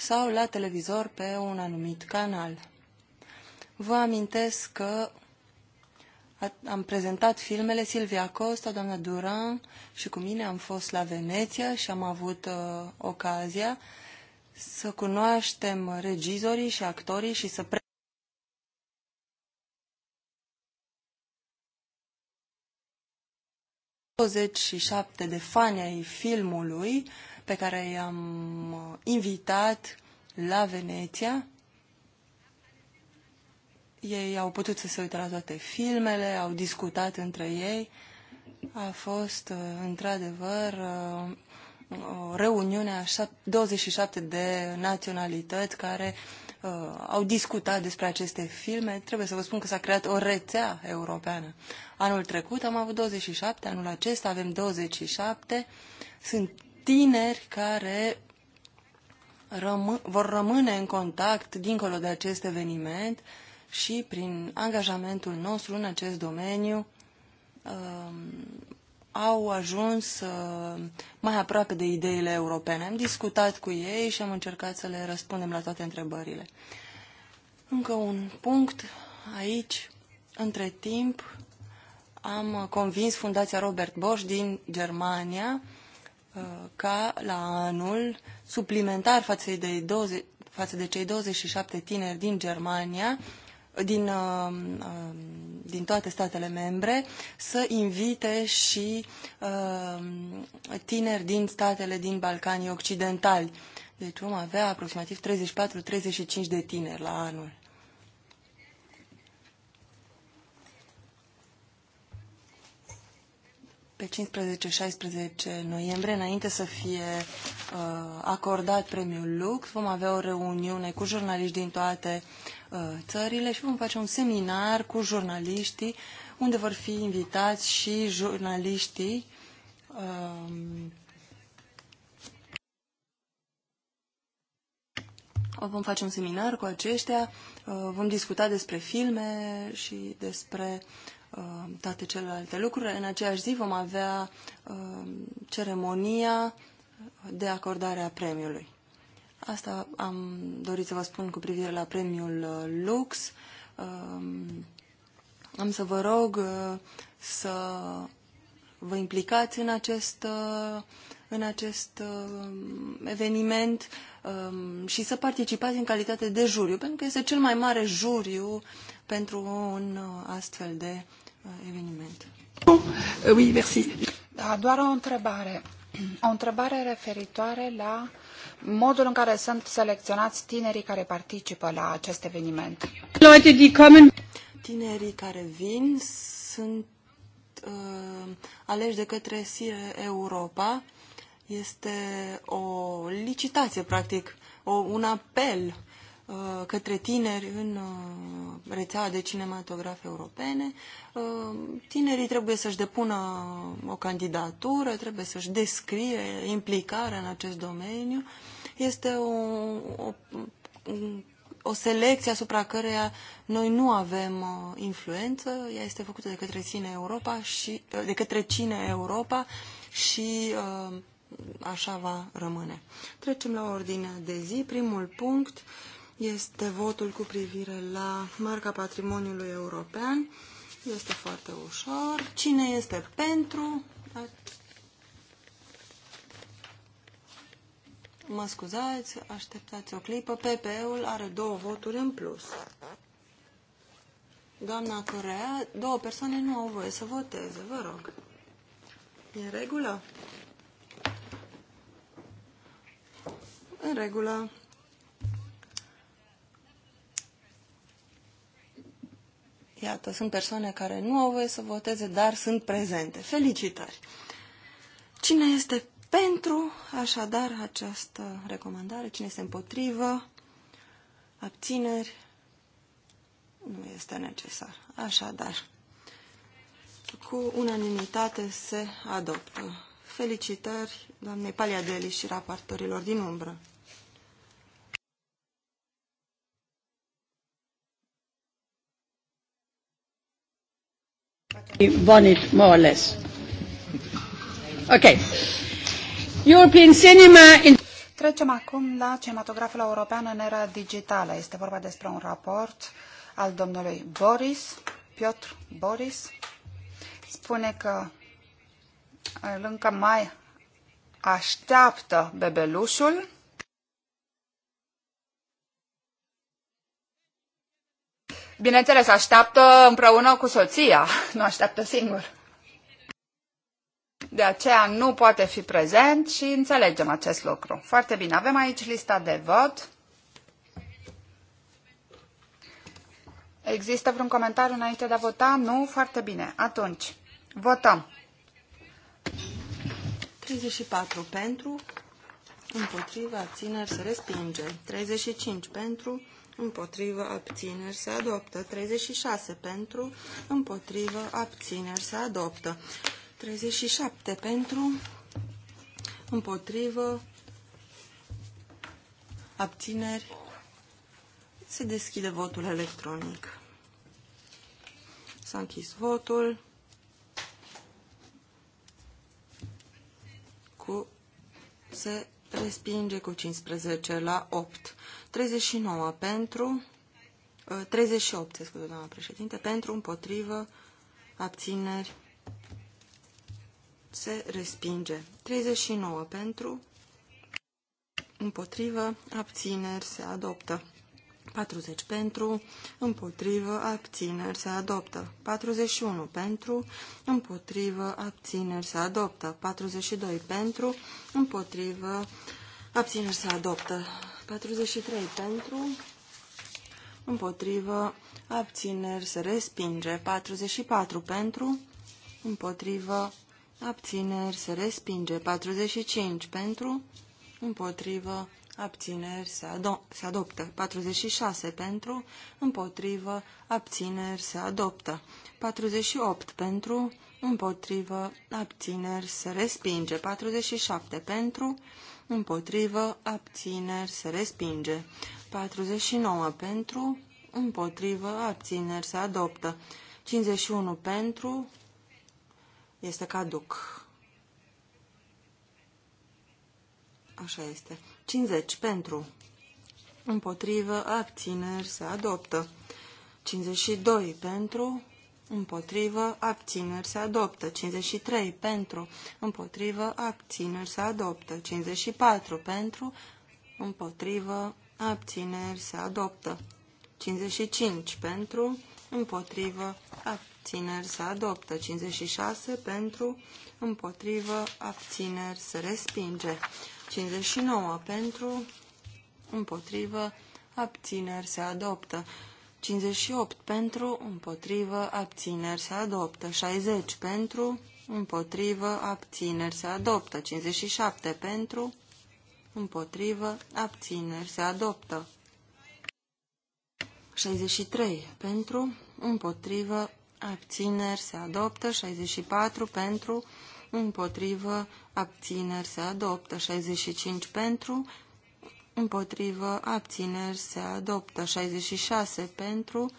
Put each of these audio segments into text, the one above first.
sau la televizor pe un anumit canal. Vă amintesc că am prezentat filmele Silvia Costa, doamna Duran și cu mine am fost la Veneția și am avut uh, ocazia să cunoaștem regizorii și actorii și să pre- ...27 de fani ai filmului pe care i-am uh, invitat la Veneția. Ei au putut să se uite la toate filmele, au discutat între ei. A fost, uh, într-adevăr, uh, o reuniune a 27 de naționalități care uh, au discutat despre aceste filme. Trebuie să vă spun că s-a creat o rețea europeană. Anul trecut am avut 27, anul acesta avem 27. Sunt tineri care rămân, vor rămâne în contact dincolo de acest eveniment și prin angajamentul nostru în acest domeniu um, au ajuns uh, mai aproape de ideile europene. Am discutat cu ei și am încercat să le răspundem la toate întrebările. Încă un punct aici. Între timp am convins Fundația Robert Bosch din Germania Uh, ca la anul, suplimentar față de, 20, față de cei 27 tineri din Germania, din, uh, uh, din toate statele membre, să invite și tineri din statele din Balcanii Occidentali. Deci vom avea aproximativ 34-35 de tineri la anul. pe 15-16 noiembrie, înainte să fie uh, acordat premiul Lux, vom avea o reuniune cu jurnaliști din toate uh, țările și vom face un seminar cu jurnaliștii, unde vor fi invitați și jurnaliștii uh, Vom face un seminar cu aceștia, uh, vom discuta despre filme și despre uh, Uh, toate celelalte lucruri. În aceeași zi vom avea uh, ceremonia de acordare a premiului. Asta am dorit să vă spun cu privire la premiul uh, Lux. Am să vă rog să vă implicați în acest, în acest eveniment um, și să participați în calitate de juriu, pentru că este cel mai mare juriu pentru un astfel de eveniment. Uh, oui, merci. Da, doar o întrebare. O întrebare referitoare la modul în care sunt selecționați tinerii care participă la acest eveniment. Tinerii care vin sunt uh, aleși de către SIE Europa. Este o licitație, practic, o, un apel Uh, către tineri în uh, rețea de cinematografe europene. Uh, tinerii trebuie să-și depună o candidatură, trebuie să-și descrie implicarea în acest domeniu. Este o, o, o selecție asupra căreia noi nu avem influență. Ea este făcută de către cine Europa și de către cine Europa și așa va rămâne. Trecem la ordinea de zi. Primul punct este votul cu privire la marca patrimoniului european. Este foarte ușor. Cine este pentru? Mă scuzați, așteptați o clipă. PP-ul are două voturi în plus. Doamna Corea, două persoane nu au voie să voteze, vă rog. E în regulă? În regulă. Iată, sunt persoane care nu au voie să voteze, dar sunt prezente. Felicitări! Cine este pentru, așadar, această recomandare? Cine este împotrivă? Abțineri? Nu este necesar. Așadar, cu unanimitate se adoptă. Felicitări doamnei Paliadeli și raportorilor din umbră. Bonnet, more or less. Okay. European cinema in... Trecem acum la cinematograful european în era digitală. Este vorba despre un raport al domnului Boris, Piotr Boris. Spune că încă mai așteaptă bebelușul bineînțeles, așteaptă împreună cu soția, nu așteaptă singur. De aceea nu poate fi prezent și înțelegem acest lucru. Foarte bine, avem aici lista de vot. Există vreun comentariu înainte de a vota? Nu? Foarte bine. Atunci, votăm. 34 pentru, împotriva, țineri, se respinge. 35 pentru, împotrivă, abțineri, se adoptă. 36 pentru, împotrivă, abțineri, se adoptă. 37 pentru, împotrivă, abțineri, se deschide votul electronic. S-a închis votul cu se respinge cu 15 la 8. 39 pentru, 38, ă, se scuze, doamna președinte, pentru, împotrivă, abțineri, se respinge. 39 pentru, împotrivă, abțineri, se adoptă. 40 pentru, împotrivă, abțineri se adoptă. 41 pentru, împotrivă, abțineri se adoptă. 42 pentru, împotrivă, abțineri se adoptă. 43 pentru, împotrivă, abțineri se respinge. 44 pentru, împotrivă, abțineri se respinge. 45 pentru, împotrivă, abțineri, se, ado- se adoptă. 46 pentru, împotrivă, abțineri, se adoptă. 48 pentru, împotrivă, abțineri, se respinge. 47 pentru, împotrivă, abțineri, se respinge. 49 pentru, împotrivă, abțineri, se adoptă. 51 pentru, este caduc. Așa este. 50 pentru. Împotrivă, abțineri, se adoptă. 52 pentru, împotrivă, abțineri, se adoptă. 53 pentru, împotrivă, abțineri, se adoptă. 54 pentru, împotrivă, abțineri, se adoptă. 55 pentru, împotrivă, abțineri, se adoptă. 56 pentru, împotrivă, abțineri, se respinge. 59 pentru, împotrivă, abțineri se adoptă. 58 pentru, împotrivă, abțineri se adoptă. 60 pentru, împotrivă, abțineri se adoptă. 57 pentru, împotrivă, abțineri se adoptă. 63 pentru, împotrivă, abțineri se adoptă. 64 pentru, împotrivă, împotrivă, abțineri se adoptă. 65 pentru, împotrivă, abțineri se adoptă. 66 pentru,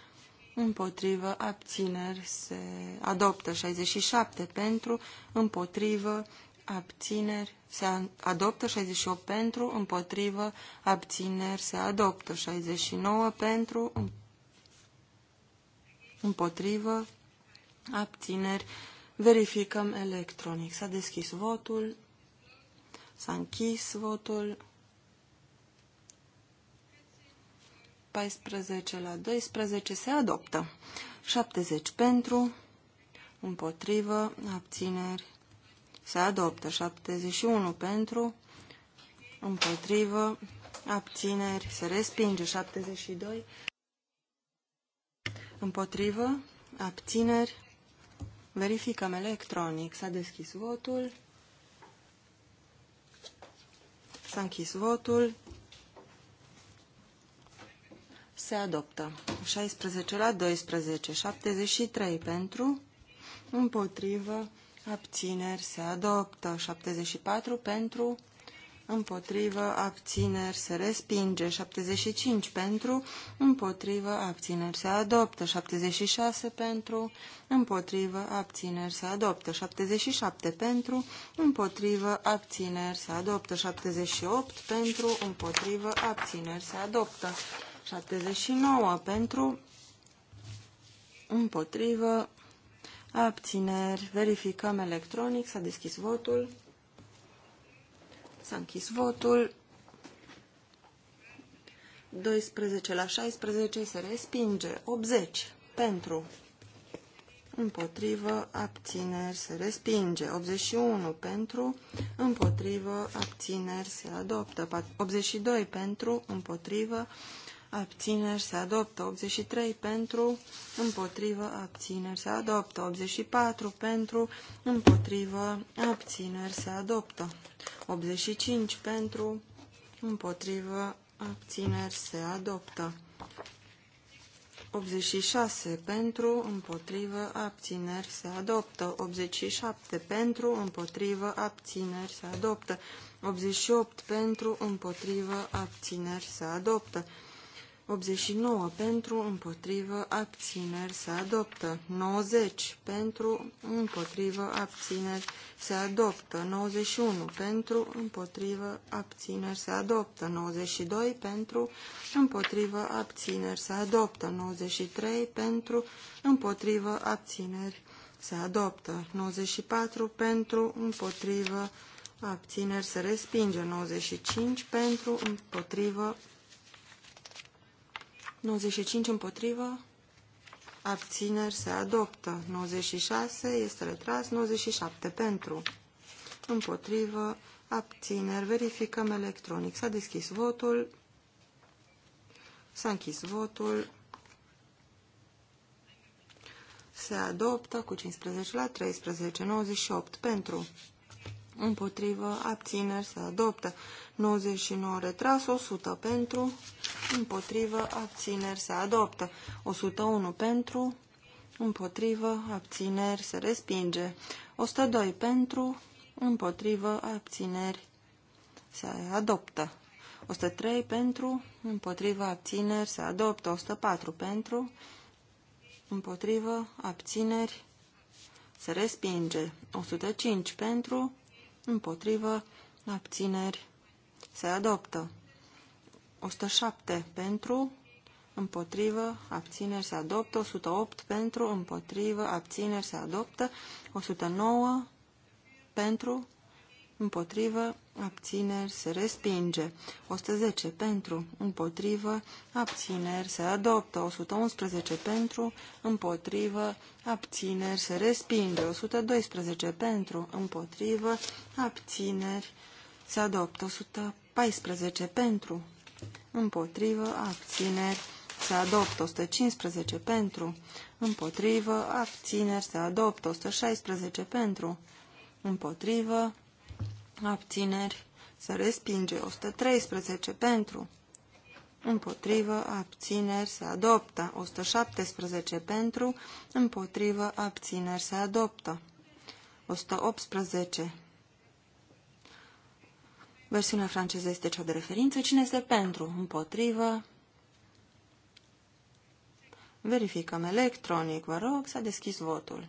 împotrivă, abțineri se adoptă. 67 pentru, împotrivă, abțineri se adoptă. 68 pentru, împotrivă, abțineri se adoptă. 69 pentru, împotrivă, abțineri se Verificăm electronic. S-a deschis votul. S-a închis votul. 14 la 12 se adoptă. 70 pentru, împotrivă, abțineri. Se adoptă 71 pentru, împotrivă, abțineri. Se respinge 72, împotrivă, abțineri Verificăm electronic. S-a deschis votul. S-a închis votul. Se adoptă. 16 la 12. 73 pentru. Împotrivă. Abțineri. Se adoptă. 74 pentru împotrivă, abțineri, se respinge. 75 pentru, împotrivă, abțineri, se adoptă. 76 pentru, împotrivă, abțineri, se adoptă. 77 pentru, împotrivă, abțineri, se adoptă. 78 pentru, împotrivă, abțineri, se adoptă. 79 pentru, împotrivă, abțineri, verificăm electronic, s-a deschis votul. S-a închis votul. 12 la 16 se respinge. 80 pentru. Împotrivă, abțineri, se respinge. 81 pentru, împotrivă, abțineri, se adoptă. 82 pentru, împotrivă, abțineri, se adoptă. 83 pentru, împotrivă, abțineri, se adoptă. 84 pentru, împotrivă, abțineri, se adoptă. 85 pentru, împotrivă, abțineri se adoptă. 86 pentru, împotrivă, abțineri se adoptă. 87 pentru, împotrivă, abțineri se adoptă. 88 pentru, împotrivă, abțineri se adoptă. 89 pentru, împotrivă, abțineri se adoptă. 90 pentru, împotrivă, abțineri se adoptă. 91 pentru, împotrivă, abțineri se adoptă. 92 pentru, împotrivă, abțineri se adoptă. 93 pentru, împotrivă, abțineri se adoptă. 94 pentru, împotrivă, abțineri se respinge. 95 pentru, împotrivă, 95 împotrivă, abțineri se adoptă. 96 este retras, 97 pentru, împotrivă, abțineri. Verificăm electronic. S-a deschis votul, s-a închis votul, se adoptă cu 15 la 13, 98 pentru, împotrivă, abțineri se adoptă. 99 retras, 100 pentru, împotrivă, abțineri se adoptă. 101 pentru, împotrivă, abțineri se respinge. 102 pentru, împotrivă, abțineri se adoptă. 103 pentru, împotrivă, abțineri se adoptă. 104 pentru, împotrivă, abțineri se respinge. 105 pentru, împotrivă, abțineri, se adoptă. 107 pentru, împotrivă, abțineri, se adoptă. 108 pentru, împotrivă, abțineri, se adoptă. 109 pentru, împotrivă, abțineri, se respinge. 110 pentru, împotrivă, abțineri, se adoptă. 111 pentru, împotrivă, abțineri, se respinge. 112 pentru, împotrivă, abțineri, se adoptă. 114 pentru, împotrivă, abțineri, se adoptă 115 pentru, împotrivă, abțineri se adoptă 116 pentru, împotrivă, abțineri, se respinge 113 pentru, împotrivă, abțineri, se adoptă 117 pentru, împotrivă, abțineri, se adoptă 118. Versiunea franceză este cea de referință. Cine este pentru? Împotrivă. Verificăm electronic, vă rog. S-a deschis votul.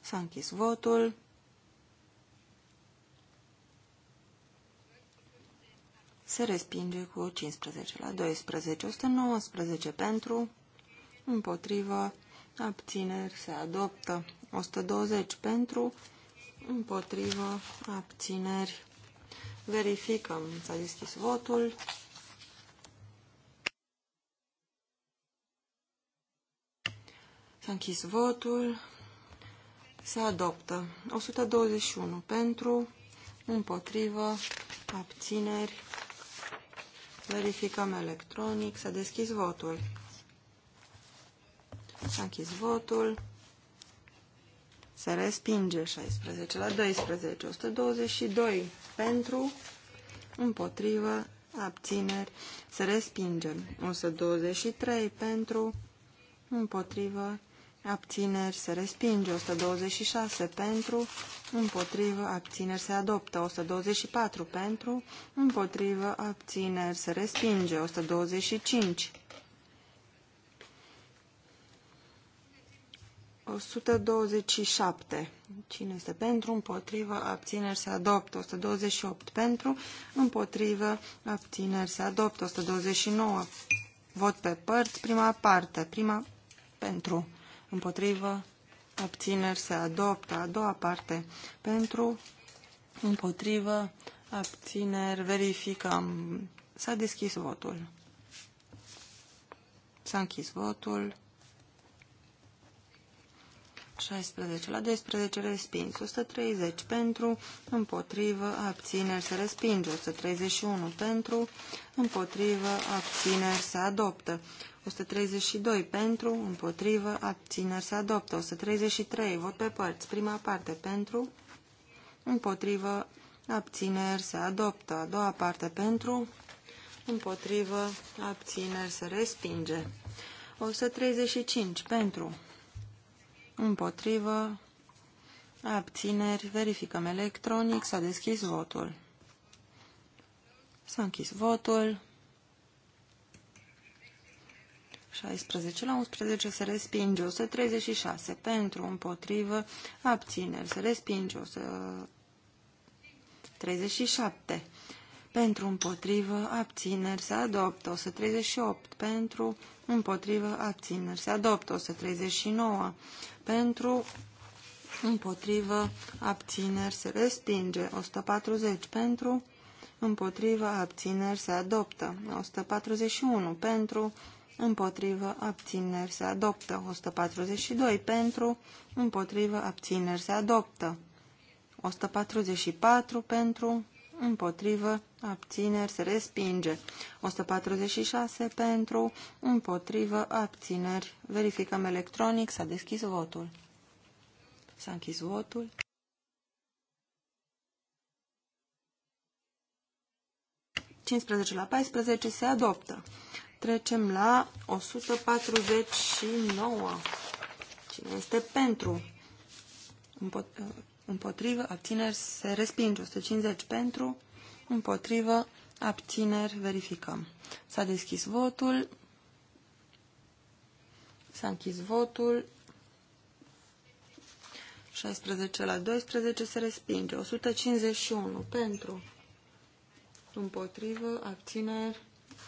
S-a închis votul. se respinge cu 15 la 12, 119 pentru, împotrivă, abțineri, se adoptă, 120 pentru, împotrivă, abțineri, verificăm, s-a deschis votul, s-a închis votul, se adoptă, 121 pentru, împotrivă, abțineri, Verificăm electronic. S-a deschis votul. S-a închis votul. Se respinge 16 la 12. 122 pentru, împotrivă, abțineri. Se respinge 123 pentru, împotrivă, abțineri abțineri se respinge, 126 pentru, împotrivă, abțineri se adoptă, 124 pentru, împotrivă, abțineri se respinge, 125. 127. Cine este pentru, împotrivă, abțineri se adoptă. 128 pentru, împotrivă, abțineri se adoptă. 129. Vot pe părți, prima parte, prima pentru împotrivă, abțineri se adoptă. A doua parte pentru, împotrivă, abțineri, verificăm. S-a deschis votul. S-a închis votul. 16 la 12 respins, 130 pentru, împotrivă, abțineri se respinge, 131 pentru, împotrivă, abțineri se adoptă, 132 pentru, împotrivă, abțineri se adoptă, 133 vot pe părți, prima parte pentru, împotrivă, abțineri se adoptă, a doua parte pentru, împotrivă, abțineri se respinge, 135 pentru, împotrivă, abțineri, verificăm electronic, s-a deschis votul. S-a închis votul. 16 la 11 se respinge, 136 pentru, împotrivă, abțineri, se respinge, 137 pentru împotrivă, abțineri, se adoptă 138, pentru împotrivă, abțineri, se adoptă 139, pentru împotrivă, abțineri, se respinge 140, pentru împotrivă, abțineri, se adoptă 141, pentru împotrivă, abțineri, se adoptă 142, pentru împotrivă, abțineri, se adoptă 144, pentru împotrivă, abțineri, se respinge. 146 pentru, împotrivă, abțineri. Verificăm electronic, s-a deschis votul. S-a închis votul. ...15 la 14 se adoptă. Trecem la 149. Cine este pentru? împotrivă, abțineri, se respinge. 150 pentru, împotrivă, abțineri, verificăm. S-a deschis votul, s-a închis votul, 16 la 12 se respinge, 151 pentru, împotrivă, abțineri,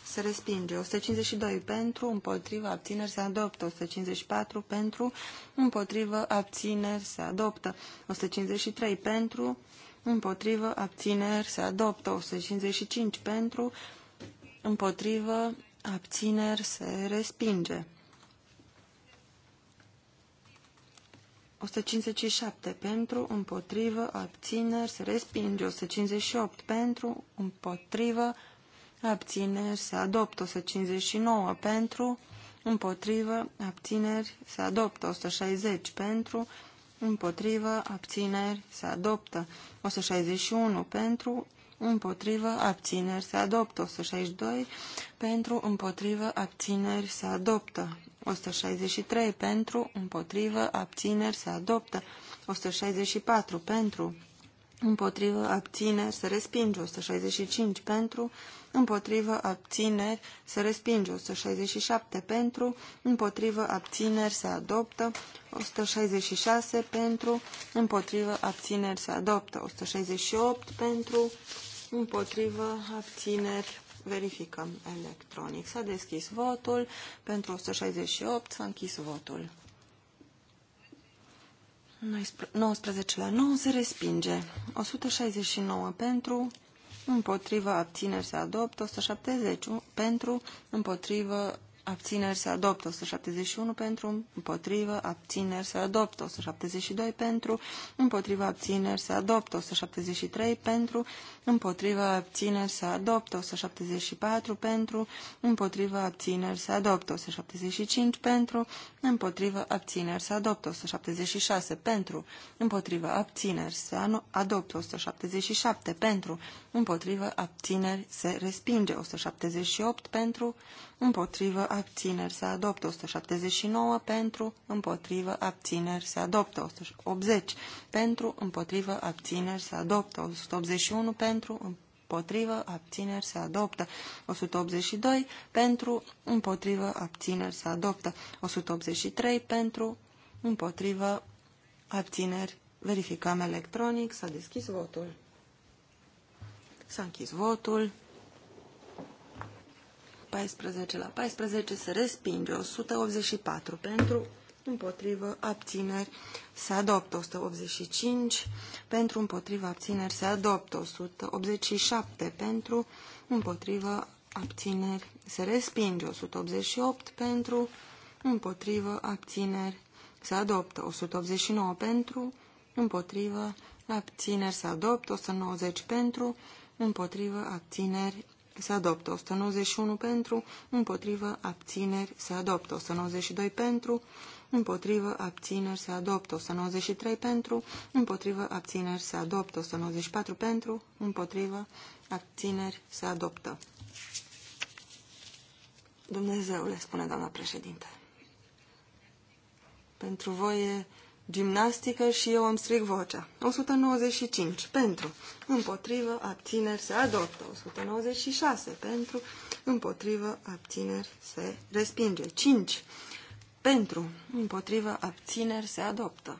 se respinge. 152 pentru, împotrivă, abțineri, se adoptă. 154 pentru, împotrivă, abțineri, se adoptă. 153 pentru, împotrivă, abțineri, se adoptă. 155 pentru, împotrivă, abțineri, se respinge. 157 pentru, împotrivă, abțineri, se respinge. 158 pentru, împotrivă, abțineri abțineri, se adoptă 159 pentru, împotrivă, abțineri, se adoptă 160 pentru, împotrivă, abțineri, se adoptă 161 pentru, împotrivă, abțineri, se adoptă 162 pentru, împotrivă, abțineri, se adoptă 163 pentru, împotrivă, abțineri, se adoptă 164 pentru, împotrivă, abțineri, se respinge 165 pentru, împotrivă, abțineri, se respinge 167 pentru, împotrivă, abțineri, se adoptă 166 pentru, împotrivă, abțineri, se adoptă 168 pentru, împotrivă, abțineri, verificăm electronic. S-a deschis votul pentru 168, s-a închis votul. 19 la 9 se respinge. 169 pentru, împotrivă, abțineri se adoptă. 170 pentru, împotrivă, abțineri se adoptă 171 pentru, împotrivă, abțineri se adoptă 172 pentru, împotrivă, abțineri se adoptă 173 pentru, împotrivă, abțineri se adoptă 174 pentru, împotrivă, abțineri se adoptă 175 pentru, împotrivă, abțineri se adoptă 176 pentru, împotrivă, abțineri se adoptă 177 pentru, împotrivă, abțineri se respinge 178 pentru, împotrivă, abțineri, se adoptă 179 pentru, împotrivă, abțineri, se adoptă 180 pentru, împotrivă, abțineri, se adoptă 181 pentru, împotrivă, abțineri, se adoptă 182 pentru, împotrivă, abțineri, se adoptă 183 pentru, împotrivă, abțineri, verificăm electronic, s-a deschis votul. S-a închis votul. 14 la 14 se respinge. 184 pentru, împotrivă, abțineri, se adoptă. 185 pentru, împotrivă, abțineri, se adoptă. 187 pentru, împotrivă, abțineri, se respinge. 188 pentru, împotrivă, abțineri, se adoptă. 189 pentru, împotrivă, abțineri, se adoptă. 190 pentru, împotrivă, abțineri, se adoptă 191 pentru, împotrivă, abțineri, se adoptă 192 pentru, împotrivă, abțineri, se adoptă 193 pentru, împotrivă, abțineri, se adoptă 194 pentru, împotrivă, abțineri, se adoptă. le spune doamna președinte. Pentru voi e gimnastică și eu îmi stric vocea. 195 pentru, împotrivă, abțineri, se adoptă. 196 pentru, împotrivă, abțineri, se respinge. 5 pentru, împotrivă, abțineri, se adoptă.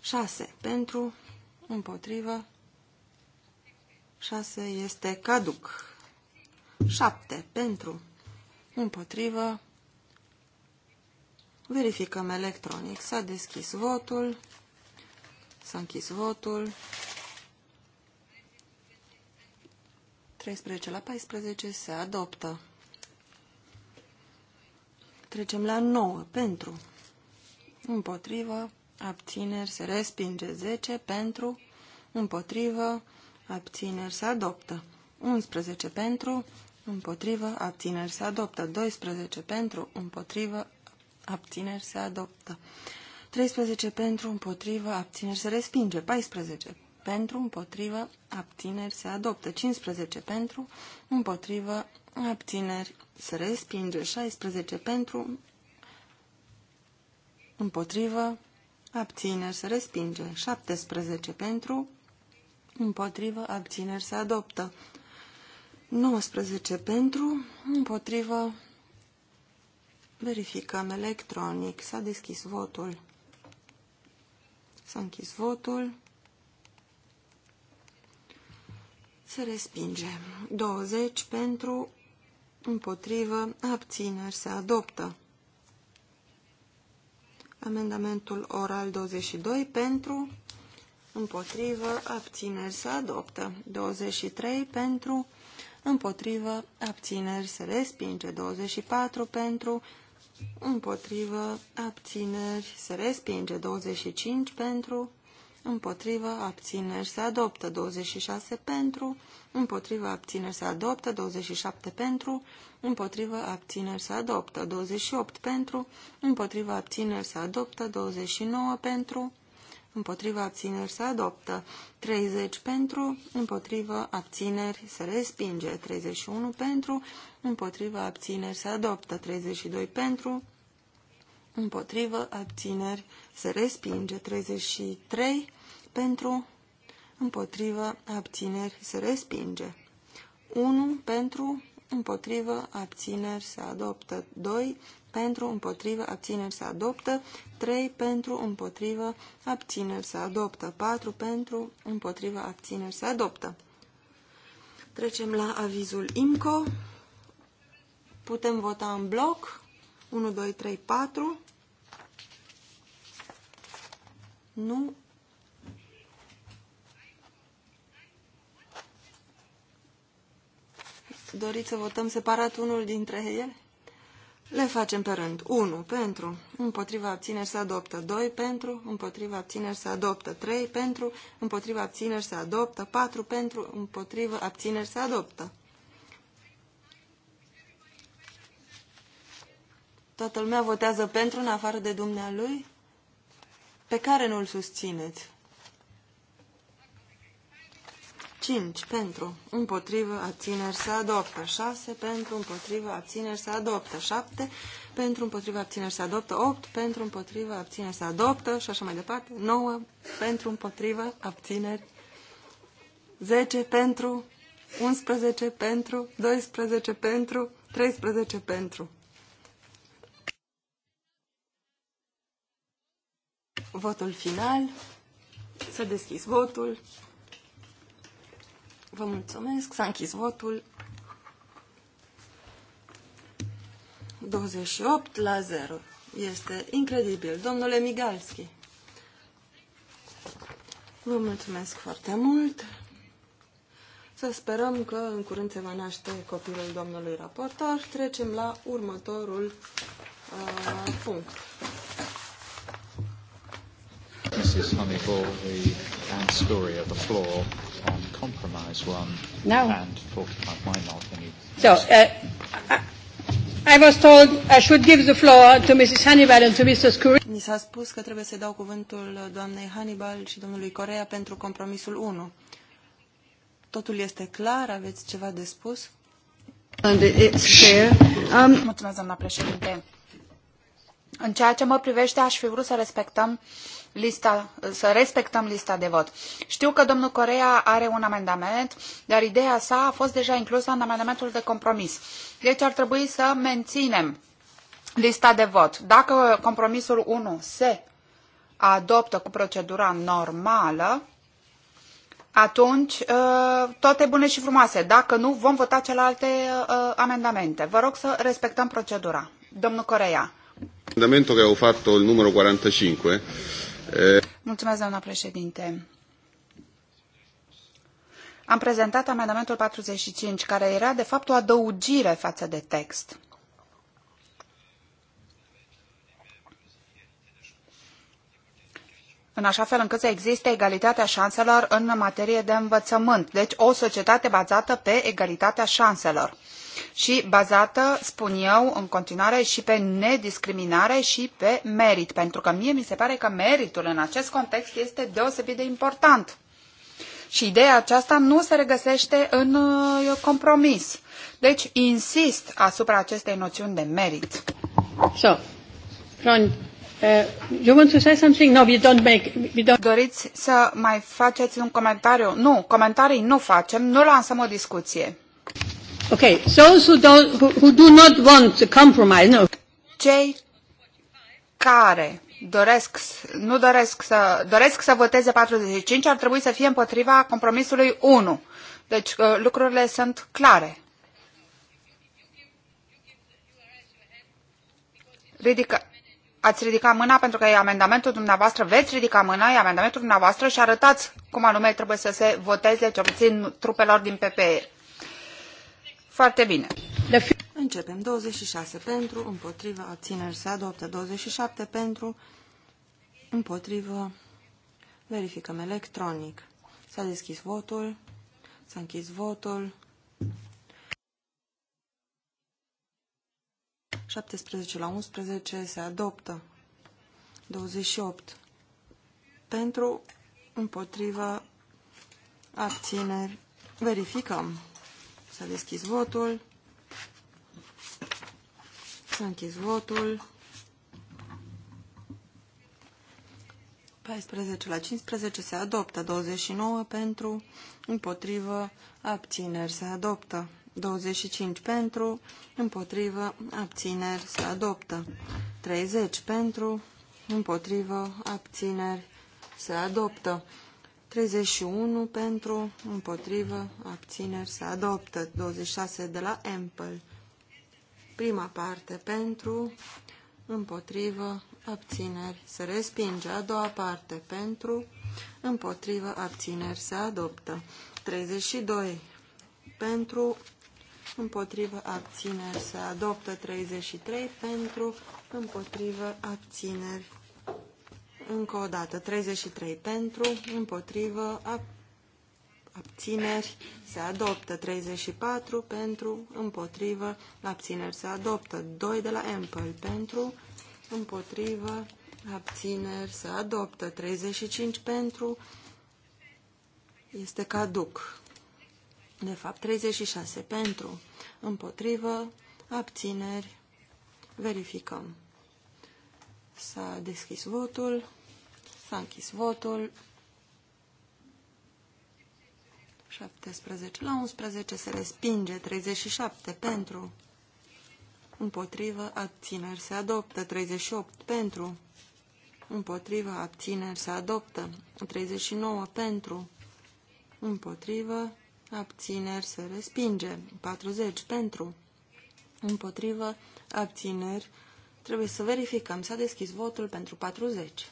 6 pentru, împotrivă, 6 este caduc. 7 pentru, împotrivă, Verificăm electronic. S-a deschis votul. S-a închis votul. 13 la 14 se adoptă. Trecem la 9. Pentru. Împotrivă. Abțineri se respinge. 10. Pentru. Împotrivă. Abțineri se adoptă. 11 pentru, împotrivă, abțineri se adoptă. 12 pentru, împotrivă, abțineri se adoptă. 13 pentru, împotrivă, abțineri se respinge. 14 pentru, împotrivă, abțineri se adoptă. 15 pentru, împotrivă, abțineri se respinge. 16 pentru, împotrivă, abțineri se respinge. 17 pentru, împotrivă, abțineri se adoptă. 19 pentru, împotrivă, Verificăm electronic. S-a deschis votul. S-a închis votul. Se respinge. 20 pentru, împotrivă, abțineri. Se adoptă. Amendamentul oral 22 pentru, împotrivă, abțineri. Se adoptă. 23 pentru, împotrivă, abțineri. Se respinge. 24 pentru, împotrivă, abțineri, se respinge 25 pentru, împotrivă, abțineri, se adoptă 26 pentru, împotrivă, abțineri, se adoptă 27 pentru, împotrivă, abțineri, se adoptă 28 pentru, împotrivă, abțineri, se adoptă 29 pentru, împotriva abțineri se adoptă, 30 pentru, împotriva abțineri se respinge, 31 pentru, împotriva abțineri se adoptă, 32 pentru, împotriva abțineri se respinge, 33 pentru, împotriva abțineri se respinge, 1 pentru, împotriva abțineri se adoptă, 2 pentru, împotrivă, abțineri se adoptă, 3 pentru, împotrivă, abțineri se adoptă, 4 pentru, împotrivă, abțineri se adoptă. Trecem la avizul IMCO. Putem vota în bloc. 1, 2, 3, 4. Nu. Doriți să votăm separat unul dintre ele? Le facem pe rând. 1. Pentru. Împotriva abțineri se adoptă. 2. Pentru. Împotriva abțineri se adoptă. 3. Pentru. Împotriva abțineri se adoptă. 4. Pentru. Împotriva abțineri se adoptă. Toată lumea votează pentru în afară de dumnealui? Pe care nu-l susțineți? 5 pentru, împotrivă, abțineri se adoptă. 6 pentru, împotrivă, abțineri se adoptă. 7 pentru, împotrivă, abțineri se adoptă. 8 pentru, împotrivă, abțineri se adoptă. Și așa mai departe. 9 pentru, împotrivă, abțineri. 10 pentru, 11 pentru, 12 pentru, 13 pentru. Votul final. Să deschis votul. Vă mulțumesc. S-a închis votul. 28 la 0. Este incredibil. Domnule Migalski. Vă mulțumesc foarte mult. Să sperăm că în curând se va naște copilul domnului raportor. Trecem la următorul uh, punct. This is the um, story of the floor on compromise one no. and talk about my not. Any so, uh, I, was told I should give the floor to Mrs. Hannibal and to Mr. Scurry. Mi s-a spus că trebuie să dau cuvântul doamnei Hannibal și domnului Corea pentru compromisul 1. Totul este clar? Aveți ceva de spus? And it's clear. Um... Mulțumesc, doamna președinte. În ceea ce mă privește, aș fi vrut să respectăm lista, să respectăm lista de vot. Știu că domnul Corea are un amendament, dar ideea sa a fost deja inclusă în amendamentul de compromis. Deci ar trebui să menținem lista de vot. Dacă compromisul 1 se adoptă cu procedura normală, atunci ă, toate bune și frumoase. Dacă nu, vom vota celelalte ă, amendamente. Vă rog să respectăm procedura. Domnul Corea. Amendamentul care au fatto il numero 45 Mulțumesc, doamna președinte. Am prezentat amendamentul 45, care era de fapt o adăugire față de text. în așa fel încât să existe egalitatea șanselor în materie de învățământ. Deci o societate bazată pe egalitatea șanselor și bazată, spun eu, în continuare și pe nediscriminare și pe merit, pentru că mie mi se pare că meritul în acest context este deosebit de important. Și ideea aceasta nu se regăsește în uh, compromis. Deci insist asupra acestei noțiuni de merit. So, Doriți să mai faceți un comentariu? Nu, comentarii nu facem, nu lansăm o discuție. Okay, those who, don't, who, who do not want to compromise, no. Cei care doresc, nu doresc să, doresc să voteze 45 ar trebui să fie împotriva compromisului 1. Deci uh, lucrurile sunt clare. Ridică, ați ridica mâna pentru că e amendamentul dumneavoastră, veți ridica mâna, e amendamentul dumneavoastră și arătați cum anume trebuie să se voteze, ce obțin trupelor din PPE. Foarte bine. Începem. 26 pentru, împotriva, abțineri se adoptă. 27 pentru, împotrivă, verificăm electronic. S-a deschis votul, s-a închis votul, 17 la 11 se adoptă. 28 pentru, împotriva, abțineri. Verificăm. S-a deschis votul. S-a închis votul. 14 la 15 se adoptă, 29 pentru, împotrivă, abțineri se adoptă. 25 pentru, împotrivă, abțineri, se adoptă. 30 pentru, împotrivă, abțineri, se adoptă. 31 pentru, împotrivă, abțineri, se adoptă. 26 de la Ample. Prima parte pentru, împotrivă, abțineri, se respinge. A doua parte pentru, împotrivă, abțineri, se adoptă. 32 pentru, împotrivă abțineri se adoptă 33 pentru, împotrivă abțineri. Încă o dată, 33 pentru, împotrivă ab abțineri se adoptă 34 pentru, împotrivă abțineri se adoptă 2 de la Empel pentru, împotrivă abțineri se adoptă 35 pentru, este caduc de fapt 36 pentru, împotrivă, abțineri, verificăm. S-a deschis votul, s-a închis votul, 17 la 11 se respinge, 37 pentru, împotrivă, abțineri, se adoptă, 38 pentru, împotrivă, abțineri, se adoptă, 39 pentru, împotrivă, abțineri se respinge. 40 pentru, împotrivă, abțineri. Trebuie să verificăm. S-a deschis votul pentru 40.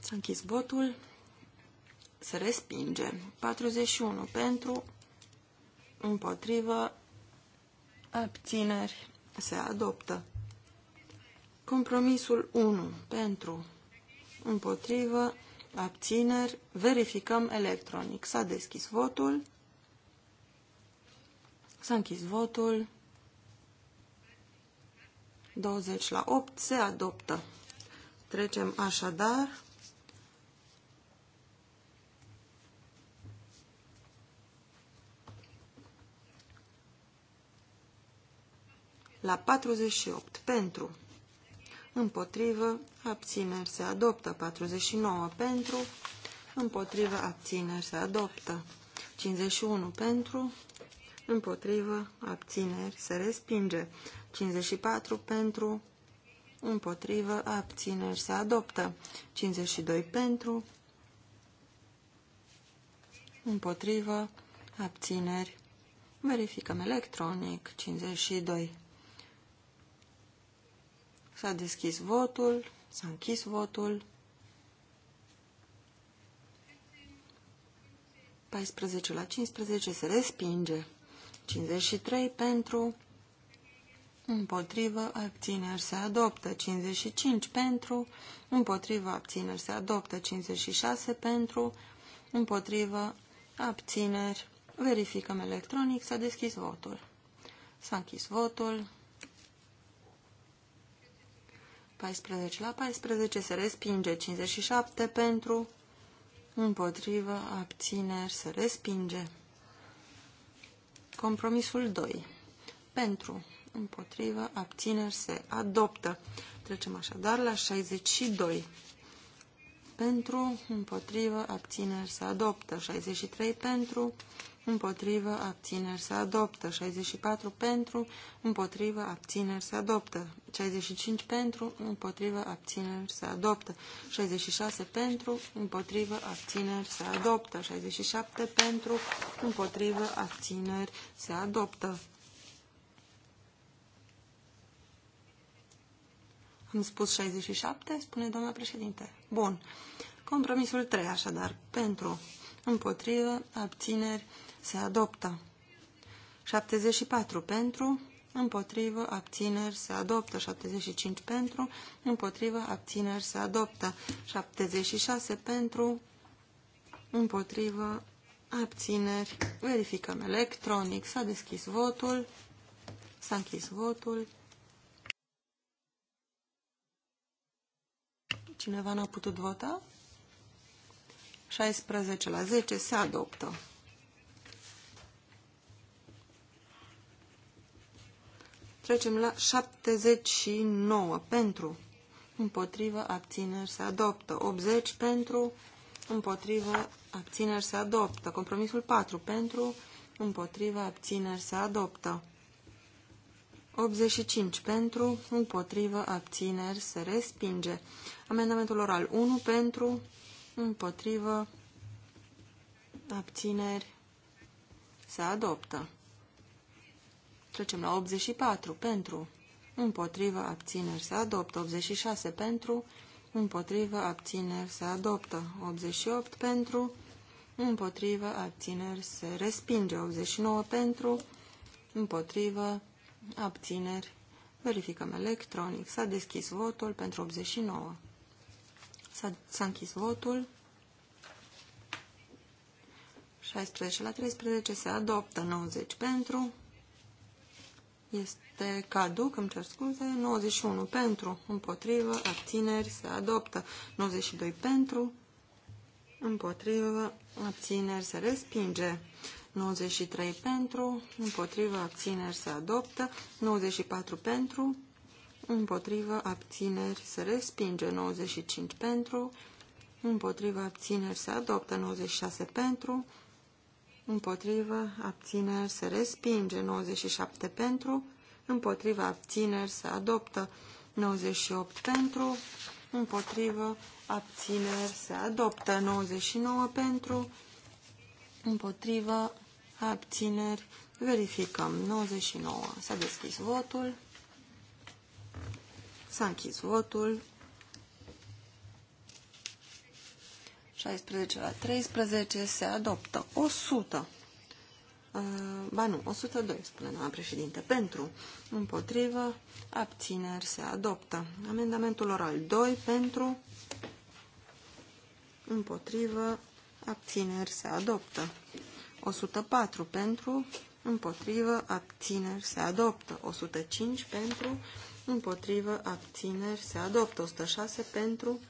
S-a închis votul. Se respinge. 41 pentru, împotrivă, abțineri. Se adoptă. Compromisul 1 pentru, împotrivă, abțineri, verificăm electronic. S-a deschis votul, s-a închis votul, 20 la 8 se adoptă. Trecem așadar la 48 pentru împotrivă, abțineri se adoptă. 49 pentru, împotrivă, abțineri se adoptă. 51 pentru, împotrivă, abțineri se respinge. 54 pentru, împotrivă, abțineri se adoptă. 52 pentru, împotrivă, abțineri. Verificăm electronic. 52. S-a deschis votul, s-a închis votul. 14 la 15 se respinge. 53 pentru, împotrivă, abțineri se adoptă. 55 pentru, împotrivă, abțineri se adoptă. 56 pentru, împotrivă, abțineri. Verificăm electronic, s-a deschis votul. S-a închis votul. 14 la 14 se respinge, 57 pentru, împotrivă, abțineri, se respinge. Compromisul 2. Pentru, împotrivă, abțineri, se adoptă. Trecem așadar la 62. Pentru, împotrivă, abțineri, se adoptă. 63 pentru, împotrivă, abțineri, se adoptă. 64 pentru, împotrivă, abțineri, se adoptă. 65 pentru, împotrivă, abțineri, se adoptă. 66 pentru, împotrivă, abțineri, se adoptă. 67 pentru, împotrivă, abțineri, se adoptă. Am spus 67, spune doamna președinte. Bun. Compromisul 3, așadar, pentru, împotrivă, abțineri, se adoptă. 74 pentru, împotrivă, abțineri, se adoptă. 75 pentru, împotrivă, abțineri, se adoptă. 76 pentru, împotrivă, abțineri. Verificăm electronic. S-a deschis votul. S-a închis votul. Cineva n-a putut vota? 16 la 10 se adoptă. Trecem la 79 pentru, împotrivă, abțineri se adoptă. 80 pentru, împotrivă, abțineri se adoptă. Compromisul 4 pentru, împotrivă, abțineri se adoptă. 85 pentru, împotrivă, abțineri se respinge. Amendamentul oral 1 pentru, împotrivă, abțineri se adoptă. Trecem la 84 pentru, împotrivă, abțineri se adoptă. 86 pentru, împotrivă, abțineri se adoptă. 88 pentru, împotrivă, abțineri se respinge. 89 pentru, împotrivă, abțineri. Verificăm electronic. S-a deschis votul pentru 89. S-a închis votul. 16 la 13 se adoptă 90 pentru, este caduc, îmi cer scuze, 91 pentru, împotrivă, abțineri, se adoptă, 92 pentru, împotrivă, abțineri, se respinge, 93 pentru, împotrivă, abțineri, se adoptă, 94 pentru, împotrivă, abțineri, se respinge, 95 pentru, împotrivă, abțineri, se adoptă, 96 pentru, împotrivă, abțineri, se respinge, 97 pentru, împotrivă, abțineri, se adoptă, 98 pentru, împotrivă, abțineri, se adoptă, 99 pentru, împotrivă, abțineri, verificăm, 99, s-a deschis votul, s-a închis votul, 16 la 13 se adoptă. 100. Uh, ba nu, 102, spune doamna președinte. Pentru, împotrivă, abțineri se adoptă. Amendamentul oral 2 pentru, împotrivă, abțineri se adoptă. 104 pentru, împotrivă, abțineri se adoptă. 105 pentru, împotrivă, abțineri se adoptă. 106 pentru,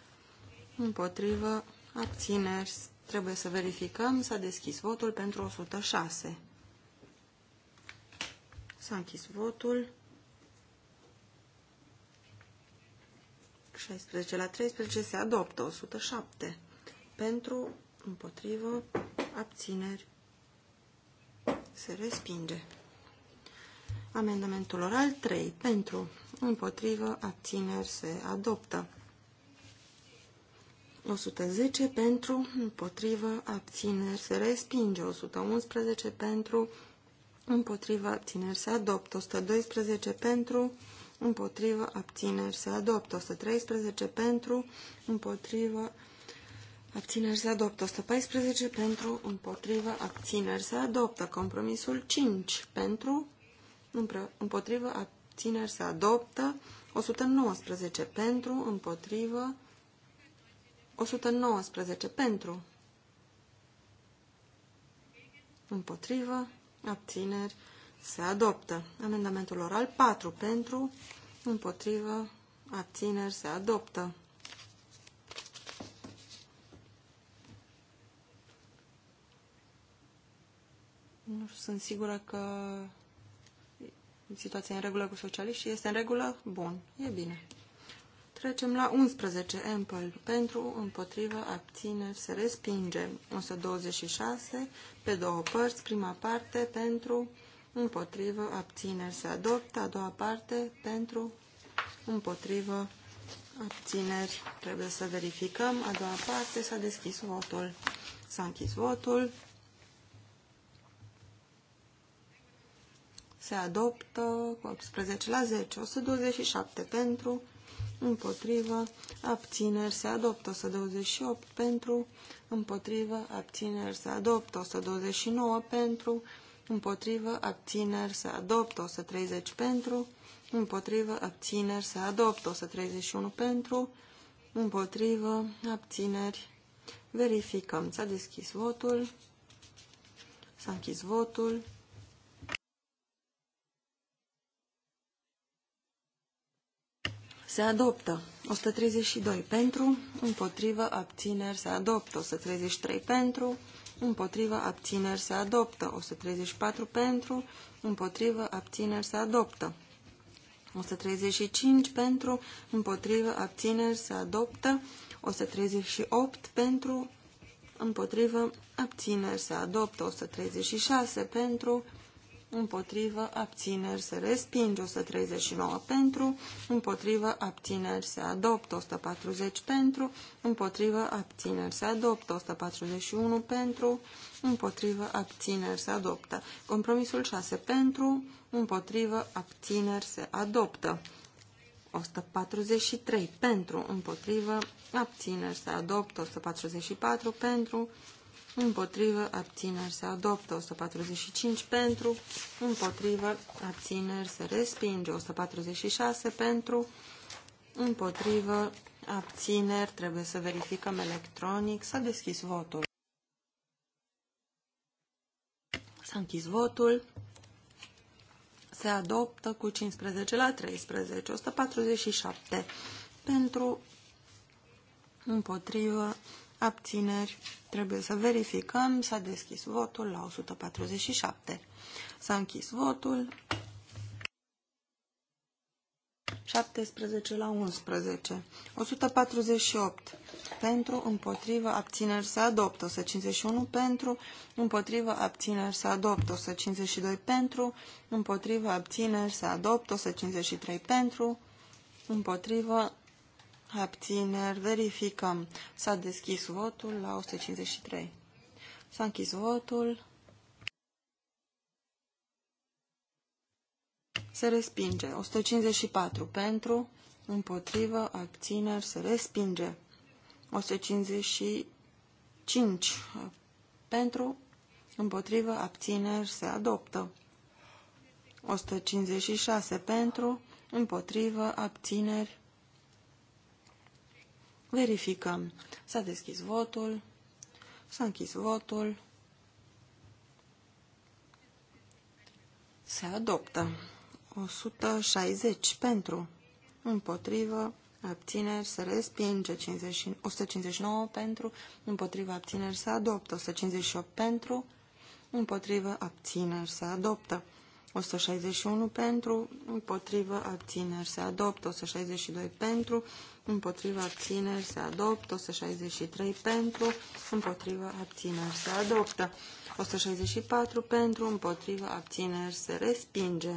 împotrivă, abțineri, trebuie să verificăm, s-a deschis votul pentru 106. S-a închis votul. 16 la 13 se adoptă 107. Pentru, împotrivă, abțineri, se respinge. Amendamentul oral 3. Pentru, împotrivă, abțineri, se adoptă. 110 pentru, împotrivă, abțineri, se respinge. 111 pentru, împotrivă, abțineri, se adoptă. 112 pentru, împotrivă, abțineri, se adoptă. 113 pentru, împotrivă, abțineri, se adoptă. 114 pentru, împotrivă, abțineri, se adoptă. Compromisul 5 pentru, împotrivă, abțineri, se adoptă. 119 pentru, împotrivă, 119 pentru. Împotrivă. Abțineri. Se adoptă. Amendamentul oral 4 pentru. Împotrivă. Abțineri. Se adoptă. Nu sunt sigură că situația e în regulă cu socialiștii. Este în regulă? Bun. E bine. Trecem la 11. Ample. Pentru, împotrivă, abține, se respinge. 126. Pe două părți. Prima parte. Pentru, împotrivă, abține, se adoptă. A doua parte. Pentru, împotrivă, abțineri. Trebuie să verificăm. A doua parte. S-a deschis votul. S-a închis votul. Se adoptă cu 18 la 10. 127 pentru împotrivă, abțineri se adoptă 128 pentru, împotrivă, abțineri se adoptă 129 pentru, împotrivă, abțineri se adoptă 130 pentru, împotrivă, abțineri se adoptă 131 pentru, împotrivă, abțineri. Verificăm. S-a deschis votul. S-a închis votul. se adoptă. 132 pentru, împotrivă, abțineri, se adoptă. 133 pentru, împotrivă, abțineri, se adoptă. 134 pentru, împotrivă, abțineri, se adoptă. 135 pentru, împotrivă, abțineri, se adoptă. 138 pentru, împotrivă, abțineri, se adoptă. 136 pentru, împotrivă, abțineri, se respinge, 139 pentru, împotrivă, abțineri, se adoptă, 140 pentru, împotrivă, abțineri, se adoptă, 141 pentru, împotrivă, abțineri, se adoptă. Compromisul 6 pentru, împotrivă, abțineri, se adoptă. 143 pentru, împotrivă, abțineri, se adoptă, 144 pentru, împotrivă, abțineri se adoptă, 145 pentru, împotrivă, abțineri se respinge, 146 pentru, împotrivă, abțineri, trebuie să verificăm electronic, s-a deschis votul. S-a închis votul, se adoptă cu 15 la 13, 147 pentru, împotrivă, abțineri, trebuie să verificăm, s-a deschis votul la 147. S-a închis votul. 17 la 11. 148. Pentru, împotrivă, abțineri se adoptă. 151 pentru, împotrivă, abțineri se adoptă. 152 pentru, împotrivă, abțineri se adoptă. 153 pentru, împotrivă, abțineri, verificăm. S-a deschis votul la 153. S-a închis votul. Se respinge. 154 pentru, împotrivă, abțineri, se respinge. 155 pentru, împotrivă, abțineri, se adoptă. 156 pentru, împotrivă, abțineri, Verificăm. S-a deschis votul. S-a închis votul. Se adoptă. 160 pentru. Împotrivă. Abțineri se respinge. 50, 159 pentru. Împotrivă abțineri se adoptă. 158 pentru. Împotrivă abțineri se adoptă. 161 pentru, împotrivă, abțineri se adoptă, 162 pentru, împotrivă, abțineri se adoptă, 163 pentru, împotrivă, abțineri se adoptă, 164 pentru, împotrivă, abțineri se respinge.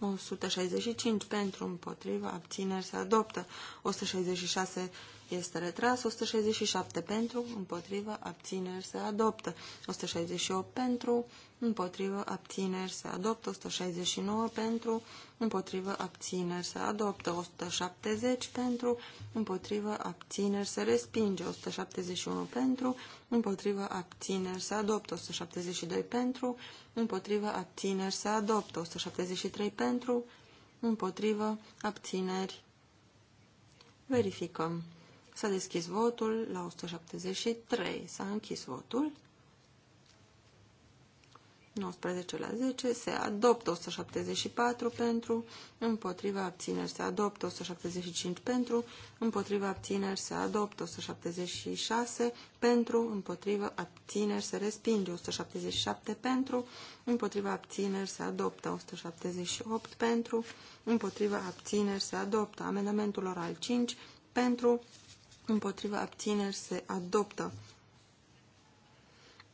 165 pentru, împotrivă, abțineri se adoptă, 166 este retras, 167 pentru, împotrivă, abțineri, se adoptă, 168 pentru, împotrivă, abțineri, se adoptă, 169 pentru, împotrivă, abțineri, se adoptă, 170 pentru, împotrivă, abțineri, se respinge, 171 pentru, împotrivă, abțineri, se adoptă, 172 pentru, împotrivă, abțineri, se adoptă, 173 pentru, împotrivă, abțineri, verificăm. S-a deschis votul la 173. S-a închis votul. 19 la 10. Se adoptă 174 pentru. Împotriva abțineri se adoptă 175 pentru. Împotriva abțineri se adoptă 176 pentru. Împotriva abțineri se respinge 177 pentru. Împotriva abțineri se adoptă 178 pentru. Împotriva abțineri se adoptă amendamentul oral 5 pentru împotriva abțineri se adoptă.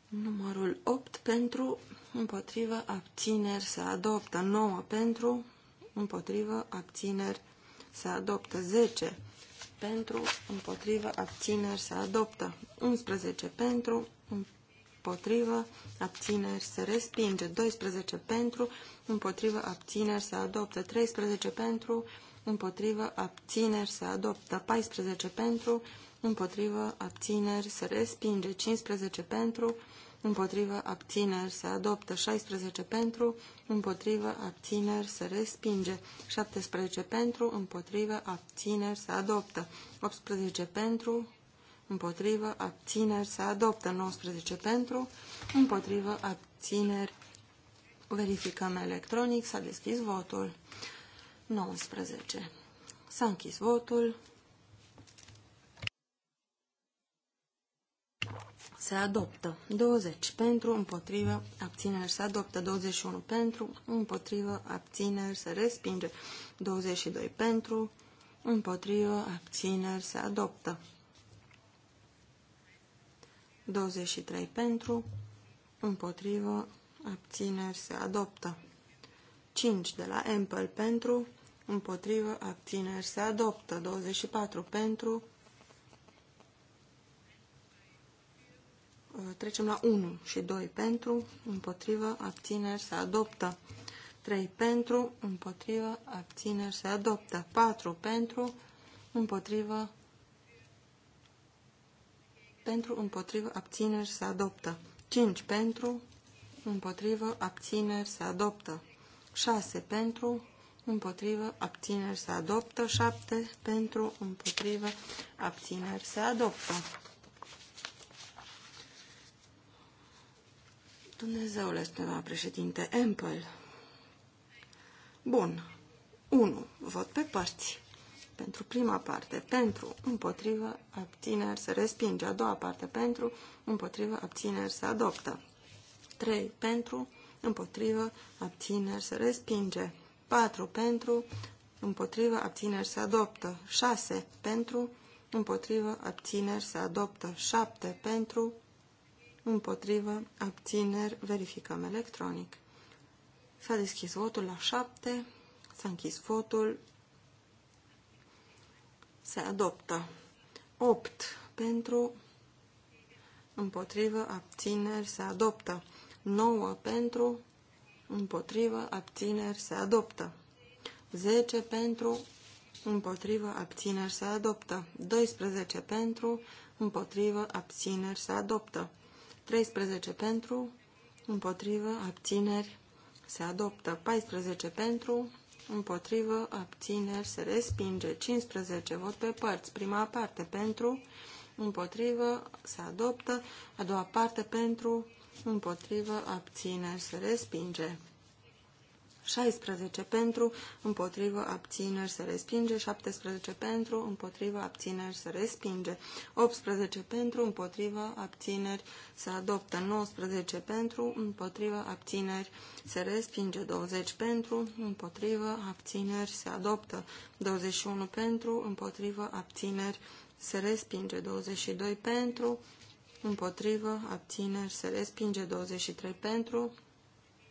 Numărul 8 pentru, împotriva abțineri se adoptă. 9 pentru, împotriva abțineri se adoptă. 10 pentru, împotriva abțineri se adoptă. 11 pentru, împotriva abțineri se respinge, 12 pentru, împotriva abțineri se adoptă, 13 pentru, împotrivă, abțineri, se adoptă. 14 pentru, împotrivă, abțineri, se respinge. 15 pentru, împotrivă, abțineri, se adoptă. 16 pentru, împotrivă, abțineri, se respinge. 17 pentru, împotrivă, abțineri, se adoptă. 18 pentru, împotrivă, abțineri, se adoptă. 19 pentru, împotrivă, abțineri, verificăm electronic, s-a deschis votul. 19. S-a închis votul. Se adoptă 20 pentru, împotrivă, abțineri. Se adoptă 21 pentru, împotrivă, abțineri. Se respinge 22 pentru, împotrivă, abțineri. Se adoptă 23 pentru, împotrivă, abțineri. Se adoptă 5 de la Ample pentru, împotrivă, abțineri, se adoptă. 24 pentru, uh, trecem la 1 și 2 pentru, împotrivă, abțineri, se adoptă. 3 pentru, împotrivă, abțineri, se adoptă. 4 pentru, împotrivă, pentru, împotrivă, abțineri, se adoptă. 5 pentru, împotrivă, abțineri, se adoptă. 6 pentru, împotrivă, abțineri se adoptă, 7 pentru, împotrivă, abțineri se adoptă. Dumnezeule, spunea președinte Empel. Bun. 1. Vot pe părți. Pentru prima parte, pentru, împotrivă, abțineri se respinge. A doua parte, pentru, împotrivă, abțineri se adoptă. 3. Pentru, împotrivă, abțineri se respinge. 4 pentru, împotrivă, abțineri se adoptă. 6 pentru, împotrivă, abțineri se adoptă. 7 pentru, împotrivă, abțineri, verificăm electronic. S-a deschis votul la 7, s-a închis votul, se adoptă. 8 pentru, împotrivă, abțineri se adoptă. 9 pentru, împotrivă, abțineri, se adoptă. 10 pentru, împotrivă, abțineri, se adoptă. 12 pentru, împotrivă, abțineri, se adoptă. 13 pentru, împotrivă, abțineri, se adoptă. 14 pentru, împotrivă, abțineri, se respinge. 15 vot pe părți. Prima parte pentru, împotrivă, se adoptă. A doua parte pentru, împotrivă, abțineri, se respinge. 16 pentru, împotrivă, abțineri, se respinge, 17 pentru, împotrivă, abțineri, se respinge, 18 pentru, împotrivă, abțineri, se adoptă, 19 pentru, împotrivă, abțineri, se respinge, 20 pentru, împotrivă, abțineri, se adoptă, 21 pentru, împotrivă, abțineri, se respinge, 22 pentru, împotrivă, abțineri, se respinge 23 pentru,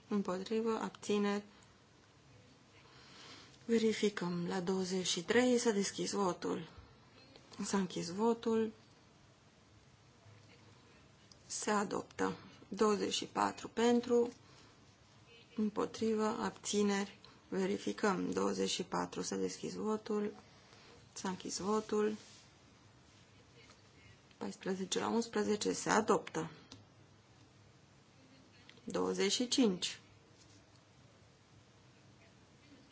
împotrivă, abțineri. Verificăm. La 23 s-a deschis votul. S-a închis votul. Se adoptă. 24 pentru, împotrivă, abțineri. Verificăm. 24 s-a deschis votul. S-a închis votul. 14 la 11 se adoptă. 25.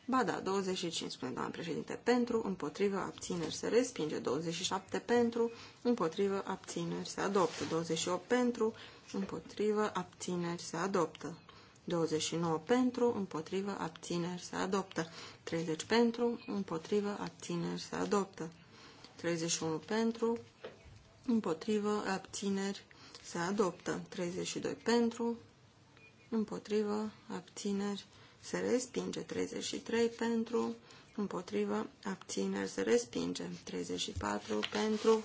Ba da, 25, spune doamna președinte, pentru, împotrivă, abțineri, se respinge. 27 pentru, împotrivă, abțineri, se adoptă. 28 pentru, împotrivă, abțineri, se adoptă. 29 pentru, împotrivă, abțineri, se adoptă. 30 pentru, împotrivă, abțineri, se adoptă. 31 pentru, împotrivă, abțineri, se adoptă. 32 pentru, împotrivă, abțineri, se respinge. 33 pentru, împotrivă, abțineri, se respinge. 34 pentru,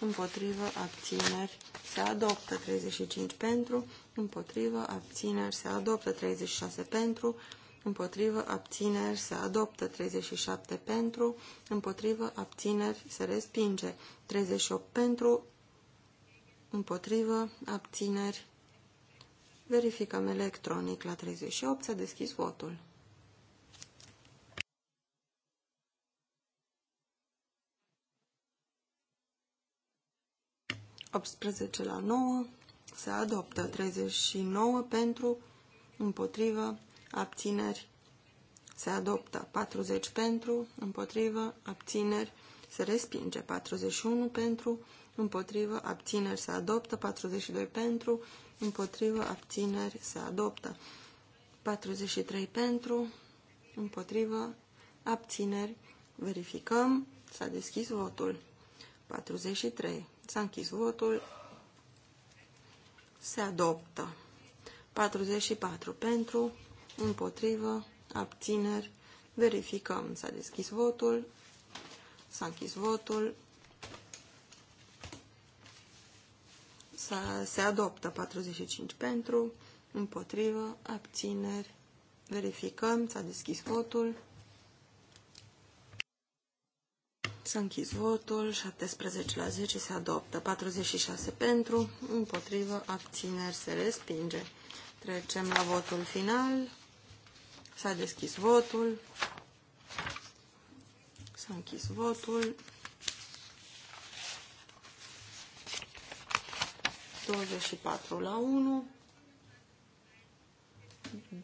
împotrivă, abțineri, se adoptă. 35 pentru, împotrivă, abțineri, se adoptă. 36 pentru, împotrivă, abțineri, se adoptă. 37 pentru, împotrivă, abțineri, se respinge. 38 pentru, împotrivă, abțineri. Verificăm electronic la 38, s-a deschis votul. la 9, se adoptă 39 pentru, împotrivă, abțineri, se adoptă 40 pentru, împotrivă, abțineri, se respinge 41 pentru, împotrivă, abțineri, se adoptă 42 pentru, împotrivă, abțineri, se adoptă 43 pentru, împotrivă, abțineri, verificăm, s-a deschis votul 43, s-a închis votul, se adoptă 44 pentru, împotrivă, abțineri, verificăm. S-a deschis votul, s-a închis votul, se adoptă 45 pentru, împotrivă, abțineri, verificăm, s-a deschis votul, s-a închis votul, 17 la 10 se adoptă, 46 pentru, împotrivă, abțineri, se respinge. Trecem la votul final. S-a deschis votul. S-a închis votul. 24 la 1,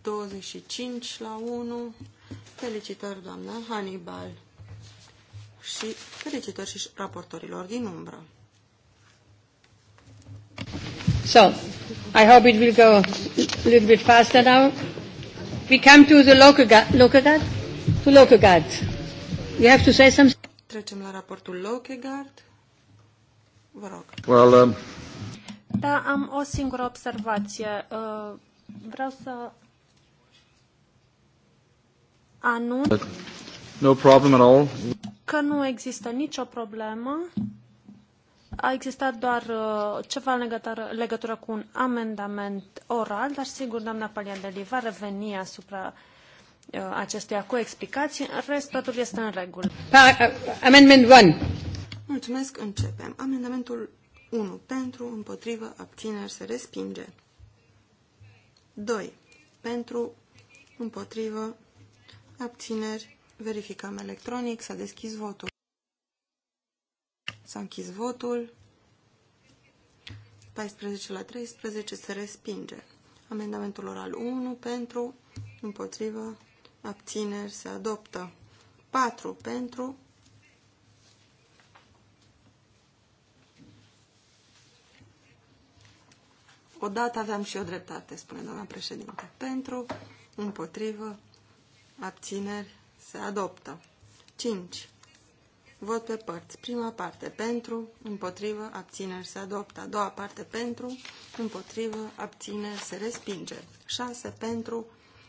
25 la 1. Felicitări, doamna Hannibal. Și felicitări și raportorilor din umbră. So, I hope it will go a little bit faster now we come to the local guard. Local guard? To local guard. You have to say something. Trecem la raportul guard. Vă rog. Well, um... Da, am o singură observație. Uh, vreau să anunț no problem at all. că nu există nicio problemă a existat doar uh, ceva în legătură, legătură cu un amendament oral, dar sigur doamna Paliadeli va reveni asupra uh, acestuia cu explicații. Restul este în regulă. Uh, amendment 1. Mulțumesc, începem. Amendamentul 1. Pentru, împotrivă, abțineri, se respinge. 2. Pentru, împotrivă, abțineri, verificăm electronic, s-a deschis votul. S-a închis votul. 14 la 13 se respinge. Amendamentul oral 1 pentru, împotrivă, abțineri se adoptă. 4 pentru, Odată aveam și o dreptate, spune doamna președinte. Pentru, împotrivă, abțineri, se adoptă. 5. Vot pe părți. Prima parte pentru, împotrivă, abțineri se adoptă. A doua parte pentru, împotrivă, abțineri se respinge. 6 pentru,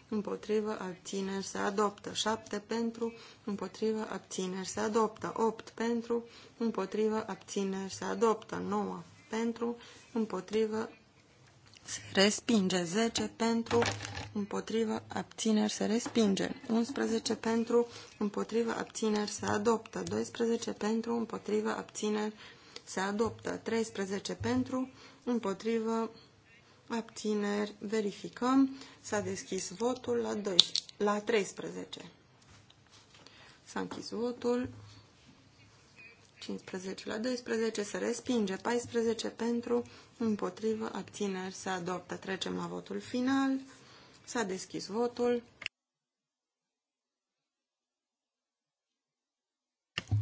împotrivă, abțineri se adoptă. 7 pentru, împotrivă, abțineri se adoptă. 8 pentru, împotrivă, abțineri se adoptă. 9 pentru, împotrivă, se respinge. 10 pentru, împotrivă, abțineri, se respinge. 11 pentru, împotrivă, abțineri, se adoptă. 12 pentru, împotrivă, abțineri, se adoptă. 13 pentru, împotrivă, abțineri, verificăm. S-a deschis votul la, 12, la 13. S-a închis votul. 15 la 12 se respinge, 14 pentru, împotrivă, abțineri se adoptă. Trecem la votul final. S-a deschis votul.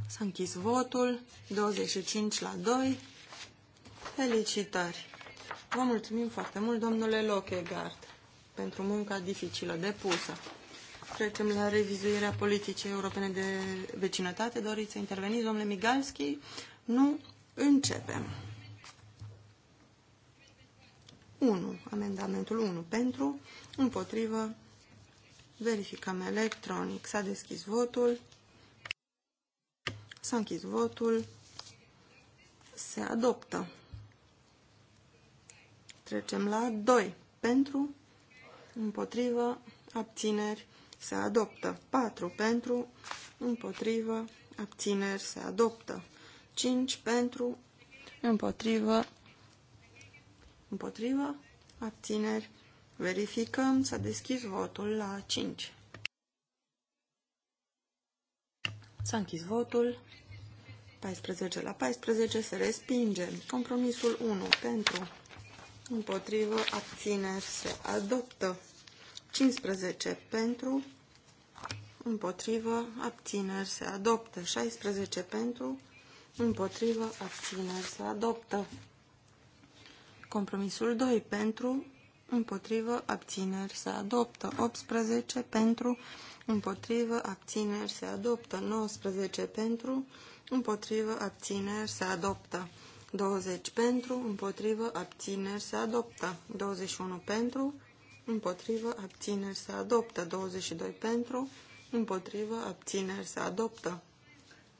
S-a închis votul. 25 la 2. Felicitări! Vă mulțumim foarte mult, domnule Lochegard, pentru munca dificilă depusă. Trecem la revizuirea politicii europene de vecinătate. Doriți să interveniți, domnule Migalski? Nu. Începem. 1. Amendamentul 1 pentru, împotrivă, verificăm electronic. S-a deschis votul, s-a închis votul, se adoptă. Trecem la 2. Pentru, împotrivă, abțineri, se adoptă. 4. Pentru, împotrivă, abțineri, se adoptă. 5. Pentru, împotrivă, împotrivă, abțineri, Verificăm, s-a deschis votul la 5. S-a închis votul. 14 la 14 se respinge. Compromisul 1 pentru, împotrivă, abțineri se adoptă. 15 pentru, împotrivă, abțineri se adoptă. 16 pentru, împotrivă, abțineri se adoptă. Compromisul 2 pentru, împotrivă, abțineri se adoptă. 18 pentru, împotrivă, abțineri se adoptă. 19 pentru, împotrivă, abțineri se adoptă. 20 pentru, împotrivă, abțineri se adoptă. 21 pentru, împotrivă, abțineri se adoptă. 22 pentru, împotrivă, abțineri se adoptă.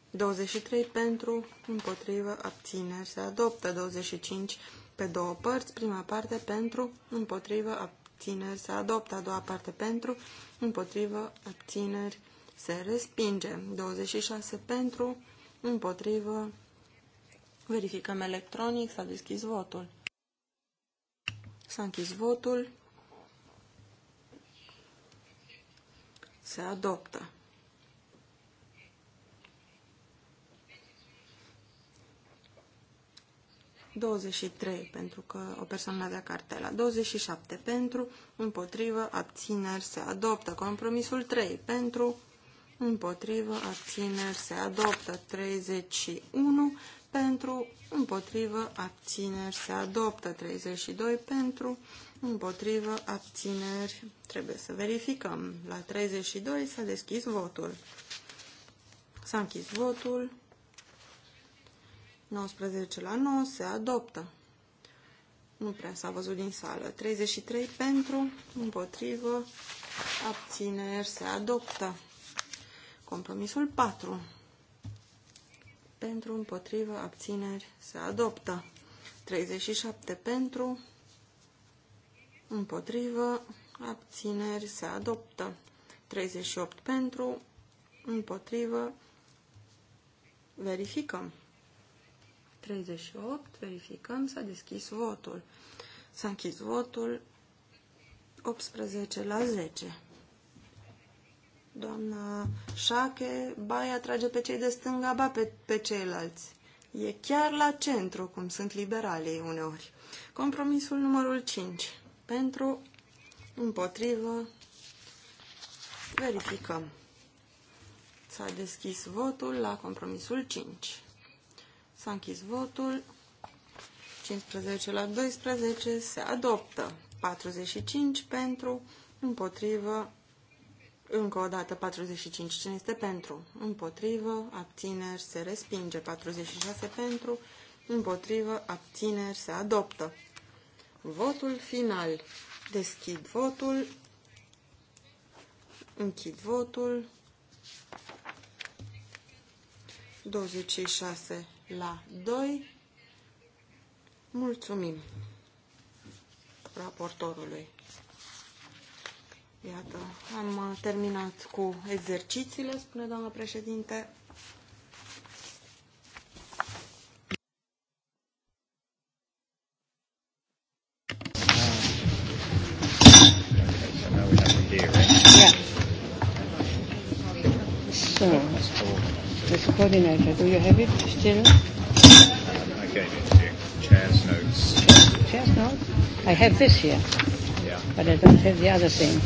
23 pentru, împotrivă, abțineri se adoptă. 25 pentru, pe două părți. Prima parte pentru, împotrivă, abțineri se adoptă. A doua parte pentru, împotrivă, abțineri se respinge. 26 pentru, împotrivă, verificăm electronic, s-a deschis votul. S-a închis votul. Se adoptă. 23 pentru că o persoană avea cartela, 27 pentru, împotrivă, abțineri, se adoptă, compromisul 3 pentru, împotrivă, abțineri, se adoptă, 31 pentru, împotrivă, abțineri, se adoptă, 32 pentru, împotrivă, abțineri, trebuie să verificăm, la 32 s-a deschis votul. S-a închis votul. 19 la 9 se adoptă. Nu prea s-a văzut din sală. 33 pentru, împotrivă, abțineri, se adoptă. Compromisul 4. Pentru, împotrivă, abțineri, se adoptă. 37 pentru, împotrivă, abțineri, se adoptă. 38 pentru, împotrivă, verificăm. 38, verificăm, s-a deschis votul. S-a închis votul 18 la 10. Doamna Șache, baia trage pe cei de stânga, ba pe, pe ceilalți. E chiar la centru, cum sunt liberalii uneori. Compromisul numărul 5. Pentru, împotrivă, verificăm. S-a deschis votul la compromisul 5. S-a închis votul. 15 la 12 se adoptă. 45 pentru, împotrivă, încă o dată 45. Cine este pentru? Împotrivă, abțineri, se respinge. 46 pentru, împotrivă, abțineri, se adoptă. Votul final. Deschid votul. Închid votul. 26 la 2. Mulțumim raportorului. Iată, am terminat cu exercițiile, spune doamna președinte. coordinator. Do you have it still? I gave it to you. Chair's notes. chair's notes? I have this here. Yeah. But I don't have the other thing.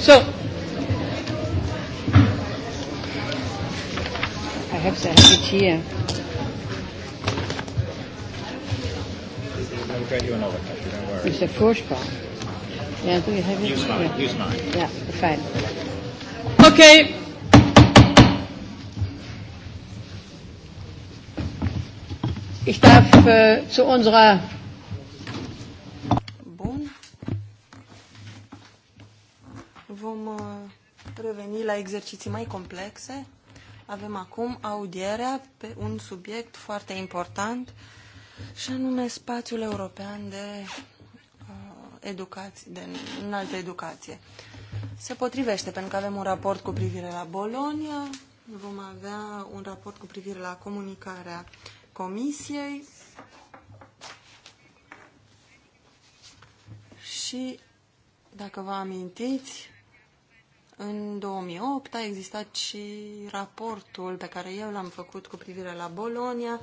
So, I have to have it here. I get you another copy, don't worry. Mr. Furchtbar. Yeah, do you have it? Use mine, yeah. use mine. Yeah, fine. Ok, Ich darf äh, zu unserer Bun. Vom uh, reveni la exerciții mai complexe. Avem acum audierea pe un subiect foarte important și anume spațiul european de uh, educație, de înaltă educație. Uh, se potrivește, pentru că avem un raport cu privire la Bolonia, vom avea un raport cu privire la comunicarea Comisiei și, dacă vă amintiți, în 2008 a existat și raportul pe care eu l-am făcut cu privire la Bolonia,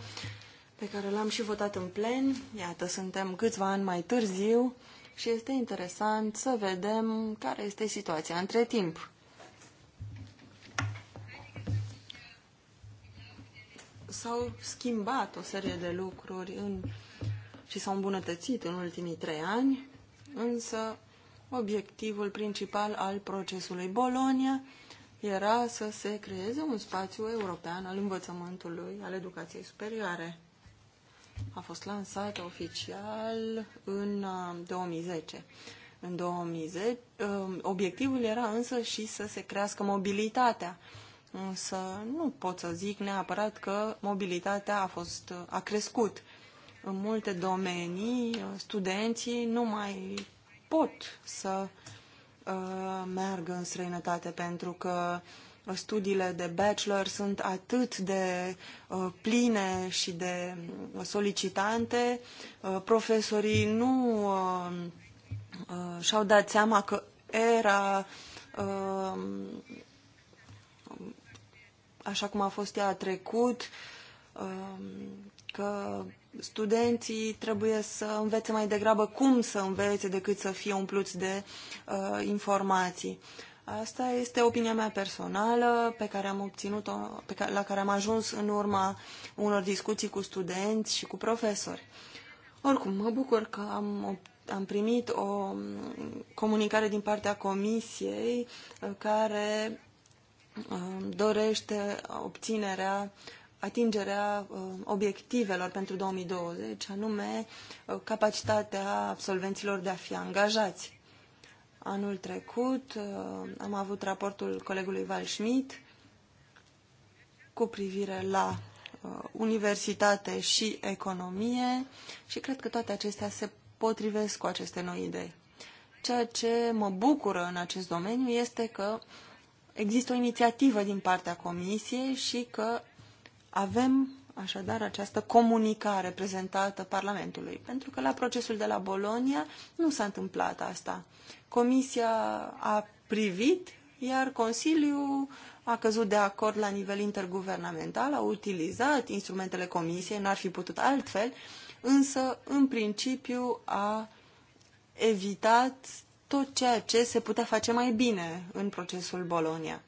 pe care l-am și votat în plen. Iată, suntem câțiva ani mai târziu și este interesant să vedem care este situația între timp. S-au schimbat o serie de lucruri în, și s-au îmbunătățit în ultimii trei ani, însă obiectivul principal al procesului Bologna era să se creeze un spațiu european al învățământului, al educației superioare a fost lansat oficial în 2010. Uh, în 2010, um, obiectivul era însă și să se crească mobilitatea. Însă nu pot să zic neapărat că mobilitatea a, fost, uh, a crescut. În multe domenii, uh, studenții nu mai pot să meargă în străinătate pentru că uh, studiile de bachelor sunt atât de uh, pline și de uh, solicitante, uh, profesorii nu și-au dat seama că era așa cum a fost ea trecut, că studenții trebuie să învețe mai degrabă cum să învețe decât să fie umpluți de informații. Uh, Asta este opinia mea personală pe care am obținut-o, pe care, la care am ajuns în urma unor discuții cu studenți și cu profesori. Oricum, mă bucur că am, am primit o mm, comunicare din partea comisiei uh, care um, dorește obținerea, atingerea uh, obiectivelor pentru 2020, anume uh, capacitatea absolvenților de a fi angajați. Anul trecut uh, am avut raportul colegului Val Schmidt cu privire la uh, universitate și economie și cred că toate acestea se potrivesc cu aceste noi idei. Ceea ce mă bucură în acest domeniu este că există o inițiativă din partea Comisiei și că avem așadar această comunicare prezentată Parlamentului, pentru că la procesul de la Bolonia nu s-a întâmplat asta. Comisia a privit, iar Consiliul a căzut de acord la nivel interguvernamental, a utilizat instrumentele Comisiei, n-ar fi putut altfel, însă, în principiu, a evitat tot ceea ce se putea face mai bine în procesul Bolonia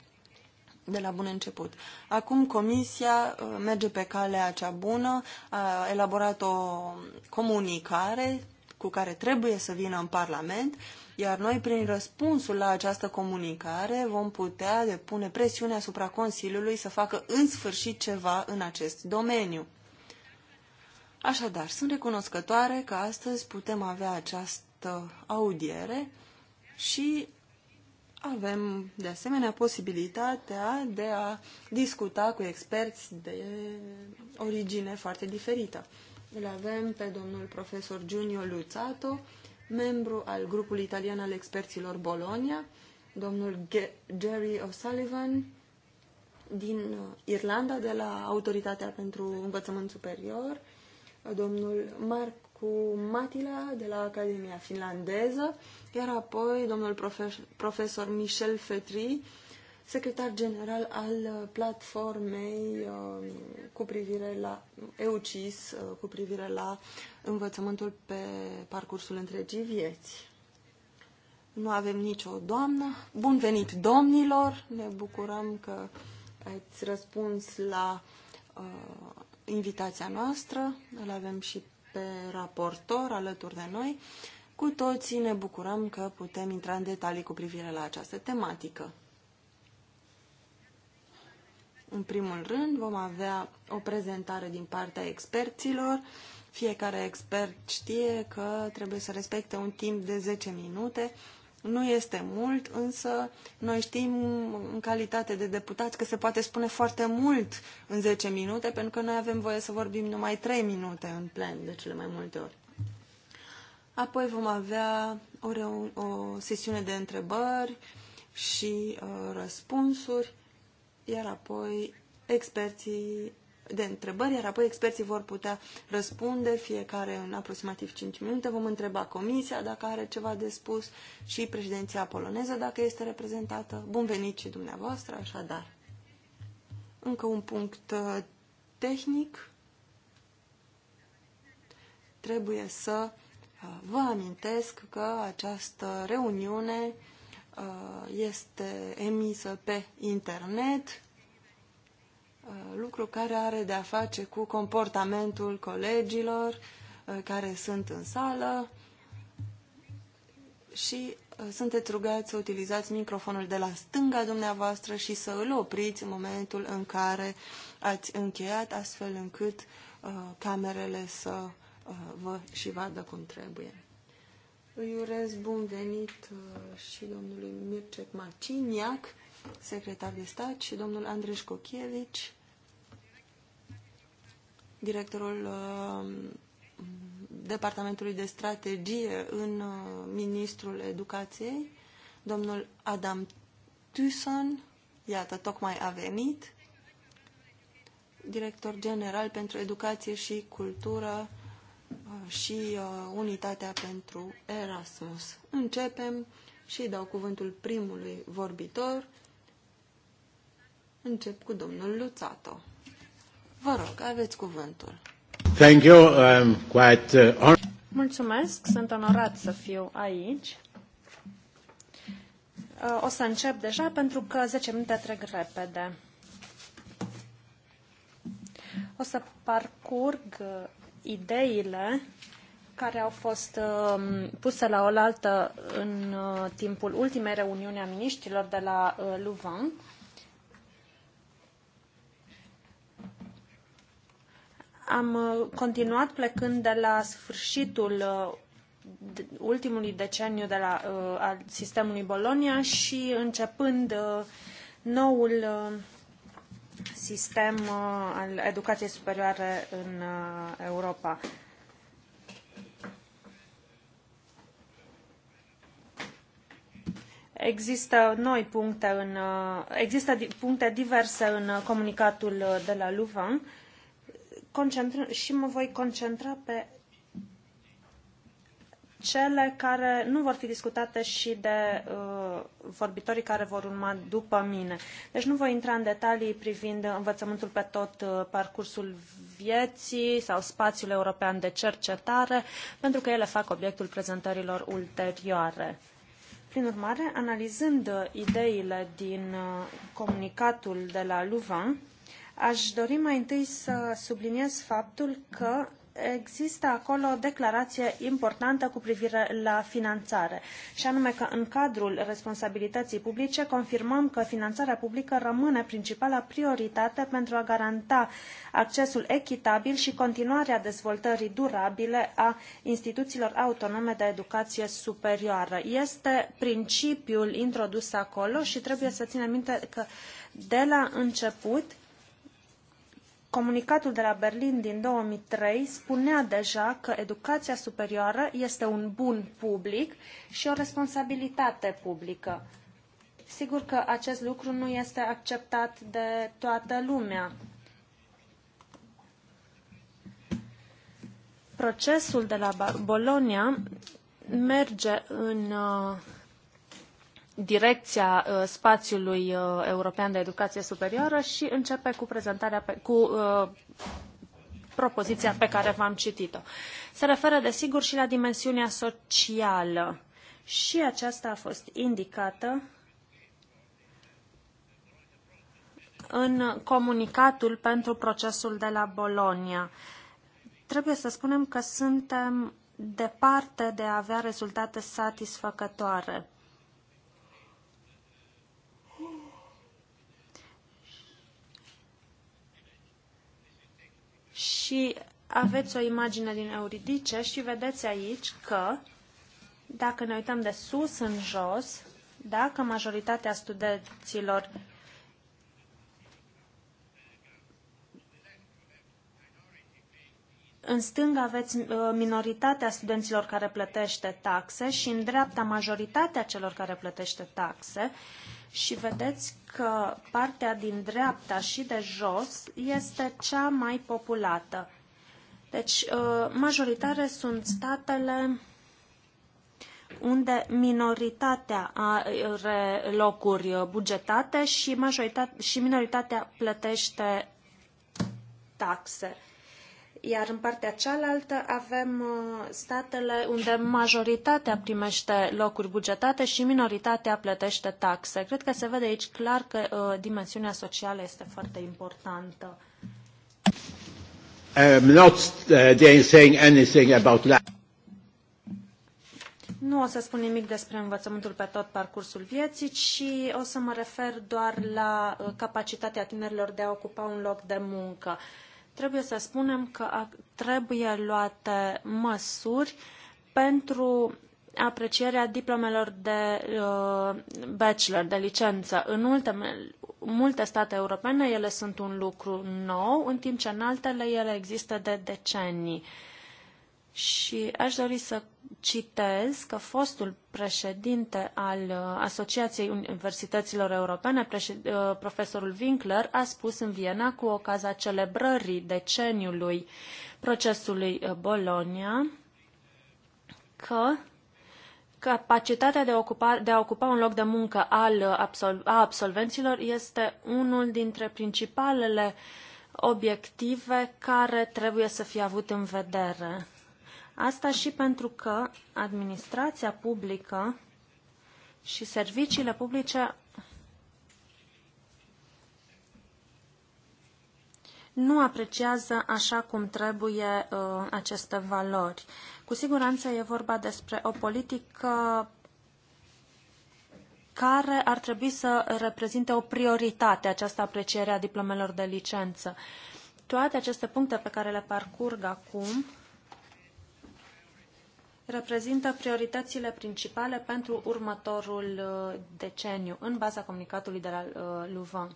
de la bun început. Acum Comisia uh, merge pe calea cea bună, a elaborat o comunicare cu care trebuie să vină în Parlament, iar noi, prin răspunsul la această comunicare, vom putea depune presiune asupra Consiliului să facă în sfârșit ceva în acest domeniu. Așadar, sunt recunoscătoare că astăzi putem avea această audiere și avem, de asemenea, posibilitatea de a discuta cu experți de origine foarte diferită. Îl avem pe domnul profesor Giunio Luzzato, membru al grupului italian al experților Bologna, domnul Jerry O'Sullivan din uh, Irlanda, de la Autoritatea pentru Învățământ Superior, domnul Mark cu Matila de la Academia Finlandeză, iar apoi domnul profesor, profesor Michel Fetri, secretar general al platformei um, cu privire la EUCIS, uh, cu privire la învățământul pe parcursul întregii vieți. Nu avem nicio doamnă. Bun venit domnilor! Ne bucurăm că ați răspuns la uh, invitația noastră. Îl avem și pe raportor alături de noi. Cu toții ne bucurăm că putem intra în detalii cu privire la această tematică. În primul rând vom avea o prezentare din partea experților. Fiecare expert știe că trebuie să respecte un timp de 10 minute nu este mult, însă noi știm în calitate de deputați că se poate spune foarte mult în 10 minute, pentru că noi avem voie să vorbim numai 3 minute în plen, de cele mai multe ori. Apoi vom avea o, o sesiune de întrebări și uh, răspunsuri, iar apoi experții de întrebări, iar apoi experții vor putea răspunde, fiecare în aproximativ 5 minute. Vom întreba comisia dacă are ceva de spus și președinția poloneză dacă este reprezentată. Bun venit și dumneavoastră, așadar. Încă un punct uh, tehnic. Trebuie să uh, vă amintesc că această reuniune uh, este emisă pe internet Uh, lucru care are de a face cu comportamentul colegilor uh, care sunt în sală și uh, sunteți rugați să utilizați microfonul de la stânga dumneavoastră și să îl opriți în momentul în care ați încheiat, astfel încât uh, camerele să uh, vă și vadă cum trebuie. Îi urez bun venit uh, și domnului Mircec Maciniac, secretar de stat, și domnul Andreș Cochievici, directorul uh, Departamentului de Strategie în uh, Ministrul Educației, domnul Adam Tusson, iată, tocmai a venit, director general pentru educație și cultură uh, și uh, unitatea pentru Erasmus. Începem și dau cuvântul primului vorbitor, Încep cu domnul Luțato. Vă rog, aveți cuvântul. Thank you. I'm um, quite uh, Mulțumesc, sunt onorat să fiu aici. Uh, o să încep deja pentru că 10 minute trec repede. O să parcurg uh, ideile care au fost um, puse la oaltă în uh, timpul ultimei reuniuni a miniștrilor de la Louvain Am uh, continuat plecând de la sfârșitul uh, ultimului deceniu de la, uh, al sistemului Bologna și începând noul sistem al educației superioare în Europa. Există noi puncte în, există puncte diverse în comunicatul de la Louvain și mă voi concentra pe cele care nu vor fi discutate și de uh, vorbitorii care vor urma după mine. Deci nu voi intra în detalii privind învățământul pe tot uh, parcursul vieții sau spațiul european de cercetare, pentru că ele fac obiectul prezentărilor ulterioare. Prin urmare, analizând uh, ideile din uh, comunicatul de la Louvain, Aș dori mai întâi să subliniez faptul că există acolo o declarație importantă cu privire la finanțare, și anume că în cadrul responsabilității publice confirmăm că finanțarea publică rămâne principala prioritate pentru a garanta accesul echitabil și continuarea dezvoltării durabile a instituțiilor autonome de educație superioară. Este principiul introdus acolo și trebuie să ținem minte că de la început Comunicatul de la Berlin din 2003 spunea deja că educația superioară este un bun public și o responsabilitate publică. Sigur că acest lucru nu este acceptat de toată lumea. Procesul de la Bologna merge în uh, direcția uh, spațiului uh, european de educație superioară și începe cu prezentarea pe, cu uh, propoziția pe care v-am citit-o. Se referă, desigur, și la dimensiunea socială. Și aceasta a fost indicată în comunicatul pentru procesul de la Bologna. Trebuie să spunem că suntem departe de a avea rezultate satisfăcătoare. și aveți o imagine din Euridice și vedeți aici că, dacă ne uităm de sus în jos, dacă majoritatea studenților În stânga aveți uh, minoritatea studenților care plătește taxe și în dreapta majoritatea celor care plătește taxe și vedeți că partea din dreapta și de jos este cea mai populată. Deci, uh, majoritare sunt statele unde minoritatea are locuri bugetate și, majoritatea, și minoritatea plătește taxe iar în partea cealaltă avem uh, statele unde majoritatea primește locuri bugetate și minoritatea plătește taxe. Cred că se vede aici clar că uh, dimensiunea socială este foarte importantă. I'm um, not uh, saying anything about that. Nu o să spun nimic despre învățământul pe tot parcursul vieții, ci o să mă refer doar la capacitatea tinerilor de a ocupa un loc de muncă. Uh, trebuie să spunem că trebuie luate măsuri pentru aprecierea diplomelor de uh, bachelor, de licență. În ultime, multe state europene ele sunt un lucru nou, în timp ce în altele ele există de decenii. Și aș dori să citez că fostul președinte al uh, Asociației Universităților Europene, uh, profesorul Winkler, a spus în Viena cu ocazia celebrării deceniului procesului uh, Bologna că capacitatea de a, ocupa, de a ocupa un loc de muncă al absol, a absolvenților este unul dintre principalele obiective care trebuie să fie avut în vedere. Asta și pentru că administrația publică și serviciile publice nu apreciază așa cum trebuie uh, aceste valori. Cu siguranță e vorba despre o politică care ar trebui să reprezinte o prioritate, această apreciere a diplomelor de licență. Toate aceste puncte pe care le parcurg acum reprezintă prioritățile principale pentru următorul uh, deceniu, în baza comunicatului de la uh, Louvain.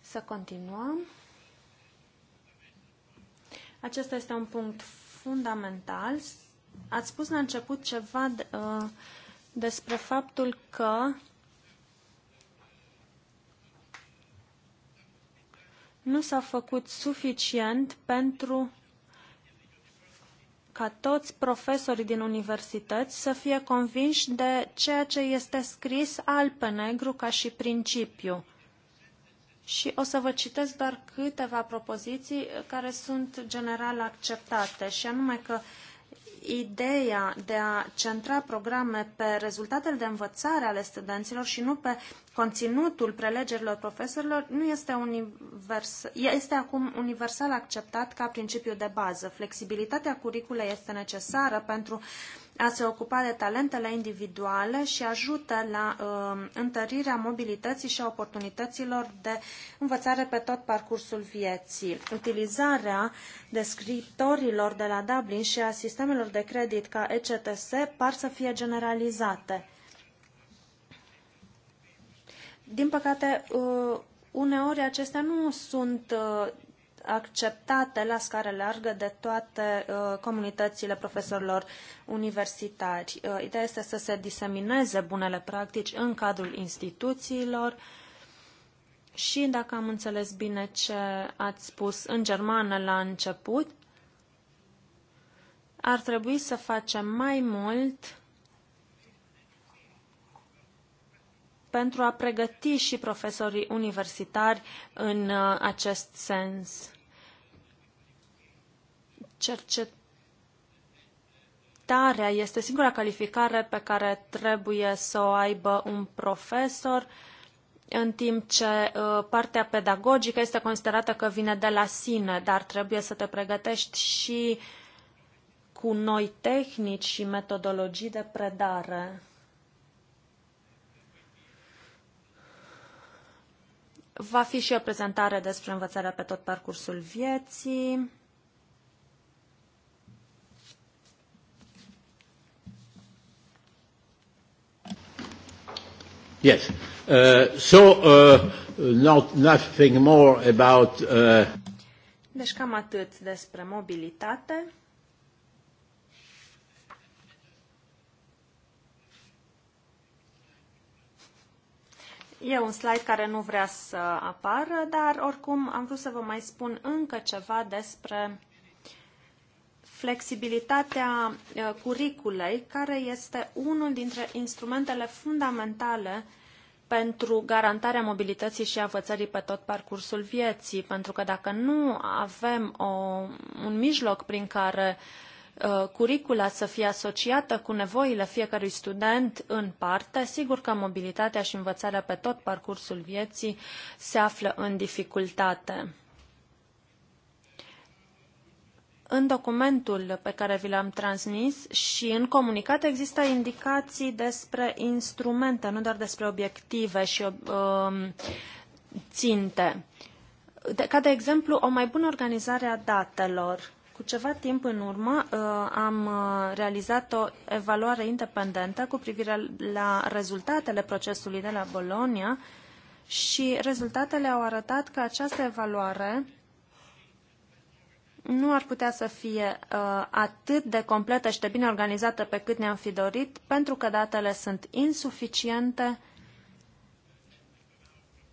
Să continuăm. Acesta este un punct fundamental. Ați spus la început ceva uh, despre faptul că nu s-a făcut suficient pentru ca toți profesorii din universități să fie convinși de ceea ce este scris al pe negru ca și principiu. Și o să vă citesc doar câteva propoziții care sunt general acceptate, și anume că uh, ideea de a centra programe pe rezultatele de învățare ale studenților și nu pe conținutul prelegerilor profesorilor nu este, univers, este acum universal acceptat ca principiu de bază. Flexibilitatea curiculei este necesară pentru a se ocupa de talentele individuale și ajută la uh, întărirea mobilității și a oportunităților de învățare pe tot parcursul vieții. Utilizarea descriptorilor de la Dublin și a sistemelor de credit ca ECTS par să fie generalizate. Din păcate, uh, uneori acestea nu sunt uh, acceptate la scară largă de toate uh, comunitățile profesorilor universitari. Uh, ideea este să se disemineze bunele practici în cadrul instituțiilor și, dacă am înțeles bine ce ați spus în germană la început, ar trebui să facem mai mult pentru a pregăti și profesorii universitari în uh, acest sens. Cercetarea este singura calificare pe care trebuie să o aibă un profesor, în timp ce uh, partea pedagogică este considerată că vine de la sine, dar trebuie să te pregătești și cu noi tehnici și metodologii de predare. Va fi și o prezentare despre învățarea pe tot parcursul vieții. Yes. Uh, so, uh, not, nothing more about... Uh... Deci cam atât despre mobilitate. E un slide care nu vrea să apară, dar oricum am vrut să vă mai spun încă ceva despre flexibilitatea eh, curriculei, care este unul dintre instrumentele fundamentale pentru garantarea mobilității și învățării pe tot parcursul vieții, pentru că dacă nu avem o, un mijloc prin care eh, curicula să fie asociată cu nevoile fiecărui student în parte, sigur că mobilitatea și învățarea pe tot parcursul vieții se află în dificultate. În documentul pe care vi l-am transmis și în comunicat există indicații despre instrumente, nu doar despre obiective și uh, ținte. De, ca de exemplu, o mai bună organizare a datelor. Cu ceva timp în urmă uh, am uh, realizat o evaluare independentă cu privire la rezultatele procesului de la Bologna și rezultatele au arătat că această evaluare nu ar putea să fie uh, atât de completă și de bine organizată pe cât ne-am fi dorit, pentru că datele sunt insuficiente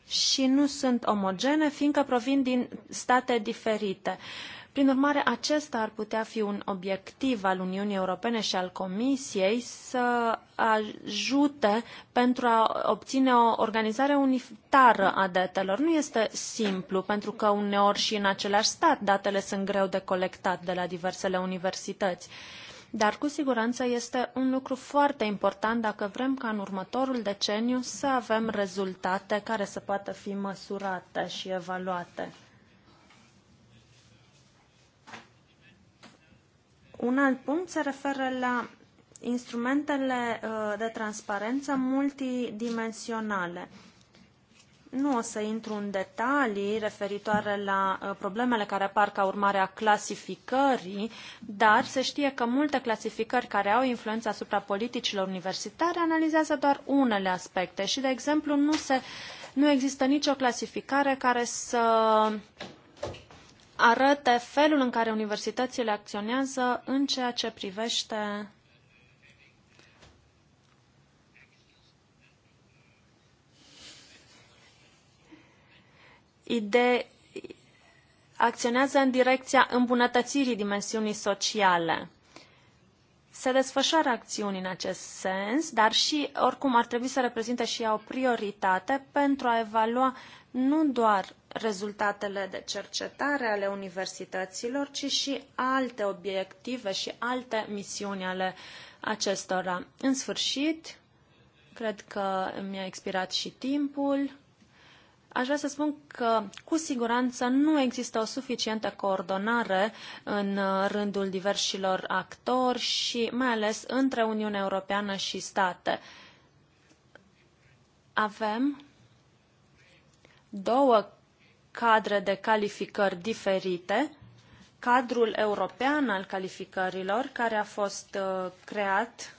și nu sunt omogene, fiindcă provin din state diferite. Uh, prin urmare, acesta ar putea fi un obiectiv al Uniunii Europene și al Comisiei să ajute pentru a obține o organizare unitară a datelor. Nu este simplu, pentru că uneori și în același stat datele sunt greu de colectat de la diversele universități. Dar cu siguranță este un lucru foarte important dacă vrem ca în următorul deceniu să avem rezultate care să poată fi măsurate și evaluate. Un alt punct se referă la instrumentele uh, de transparență multidimensionale. Nu o să intru în detalii referitoare la uh, problemele care apar ca urmare a clasificării, dar se știe că multe clasificări care au influență asupra politicilor universitare analizează doar unele aspecte și, de exemplu, nu, se, nu există nicio clasificare care să uh, arăte felul în care universitățile acționează în ceea ce privește idei acționează în direcția îmbunătățirii dimensiunii sociale. Se desfășoară acțiuni în acest sens, dar și, oricum, ar trebui să reprezinte și ea o prioritate pentru a evalua nu doar rezultatele de cercetare ale universităților, ci și alte obiective și alte misiuni ale acestora. În sfârșit, cred că mi-a expirat și timpul. Aș vrea să spun că, cu siguranță, nu există o suficientă coordonare în rândul diversilor actori și mai ales între Uniunea Europeană și state. Avem două cadre de calificări diferite, cadrul european al calificărilor, care a fost uh, creat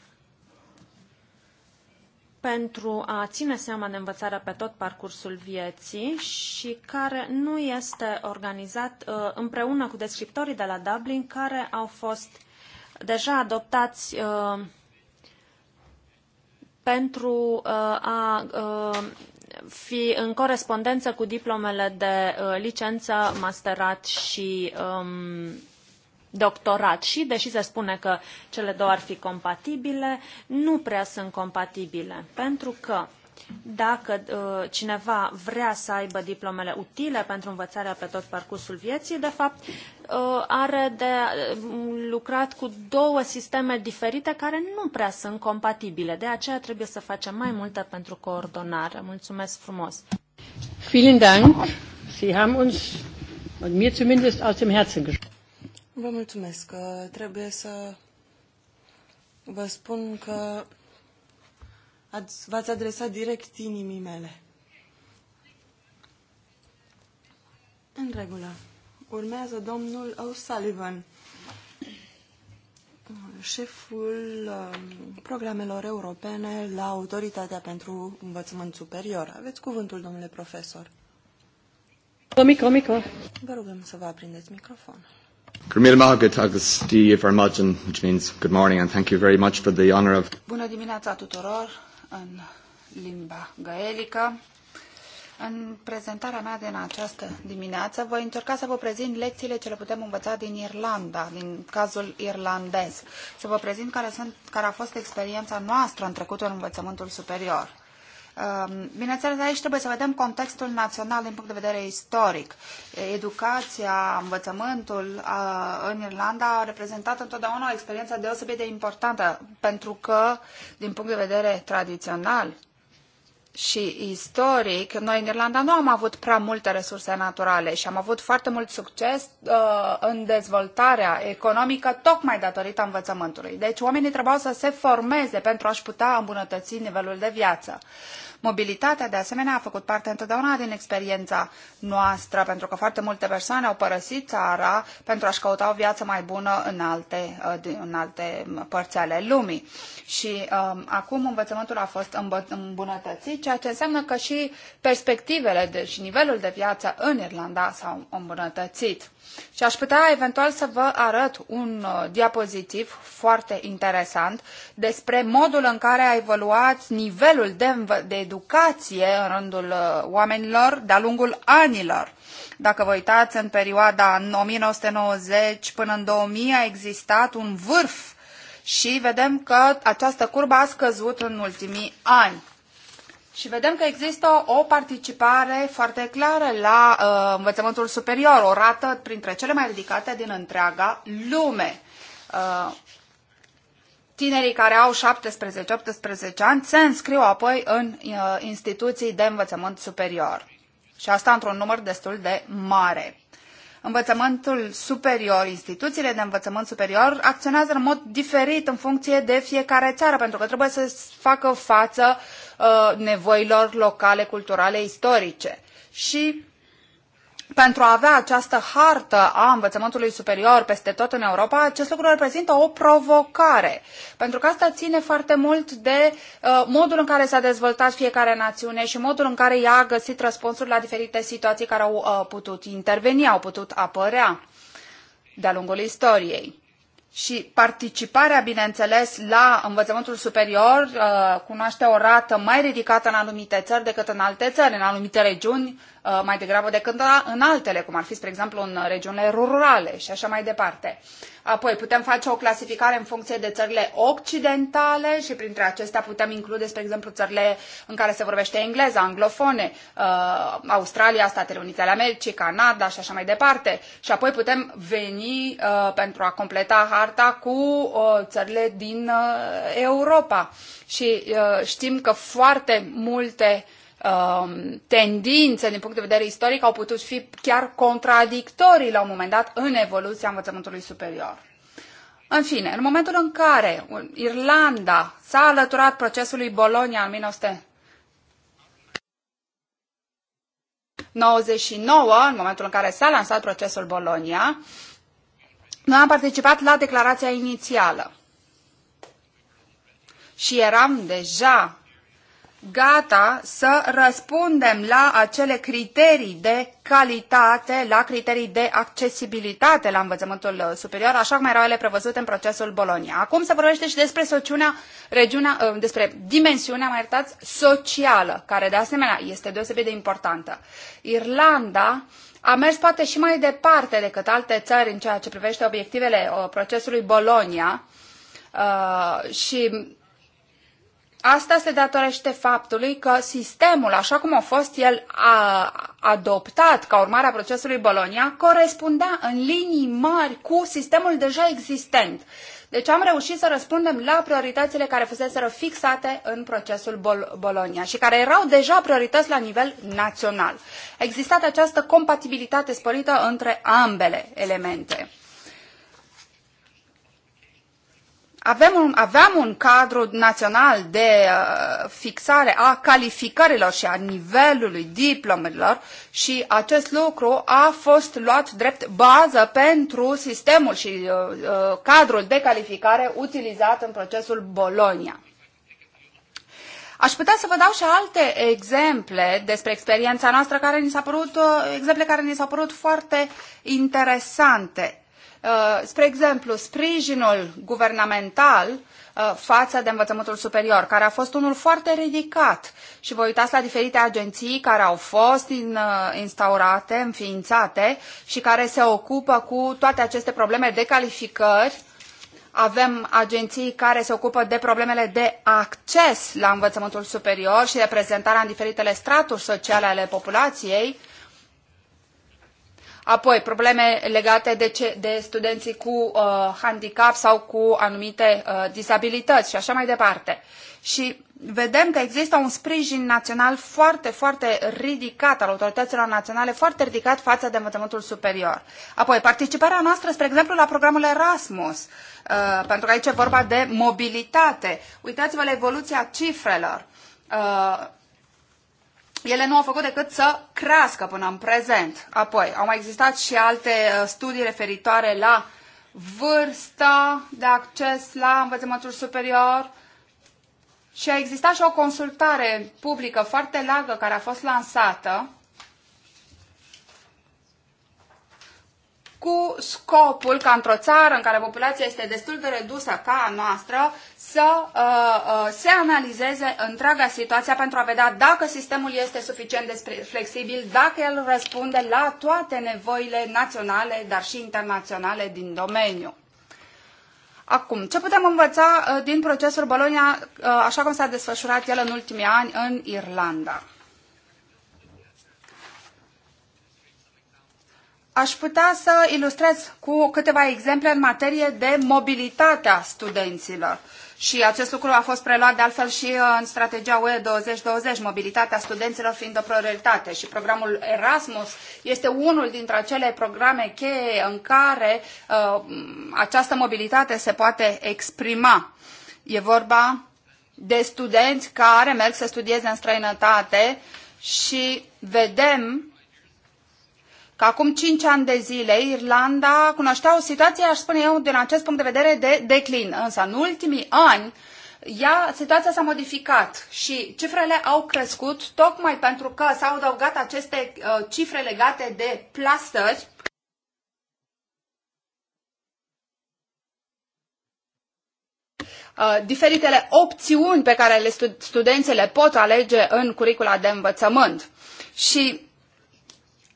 pentru a ține seama de învățarea pe tot parcursul vieții și care nu este organizat uh, împreună cu descriptorii de la Dublin, care au fost deja adoptați uh, pentru a fi în corespondență cu diplomele de uh, licență, masterat și um, doctorat și, deși se spune că cele două ar fi compatibile, nu prea sunt compatibile, pentru că dacă uh, cineva vrea să aibă diplomele utile pentru învățarea pe tot parcursul vieții, de fapt, uh, are de uh, lucrat cu două sisteme diferite care nu prea sunt compatibile. De aceea trebuie să facem mai multe pentru coordonare. Mulțumesc frumos! Vielen Dank! Sie haben uns, und mir zumindest, aus dem Herzen Vă mulțumesc. Trebuie să vă spun că v-ați adresat direct inimii mele. În regulă. Urmează domnul O'Sullivan, șeful um, programelor europene la Autoritatea pentru Învățământ Superior. Aveți cuvântul, domnule profesor. Micro, micro. Vă rugăm să vă aprindeți microfonul. Bună dimineața tuturor! în limba gaelică. În prezentarea mea din această dimineață voi încerca să vă prezint lecțiile ce le putem învăța din Irlanda, din cazul irlandez. Să vă prezint care, sunt, care a fost experiența noastră în trecutul în învățământul superior. Um, bineînțeles, aici trebuie să vedem contextul național din punct de vedere istoric. Educația, învățământul uh, în Irlanda a reprezentat întotdeauna o experiență deosebit de importantă, pentru că, din punct de vedere tradițional, și istoric, noi în Irlanda nu am avut prea multe resurse naturale și am avut foarte mult succes uh, în dezvoltarea economică tocmai datorită învățământului. Deci oamenii trebuiau să se formeze pentru a-și putea îmbunătăți nivelul de viață. Mobilitatea, de asemenea, a făcut parte întotdeauna din experiența noastră, pentru că foarte multe persoane au părăsit țara pentru a-și căuta o viață mai bună în alte, uh, în alte uh, părți ale lumii. Și um, acum învățământul a fost îmbunătățit, ceea ce înseamnă că și perspectivele de, și nivelul de viață în Irlanda s-au îmbunătățit. Și aș putea eventual să vă arăt un uh, diapozitiv foarte interesant despre modul în care a evoluat nivelul de, de educație în rândul uh, oamenilor de-a lungul anilor. Dacă vă uitați, în perioada 1990 până în 2000 a existat un vârf și vedem că această curbă a scăzut în ultimii ani. Și vedem că există o participare foarte clară la uh, învățământul superior, o rată printre cele mai ridicate din întreaga lume. Uh, tinerii care au 17-18 ani se înscriu apoi în uh, instituții de învățământ superior. Și asta într-un număr destul de mare învățământul superior, instituțiile de învățământ superior acționează în mod diferit în funcție de fiecare țară, pentru că trebuie să facă față uh, nevoilor locale, culturale, istorice. Și pentru a avea această hartă a învățământului superior peste tot în Europa, acest lucru reprezintă o provocare, pentru că asta ține foarte mult de uh, modul în care s-a dezvoltat fiecare națiune și modul în care ea a găsit răspunsuri la diferite situații care au uh, putut interveni, au putut apărea de-a lungul istoriei. Și participarea, bineînțeles, la învățământul superior uh, cunoaște o rată mai ridicată în anumite țări decât în alte țări, în anumite regiuni Uh, mai degrabă decât în altele, cum ar fi, spre exemplu, în regiunile rurale și așa mai departe. Apoi putem face o clasificare în funcție de țările occidentale și printre acestea putem include, spre exemplu, țările în care se vorbește engleză, anglofone, uh, Australia, Statele Unite ale Americii, Canada și așa mai departe. Și apoi putem veni uh, pentru a completa harta cu țările din Europa. Și știm că foarte multe Um, tendințe din punct de vedere istoric au putut fi chiar contradictorii la un moment dat în evoluția învățământului superior. În fine, în momentul în care Irlanda s-a alăturat procesului Bologna în 1999, în momentul în care s-a lansat procesul Bologna, noi am participat la declarația inițială și eram deja gata să răspundem la acele criterii de calitate, la criterii de accesibilitate la învățământul uh, superior, așa cum erau ele prevăzute în procesul Bolonia. Acum se vorbește și despre sociunea, regiunea, uh, despre dimensiunea, mai iertați, socială, care de asemenea este deosebit de importantă. Irlanda a mers poate și mai departe decât alte țări în ceea ce privește obiectivele uh, procesului Bolonia, Uh, și Asta se datorește faptului că sistemul, așa cum a fost el a adoptat ca urmare a procesului Bolonia, corespundea în linii mari cu sistemul deja existent. Deci am reușit să răspundem la prioritățile care fuseseră fixate în procesul Bol- Bolonia și care erau deja priorități la nivel național. A existat această compatibilitate sporită între ambele elemente. avem un, aveam un cadru național de uh, fixare a calificărilor și a nivelului diplomelor și acest lucru a fost luat drept bază pentru sistemul și uh, uh, cadrul de calificare utilizat în procesul Bologna. Aș putea să vă dau și alte exemple despre experiența noastră care ni s-a părut, exemple care ni s-au părut foarte interesante. Uh, spre exemplu, sprijinul guvernamental uh, față de învățământul superior, care a fost unul foarte ridicat. Și vă uitați la diferite agenții care au fost in, uh, instaurate, înființate și care se ocupă cu toate aceste probleme de calificări. Avem agenții care se ocupă de problemele de acces la învățământul superior și de prezentarea în diferitele straturi sociale ale populației. Uh, Apoi, probleme legate de, ce, de studenții cu uh, handicap sau cu anumite uh, disabilități și așa mai departe. Și vedem că există un sprijin național foarte, foarte ridicat al autorităților naționale, foarte ridicat față de învățământul superior. Apoi, participarea noastră, spre exemplu, la programul Erasmus, uh, pentru că aici e vorba de mobilitate. Uitați-vă la evoluția cifrelor. Uh, ele nu au făcut decât să crească până în prezent. Apoi, au mai existat și alte uh, studii referitoare la vârsta de acces la învățământul superior și a existat și o consultare publică foarte largă care a fost lansată cu scopul ca într-o țară în care populația este destul de redusă ca a noastră să uh, uh, se analizeze întreaga situație pentru a vedea dacă sistemul este suficient de flexibil, dacă el răspunde la toate nevoile naționale, dar și internaționale din domeniu. Acum, ce putem învăța uh, din procesul Bologna, uh, așa cum s-a desfășurat el în ultimii ani în Irlanda? Aș putea să ilustrez cu câteva exemple în materie de mobilitatea studenților. Și acest lucru a fost preluat de altfel și uh, în strategia UE 2020, mobilitatea studenților fiind o prioritate. Și programul Erasmus este unul dintre acele programe cheie în care uh, această mobilitate se poate exprima. E vorba de studenți care merg să studieze în străinătate și vedem că acum 5 ani de zile Irlanda cunoștea o situație, aș spune eu, din acest punct de vedere de declin. Însă în ultimii ani ea, situația s-a modificat și cifrele au crescut tocmai pentru că s-au adăugat aceste uh, cifre legate de plastări uh, diferitele opțiuni pe care le stud- pot alege în curicula de învățământ. Și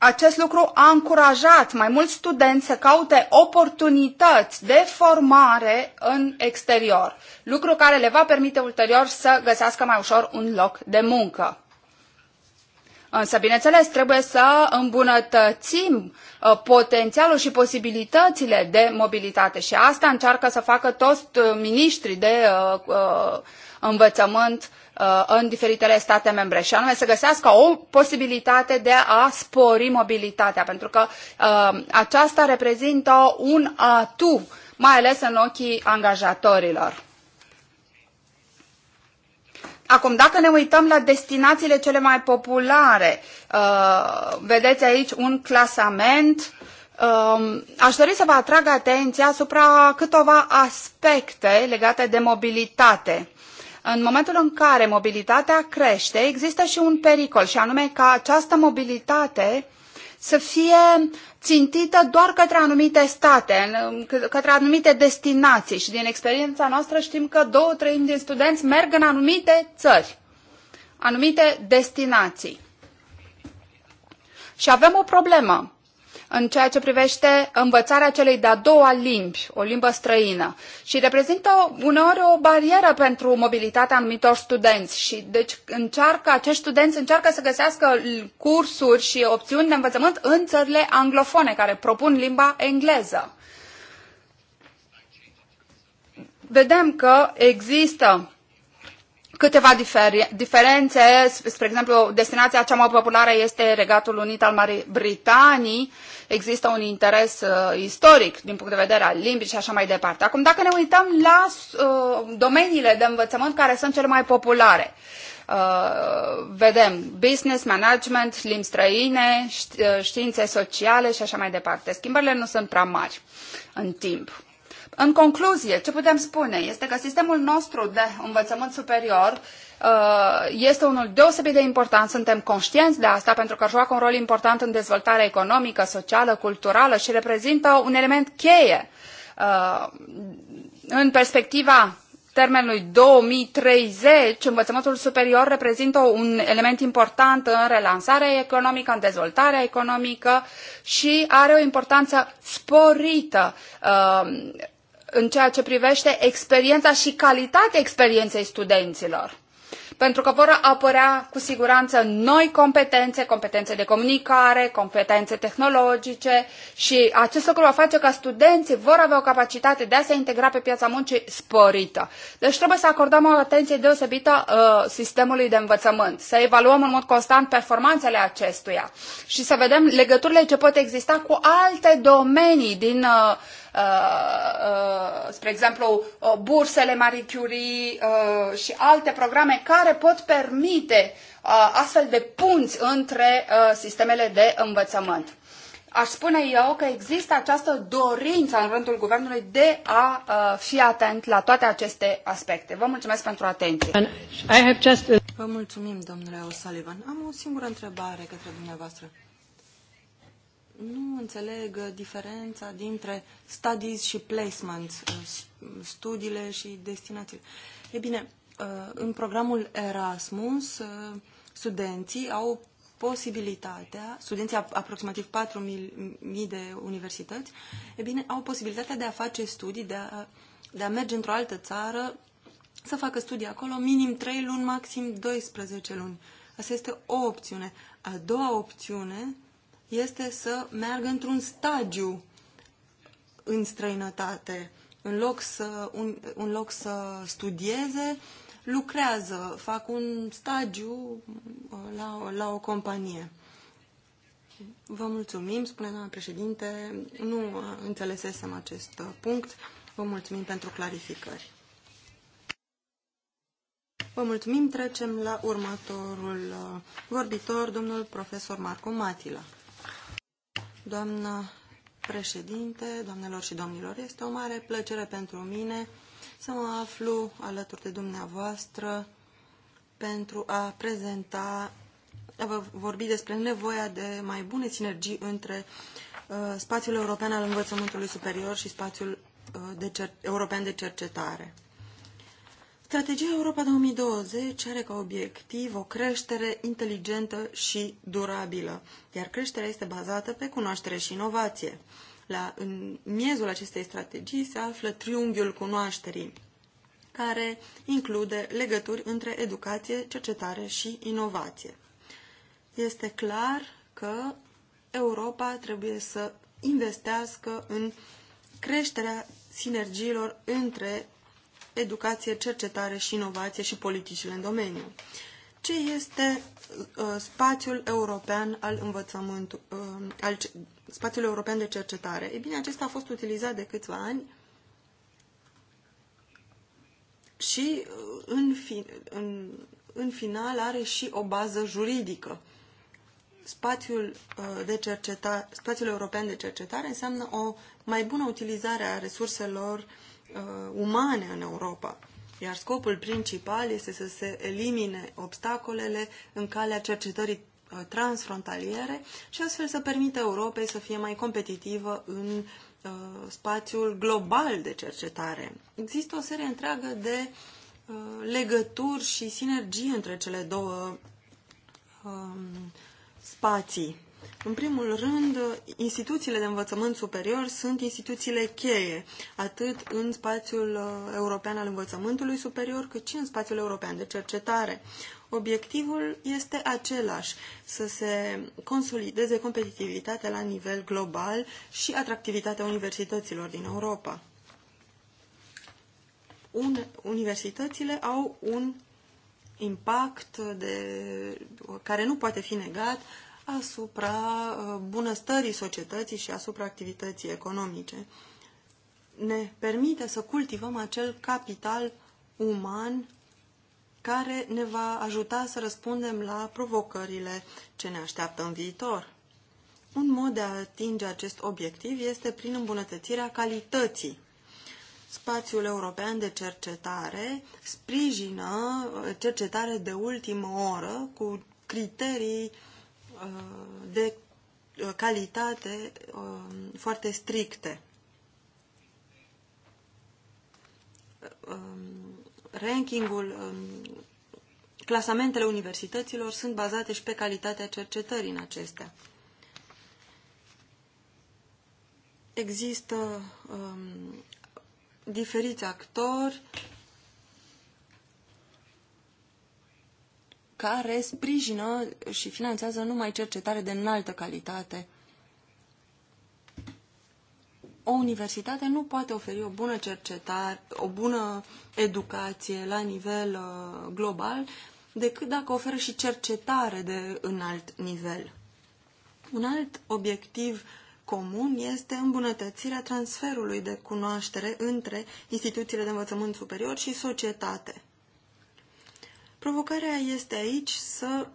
acest lucru a încurajat mai mulți studenți să caute oportunități de formare în exterior, lucru care le va permite ulterior să găsească mai ușor un loc de muncă. Însă, bineînțeles, trebuie să îmbunătățim uh, potențialul și posibilitățile de mobilitate și asta încearcă să facă toți uh, miniștrii de uh, învățământ Uh, în diferitele state membre și anume să găsească o posibilitate de a spori mobilitatea, pentru că uh, aceasta reprezintă un atu, mai ales în ochii angajatorilor. Acum, dacă ne uităm la destinațiile cele mai populare, uh, vedeți aici un clasament. Um, aș dori să vă atrag atenția asupra câteva aspecte legate de mobilitate în momentul în care mobilitatea crește, există și un pericol, și anume ca această mobilitate să fie țintită doar către anumite state, către anumite destinații. Și din experiența noastră știm că două treimi din studenți merg în anumite țări, anumite destinații. Și avem o problemă în ceea ce privește învățarea celei de-a doua limbi, o limbă străină, și reprezintă uneori o barieră pentru mobilitatea anumitor studenți. Și deci încearcă, acești studenți încearcă să găsească cursuri și opțiuni de învățământ în țările anglofone, care propun limba engleză. Vedem că există câteva diferențe. Spre exemplu, destinația cea mai populară este Regatul Unit al Marii Britanii. Există un interes uh, istoric din punct de vedere al limbii și așa mai departe. Acum, dacă ne uităm la uh, domeniile de învățământ care sunt cele mai populare, Uh, vedem business, management, limbi străine, uh, științe sociale și așa mai departe. Schimbările nu sunt prea mari în timp. În concluzie, ce putem spune este că sistemul nostru de învățământ superior uh, este unul deosebit de important. Suntem conștienți de asta pentru că joacă un rol important în dezvoltarea economică, socială, culturală și reprezintă un element cheie uh, în perspectiva termenului 2030, învățământul superior reprezintă un element important în relansarea economică, în dezvoltarea economică și are o importanță sporită uh, în ceea ce privește experiența și calitatea experienței studenților. Pentru că vor apărea cu siguranță noi competențe, competențe de comunicare, competențe tehnologice și acest lucru va face ca studenții vor avea o capacitate de a se integra pe piața muncii sporită. Deci trebuie să acordăm o atenție deosebită uh, sistemului de învățământ, să evaluăm în mod constant performanțele acestuia și să vedem legăturile ce pot exista cu alte domenii din uh, Uh, uh, spre exemplu, uh, bursele Marie Curie și alte programe care pot permite astfel de punți între sistemele de învățământ. Aș spune eu că există această dorință în rândul guvernului de a fi atent la toate aceste aspecte. Vă mulțumesc pentru atenție. Vă mulțumim, domnule O'Sullivan. Am o singură întrebare către dumneavoastră nu înțeleg uh, diferența dintre studies și placements, uh, studiile și destinațiile. E bine, uh, în programul Erasmus, studenții au posibilitatea, studenții aproximativ 4.000 de universități, e bine, au posibilitatea de a face studii, de a, de a merge într-o altă țară, să facă studii acolo, minim 3 luni, maxim 12 luni. Asta este o opțiune. A doua opțiune este să meargă într-un stagiu în străinătate. În loc să, un, în loc să studieze, lucrează, fac un stagiu uh, la, la o companie. Vă mulțumim, spune doamna președinte, nu uh, înțelesesem acest uh, punct. Vă mulțumim pentru clarificări. Vă mulțumim, trecem la următorul vorbitor, domnul profesor Marco Matila. Doamnă președinte, doamnelor și domnilor, este o mare plăcere pentru mine să mă aflu alături de dumneavoastră pentru a prezenta, a vă vorbi despre nevoia de mai bune sinergii între uh, spațiul european al învățământului superior și spațiul uh, de european de cercetare. Strategia Europa 2020 are ca obiectiv o creștere inteligentă și durabilă, iar creșterea este bazată pe cunoaștere și inovație. La, în miezul acestei strategii se află triunghiul cunoașterii, care include legături între educație, cercetare și inovație. Este clar că Europa trebuie să investească în creșterea sinergiilor între educație, cercetare și inovație și politicile în domeniu. Ce este uh, spațiul european al învățământului, uh, al spațiul european de cercetare? E bine, acesta a fost utilizat de câțiva ani și uh, în, fi, în, în final are și o bază juridică spațiul, uh, de cerceta, spațiul european de cercetare înseamnă o mai bună utilizare a resurselor uh, umane în Europa, iar scopul principal este să se elimine obstacolele în calea cercetării uh, transfrontaliere și astfel să permită Europei să fie mai competitivă în uh, spațiul global de cercetare. Există o serie întreagă de uh, legături și sinergii între cele două um, spații. În primul rând, instituțiile de învățământ superior sunt instituțiile cheie, atât în spațiul uh, european al învățământului superior, cât și în spațiul european de cercetare. Obiectivul este același, să se consolideze competitivitatea la nivel global și atractivitatea universităților din Europa. Universitățile au un impact de, care nu poate fi negat asupra uh, bunăstării societății și asupra activității economice. Ne permite să cultivăm acel capital uman care ne va ajuta să răspundem la provocările ce ne așteaptă în viitor. Un mod de a atinge acest obiectiv este prin îmbunătățirea calității. Spațiul European de Cercetare sprijină uh, cercetare de ultimă oră cu criterii uh, Uh, de uh, calitate um, foarte stricte. Um, rankingul, um, clasamentele universităților sunt bazate și pe calitatea cercetării în acestea. Există um, diferiți actori care sprijină și finanțează numai cercetare de înaltă calitate. O universitate nu poate oferi o bună cercetare, o bună educație la nivel uh, global decât dacă oferă și cercetare de înalt nivel. Un alt obiectiv comun este îmbunătățirea transferului de cunoaștere între instituțiile de învățământ superior și societate. Provocarea este aici să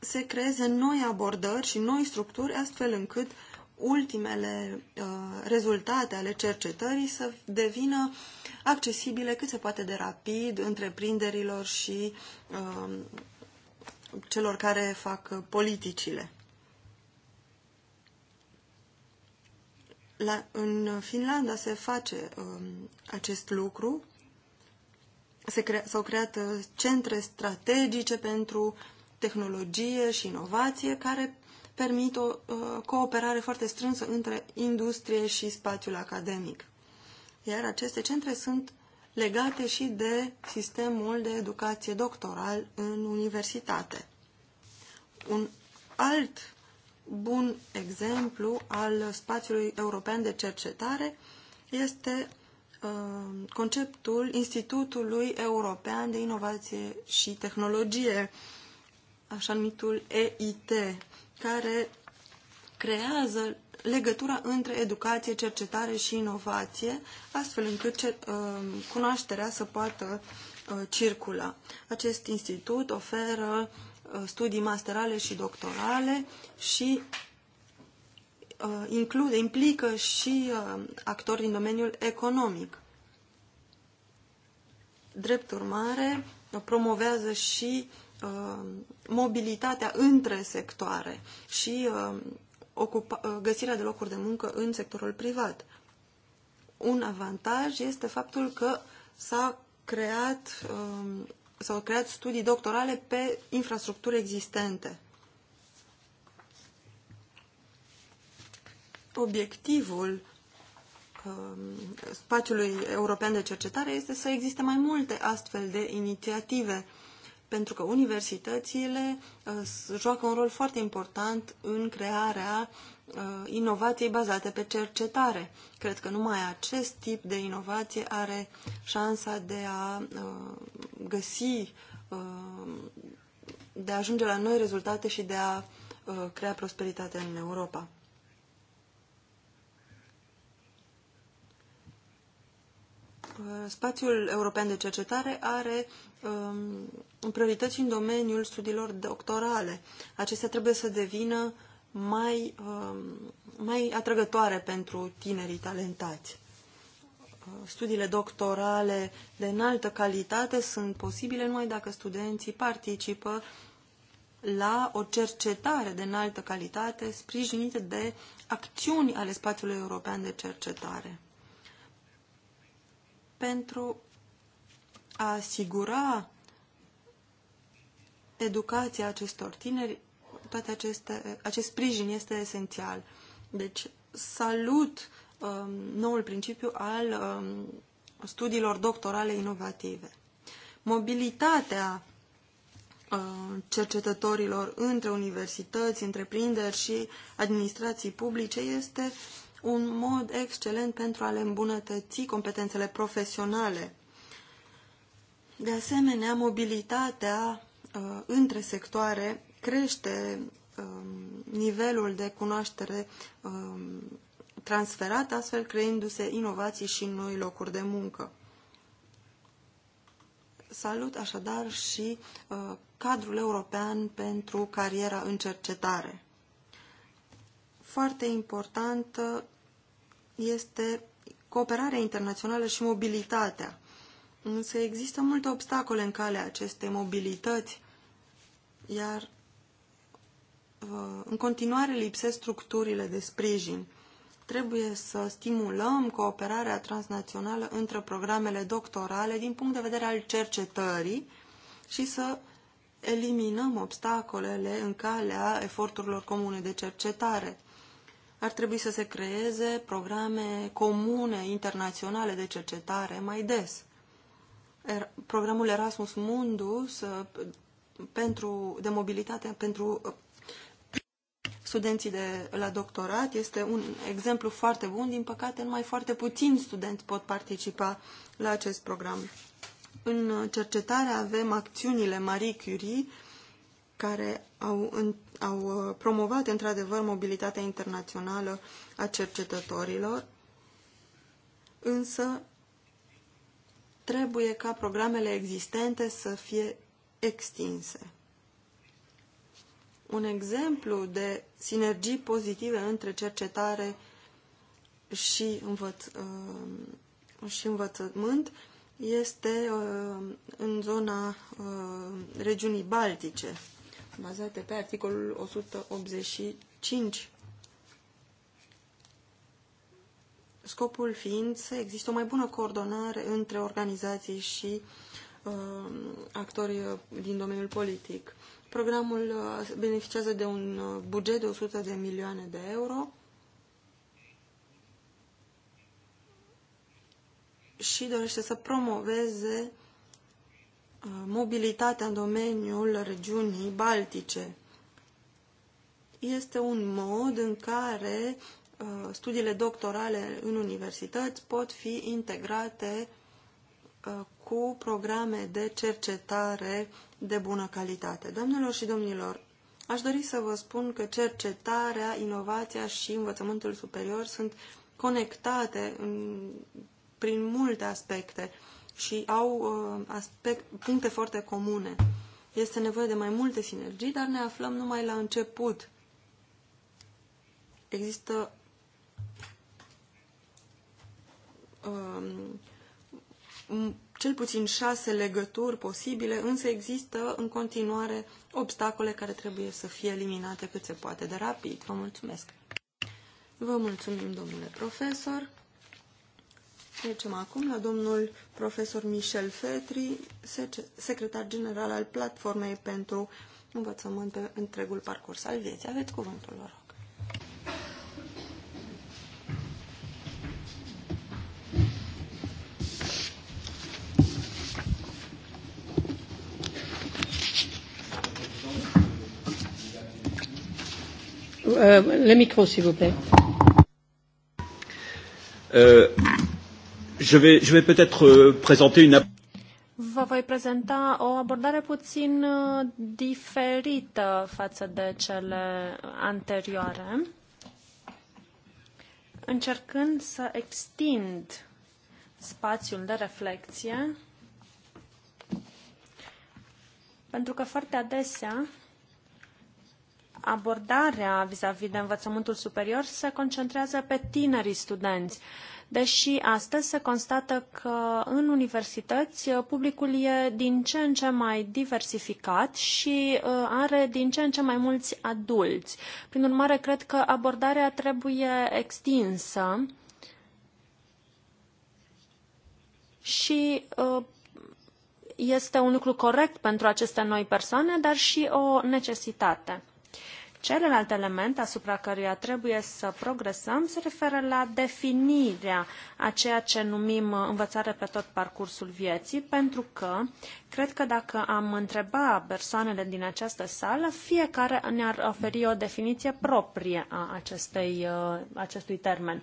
se creeze noi abordări și noi structuri, astfel încât ultimele uh, rezultate ale cercetării să devină accesibile cât se poate de rapid întreprinderilor și uh, celor care fac politicile. La, în Finlanda se face uh, acest lucru s-au creat uh, centre strategice pentru tehnologie și inovație care permit o uh, cooperare foarte strânsă între industrie și spațiul academic. Iar aceste centre sunt legate și de sistemul de educație doctoral în universitate. Un alt bun exemplu al spațiului european de cercetare este Uh, conceptul Institutului European de Inovație și Tehnologie, așa numitul EIT, care creează legătura între educație, cercetare și inovație, astfel încât uh, cunoașterea să poată uh, circula. Acest institut oferă studii masterale și doctorale și Uh, include, implică și uh, actori din domeniul economic. Drept urmare, promovează și uh, mobilitatea între sectoare și ocupa, găsirea de locuri de muncă în sectorul privat. Un avantaj este faptul că s-a creat, um, s-au creat studii doctorale pe infrastructuri existente. obiectivul um, spațiului european de cercetare este să existe mai multe astfel de inițiative, pentru că universitățile uh, joacă un rol foarte important în crearea uh, inovației bazate pe cercetare. Cred că numai acest tip de inovație are șansa de a uh, găsi, de a ajunge la noi rezultate și de a crea prosperitate în Europa. Uh, spațiul European de Cercetare are um, priorități în domeniul studiilor doctorale. Acestea trebuie să devină mai, um, mai atrăgătoare pentru tinerii talentați. Uh, studiile doctorale de înaltă calitate sunt posibile numai dacă studenții participă la o cercetare de înaltă calitate sprijinită de acțiuni ale spațiului european de cercetare pentru a asigura educația acestor tineri, toate aceste, acest sprijin este esențial. Deci, salut um, noul principiu al um, studiilor doctorale inovative. Mobilitatea uh, cercetătorilor între universități, întreprinderi și administrații publice este un mod excelent pentru a le îmbunătăți competențele profesionale. De asemenea, mobilitatea uh, între sectoare crește uh, nivelul de cunoaștere uh, transferat, astfel creându-se inovații și noi locuri de muncă. Salut așadar și uh, cadrul european pentru cariera în cercetare foarte importantă este cooperarea internațională și mobilitatea. Însă există multe obstacole în calea acestei mobilități, iar în continuare lipsesc structurile de sprijin. Trebuie să stimulăm cooperarea transnațională între programele doctorale din punct de vedere al cercetării și să eliminăm obstacolele în calea eforturilor comune de cercetare ar trebui să se creeze programe comune internaționale de cercetare mai des. Er, programul Erasmus Mundus uh, pentru, de mobilitate pentru uh, studenții de la doctorat este un exemplu foarte bun. Din păcate, numai foarte puțini studenți pot participa la acest program. În cercetare avem acțiunile Marie Curie, care au, în, au uh, promovat într-adevăr mobilitatea internațională a cercetătorilor, însă trebuie ca programele existente să fie extinse. Un exemplu de sinergii pozitive între cercetare și, învăț, uh, și învățământ este uh, în zona regiunii Baltice bazate pe articolul 185. Scopul fiind să există o mai bună coordonare între organizații și um, uh, actorii din domeniul politic. Programul uh, beneficiază de un uh, buget de 100 de milioane de euro. și dorește să promoveze Uh, mobilitatea în domeniul regiunii baltice. Este un mod în care uh, studiile doctorale în universități pot fi integrate uh, cu programe de cercetare de bună calitate. Doamnelor și domnilor, aș dori să vă spun că cercetarea, inovația și învățământul superior sunt conectate în, prin multe aspecte și au uh, aspect, puncte foarte comune. Este nevoie de mai multe sinergii, dar ne aflăm numai la început. Există um, cel puțin șase legături posibile, însă există în continuare obstacole care trebuie să fie eliminate cât se poate de rapid. Vă mulțumesc! Vă mulțumim, domnule profesor! Trecem acum la domnul profesor Michel Fetri, secretar general al Platformei pentru Învățământ pe întregul parcurs al vieții. Aveți cuvântul, vă rog. Uh, le micro, s'il vous plaît. Uh, Je vais, je vais peut-être euh, présenter une Vă voi prezenta o abordare puțin uh, diferită față de cele anterioare, încercând să extind spațiul de reflexie, pentru că foarte adesea abordarea vis-a-vis -vis de învățământul superior se concentrează pe tinerii studenți. Uh, deși astăzi se constată că în universități publicul e din ce în ce mai diversificat și uh, are din ce în ce mai mulți adulți. Prin urmare, cred că abordarea trebuie extinsă și uh, este un lucru corect pentru aceste noi persoane, dar și o necesitate. Celălalt element asupra căruia trebuie să progresăm se referă la definirea a ceea ce numim uh, învățare pe tot parcursul vieții, pentru că cred că dacă am întreba persoanele din această sală, fiecare ne-ar oferi o definiție proprie a acestei, uh, acestui termen.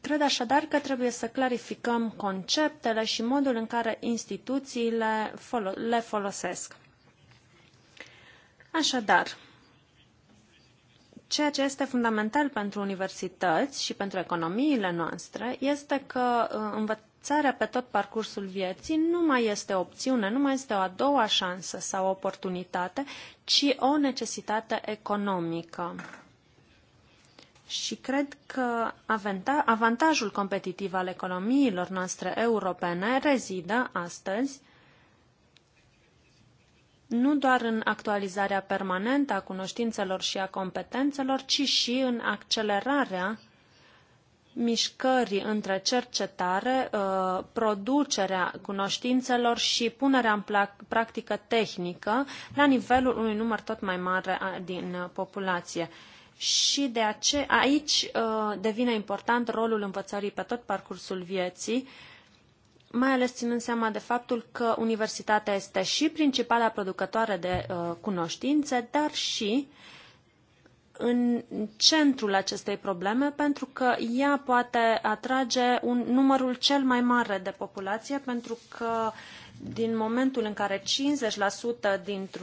Cred așadar că trebuie să clarificăm conceptele și modul în care instituțiile le folosesc. Așadar, Ceea ce este fundamental pentru universități și pentru economiile noastre este că uh, învățarea pe tot parcursul vieții nu mai este o opțiune, nu mai este o a doua șansă sau oportunitate, ci o necesitate economică. Și cred că avantajul competitiv al economiilor noastre europene rezidă astăzi nu doar în actualizarea permanentă a cunoștințelor și a competențelor, ci și în accelerarea mișcării între cercetare, uh, producerea cunoștințelor și punerea în practică tehnică la nivelul unui număr tot mai mare din uh, populație. Și de aceea aici uh, devine important rolul învățării pe tot parcursul vieții, mai ales ținând seama de faptul că universitatea este și principala producătoare de uh, cunoștințe, dar și în centrul acestei probleme, pentru că ea poate atrage un numărul cel mai mare de populație, pentru că uh, din momentul în care 50% dintr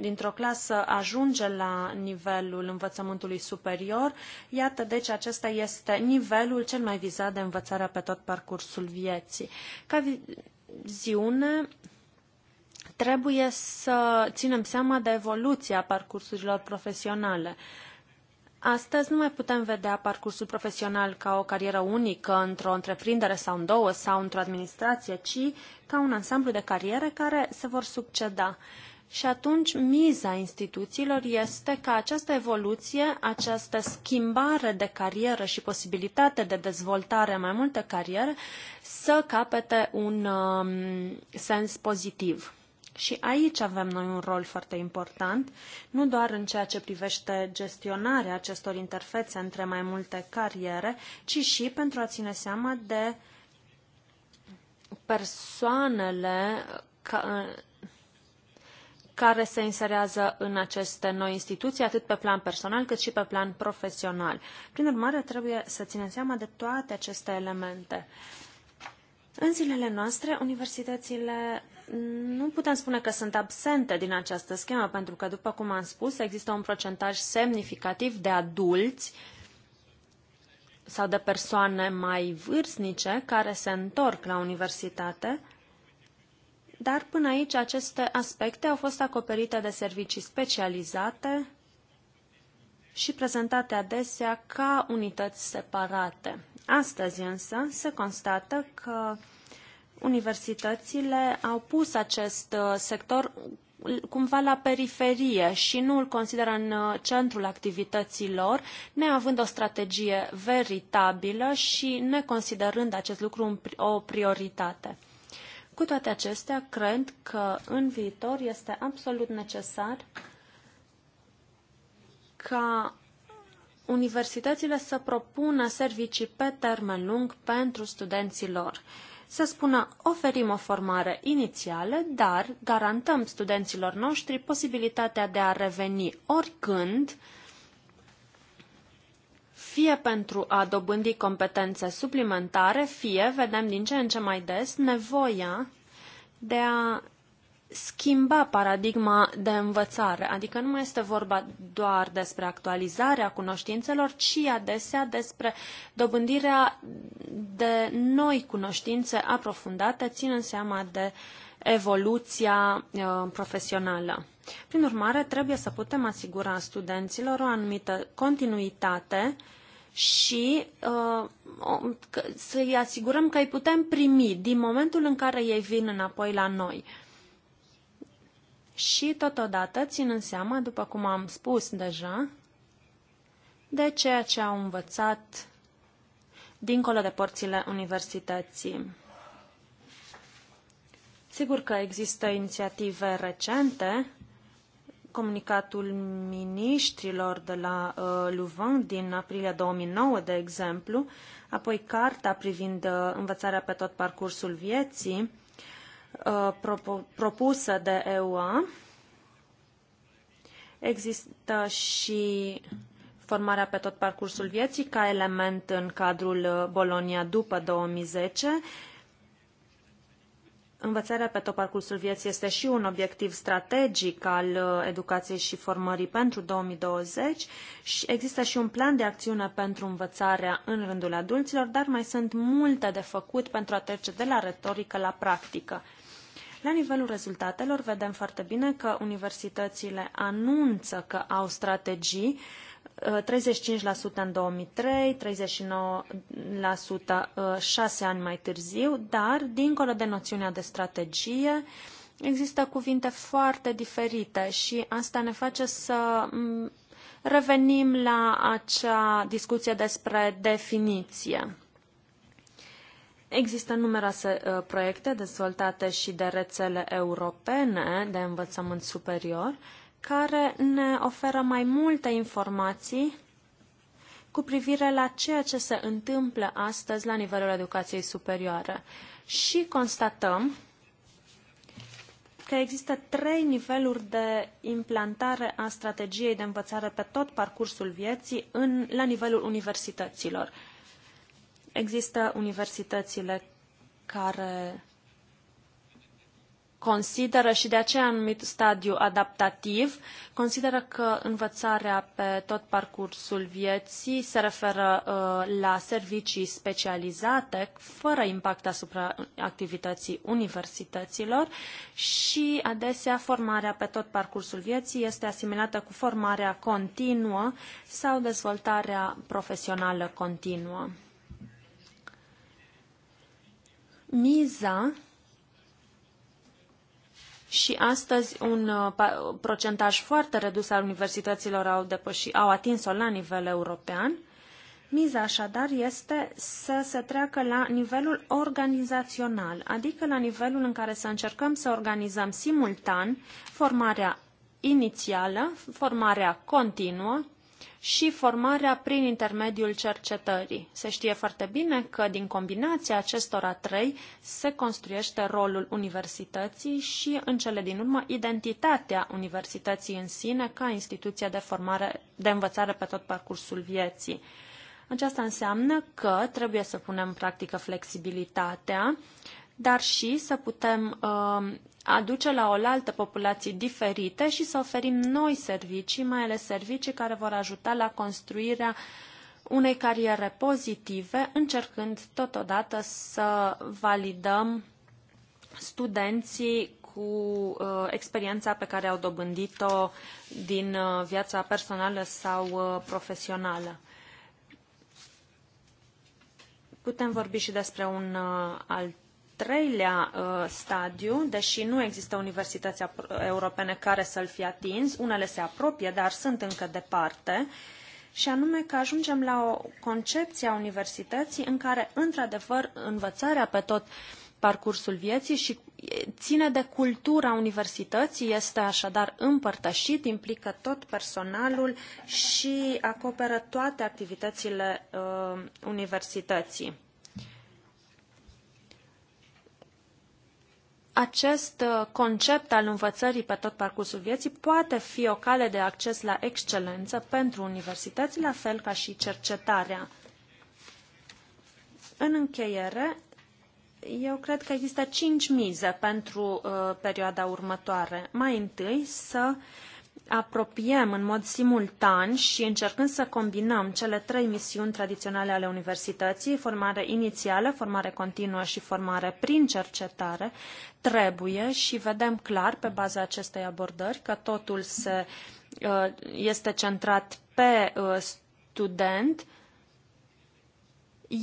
dintr-o clasă ajunge la nivelul învățământului superior, iată, deci acesta este nivelul cel mai vizat de învățare pe tot parcursul vieții. Ca viziune, trebuie să ținem seama de evoluția parcursurilor profesionale. Uh, Astăzi nu mai putem vedea parcursul profesional ca o carieră unică într-o întreprindere sau în două sau într-o administrație, ci ca un ansamblu de cariere care se vor succeda. Și atunci miza instituțiilor este ca această evoluție, această schimbare de carieră și posibilitate de dezvoltare a mai multe cariere să capete un um, sens pozitiv. Și aici avem noi un rol foarte important, nu doar în ceea ce privește gestionarea acestor interfețe între mai multe cariere, ci și pentru a ține seama de persoanele ca, care se inserează în aceste noi instituții, atât pe plan personal cât și pe plan profesional. Prin urmare, trebuie să ținem seama de toate aceste elemente. În zilele noastre, universitățile nu putem spune că sunt absente din această schemă, pentru că, după cum am spus, există un procentaj semnificativ de adulți sau de persoane mai vârstnice care se întorc la universitate, dar până aici aceste aspecte au fost acoperite de servicii specializate și prezentate adesea ca unități separate. Astăzi însă se constată că universitățile au pus acest uh, sector cumva la periferie și nu îl consideră în uh, centrul activităților, neavând o strategie veritabilă și neconsiderând acest lucru o prioritate. Cu toate acestea, cred că în viitor este absolut necesar ca universitățile să propună servicii pe termen lung pentru studenții lor. Să spună, oferim o formare inițială, dar garantăm studenților noștri posibilitatea de a reveni oricând, fie pentru a dobândi competențe suplimentare, fie, vedem din ce în ce mai des, nevoia de a schimba paradigma de învățare, adică nu mai este vorba doar despre actualizarea cunoștințelor, ci adesea despre dobândirea de noi cunoștințe aprofundate, ținând seama de evoluția uh, profesională. Prin urmare, trebuie să putem asigura studenților o anumită continuitate și uh, să-i asigurăm că îi putem primi din momentul în care ei vin înapoi la noi. Uh, și totodată ținând seama, după cum am spus deja, de ceea ce au învățat dincolo de porțile universității. Sigur că există inițiative recente, comunicatul miniștrilor de la uh, Louvain din aprilie 2009, de exemplu, apoi carta privind uh, învățarea pe tot parcursul vieții, Uh, propusă de EUA. Există și formarea pe tot parcursul vieții ca element în cadrul Bolonia după 2010. Învățarea pe tot parcursul vieții este și un obiectiv strategic al educației și formării pentru 2020 și există și un plan de acțiune pentru învățarea în rândul adulților, dar mai sunt multe de făcut pentru a trece de la retorică la practică. La nivelul rezultatelor, vedem foarte bine că universitățile anunță că au strategii 35% uh, în 2003, 39% 6 ani mai târziu, dar, dincolo de noțiunea de strategie, există cuvinte foarte diferite și asta ne face să mm, revenim la acea discuție despre definiție. Există numeroase uh, proiecte dezvoltate și de rețele europene de învățământ superior care ne oferă mai multe informații cu privire la ceea ce se întâmplă astăzi la nivelul educației superioare. Și constatăm că există trei niveluri de implantare a strategiei de învățare pe tot parcursul vieții în, la nivelul universităților. Există universitățile care consideră și de aceea anumit stadiu adaptativ, consideră că învățarea pe tot parcursul vieții se referă uh, la servicii specializate, fără impact asupra activității universităților și adesea formarea pe tot parcursul vieții este asimilată cu formarea continuă sau dezvoltarea profesională continuă. miza și astăzi un uh, procentaj foarte redus al universităților au, depăși, au atins-o la nivel european. Miza așadar este să se treacă la nivelul organizațional, adică la nivelul în care să încercăm să organizăm simultan formarea inițială, formarea continuă și formarea prin intermediul cercetării. Se știe foarte bine că din combinația acestora trei se construiește rolul universității și, în cele din urmă, identitatea universității în sine ca instituție de, formare, de învățare pe tot parcursul vieții. Aceasta înseamnă că trebuie să punem în practică flexibilitatea, dar și să putem uh, aduce la oaltă populații diferite și să oferim noi servicii, mai ales servicii care vor ajuta la construirea unei cariere pozitive, încercând totodată să validăm studenții cu uh, experiența pe care au dobândit-o din uh, viața personală sau uh, profesională. Putem vorbi și despre un uh, alt treilea uh, stadiu, deși nu există universități europene care să-l fie atins, unele se apropie, dar sunt încă departe, și anume că ajungem la o concepție a universității în care, într-adevăr, învățarea pe tot parcursul vieții și ține de cultura universității, este așadar împărtășit, implică tot personalul și acoperă toate activitățile uh, universității. acest uh, concept al învățării pe tot parcursul vieții poate fi o cale de acces la excelență pentru universități, la fel ca și cercetarea. În încheiere, eu cred că există cinci mize pentru uh, perioada următoare. Mai întâi, să uh, apropiem în mod simultan și încercând să combinăm cele trei misiuni tradiționale ale universității, formare inițială, formare continuă și formare prin cercetare, trebuie și vedem clar pe baza acestei abordări că totul se, uh, este centrat pe uh, student,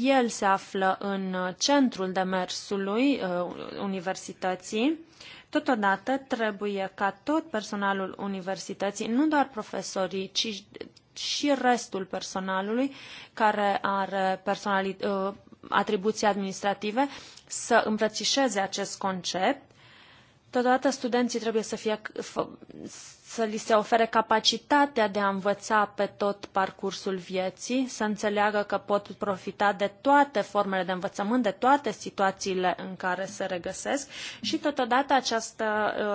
el se află în uh, centrul demersului universității Totodată trebuie ca tot personalul universității, nu doar profesorii, ci și restul personalului care are personali, uh, atribuții administrative să îmbrățișeze acest concept Totodată studenții trebuie să, fie, să li se ofere capacitatea de a învăța pe tot parcursul vieții, să înțeleagă că pot profita de toate formele de învățământ, de toate situațiile în care se regăsesc și totodată această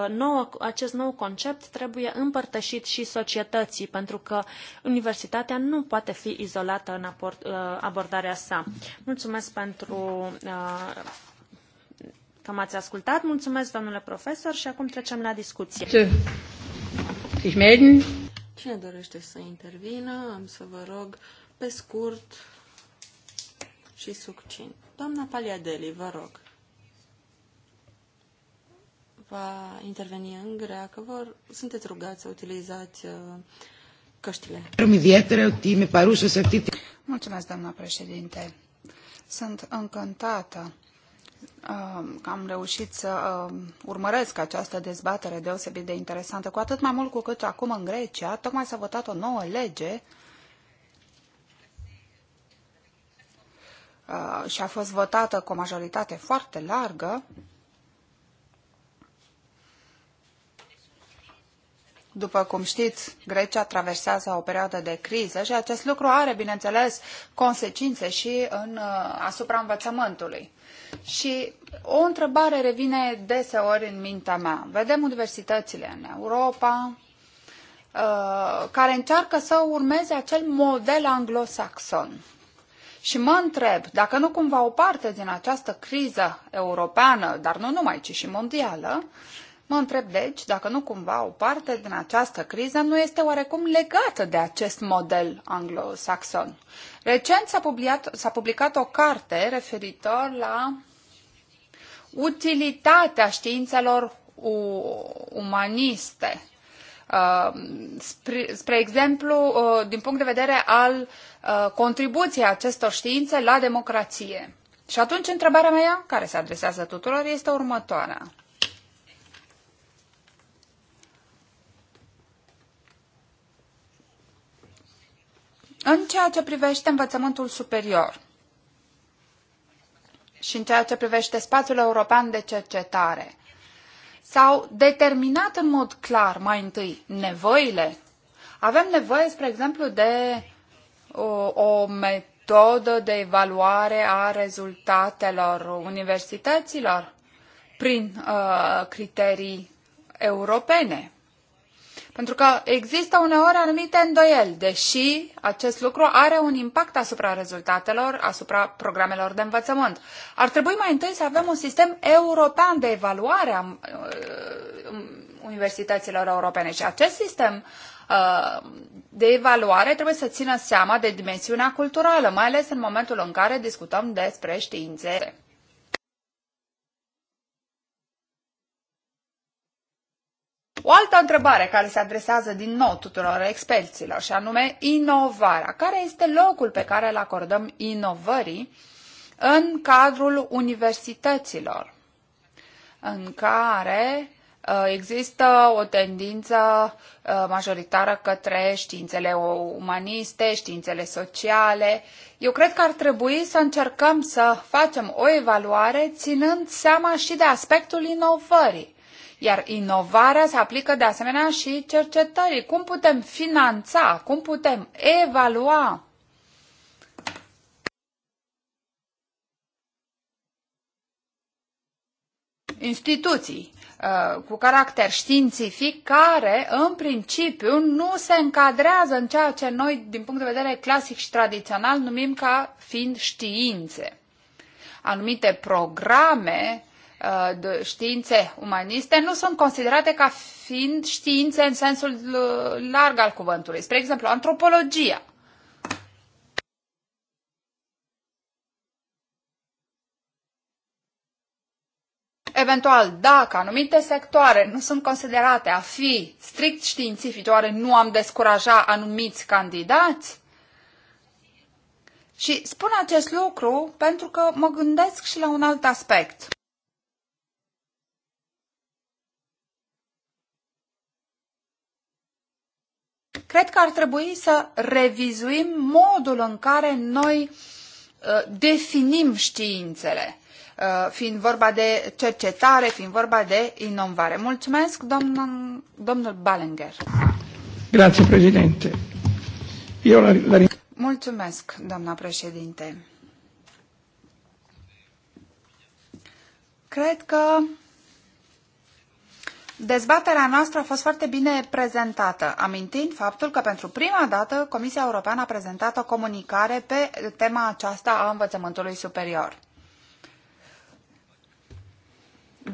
uh, nouă, acest nou concept trebuie împărtășit și societății, pentru că universitatea nu poate fi izolată în uh, abordarea sa. Mulțumesc pentru uh, că m-ați ascultat. Mulțumesc, domnule profesor, și acum trecem la discuție. Cine dorește să intervină, am să vă rog, pe scurt și succint. Doamna Paliadeli, vă rog. Va interveni în greacă, vor, sunteți rugați să utilizați uh, căștile. Mulțumesc, doamna președinte. Sunt încântată Um, că am reușit să um, urmăresc această dezbatere deosebit de interesantă, cu atât mai mult cu cât acum în Grecia tocmai s-a votat o nouă lege uh, și a fost votată cu o majoritate foarte largă, După cum știți, Grecia traversează o perioadă de criză și acest lucru are, bineînțeles, consecințe și în, uh, asupra învățământului. Și o întrebare revine deseori în mintea mea. Vedem universitățile în Europa uh, care încearcă să urmeze acel model anglosaxon. Și mă întreb dacă nu cumva o parte din această criză europeană, dar nu numai, ci și mondială, uh, Mă întreb deci dacă nu cumva o parte din această criză nu este oarecum legată de acest model anglosaxon. Recent s-a publicat, publicat o carte referitor la utilitatea științelor umaniste. Uh, spre, spre exemplu, uh, din punct de vedere al uh, contribuției acestor științe la democrație. Și atunci întrebarea mea, care se adresează tuturor, este următoarea. În ceea ce privește învățământul superior și în ceea ce privește spațiul european de cercetare, s-au determinat în mod clar mai întâi nevoile. Avem nevoie, spre exemplu, de o, o metodă de evaluare a rezultatelor universităților prin uh, criterii europene. Pentru că există uneori anumite îndoieli, deși acest lucru are un impact asupra rezultatelor, asupra programelor de învățământ. Ar trebui mai întâi să avem un sistem european de evaluare a uh, universităților europene și acest sistem uh, de evaluare trebuie să țină seama de dimensiunea culturală, mai ales în momentul în care discutăm despre științe. O altă întrebare care se adresează din nou tuturor experților și anume inovarea. Care este locul pe care îl acordăm inovării în cadrul universităților, în care uh, există o tendință uh, majoritară către științele umaniste, științele sociale. Eu cred că ar trebui să încercăm să facem o evaluare ținând seama și de aspectul inovării. Iar inovarea se aplică de asemenea și cercetării. Cum putem finanța, cum putem evalua instituții uh, cu caracter științific care, în principiu, nu se încadrează în ceea ce noi, din punct de vedere clasic și tradițional, numim ca fiind științe. Anumite programe Uh, de științe umaniste nu sunt considerate ca fiind științe în sensul uh, larg al cuvântului. Spre exemplu, antropologia. Eventual, dacă anumite sectoare nu sunt considerate a fi strict științifice, oare nu am descuraja anumiți candidați? Și spun acest lucru pentru că mă gândesc și la un alt aspect. cred că ar trebui să revizuim modul în care noi uh, definim științele, uh, fiind vorba de cercetare, fiind vorba de inovare. Mulțumesc, domnul, domnul Balenger. Grazie, președinte. Eu la, la... Mulțumesc, doamna președinte. Cred că Dezbaterea noastră a fost foarte bine prezentată, amintind faptul că pentru prima dată Comisia Europeană a prezentat o comunicare pe tema aceasta a învățământului superior.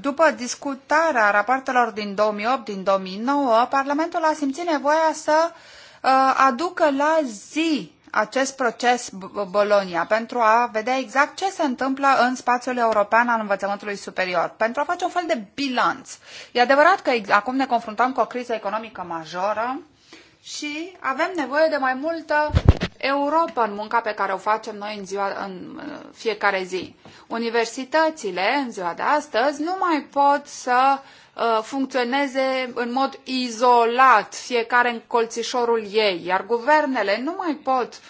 După discutarea rapoartelor din 2008, din 2009, Parlamentul a simțit nevoia să uh, aducă la zi acest proces Bolonia pentru a vedea exact ce se întâmplă în spațiul european al învățământului superior, pentru a face un fel de bilanț. E adevărat că acum ne confruntăm cu o criză economică majoră și avem nevoie de mai multă Europa în munca pe care o facem noi în, ziua, în uh, fiecare zi. Universitățile, în ziua de astăzi, nu mai pot să uh, Uh, funcționeze în mod izolat, fiecare în colțișorul ei, iar guvernele nu mai pot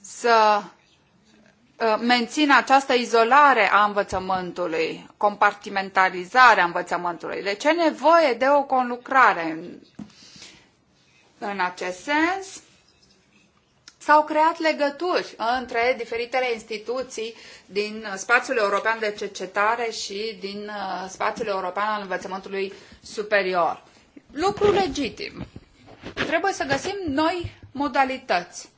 să uh, mențină această izolare a învățământului, compartimentalizarea învățământului. Deci e nevoie de o conlucrare. În acest sens, S-au creat legături între diferitele instituții din spațiul european de cercetare și din uh, spațiul european al învățământului superior. Lucru legitim. Trebuie să găsim noi modalități.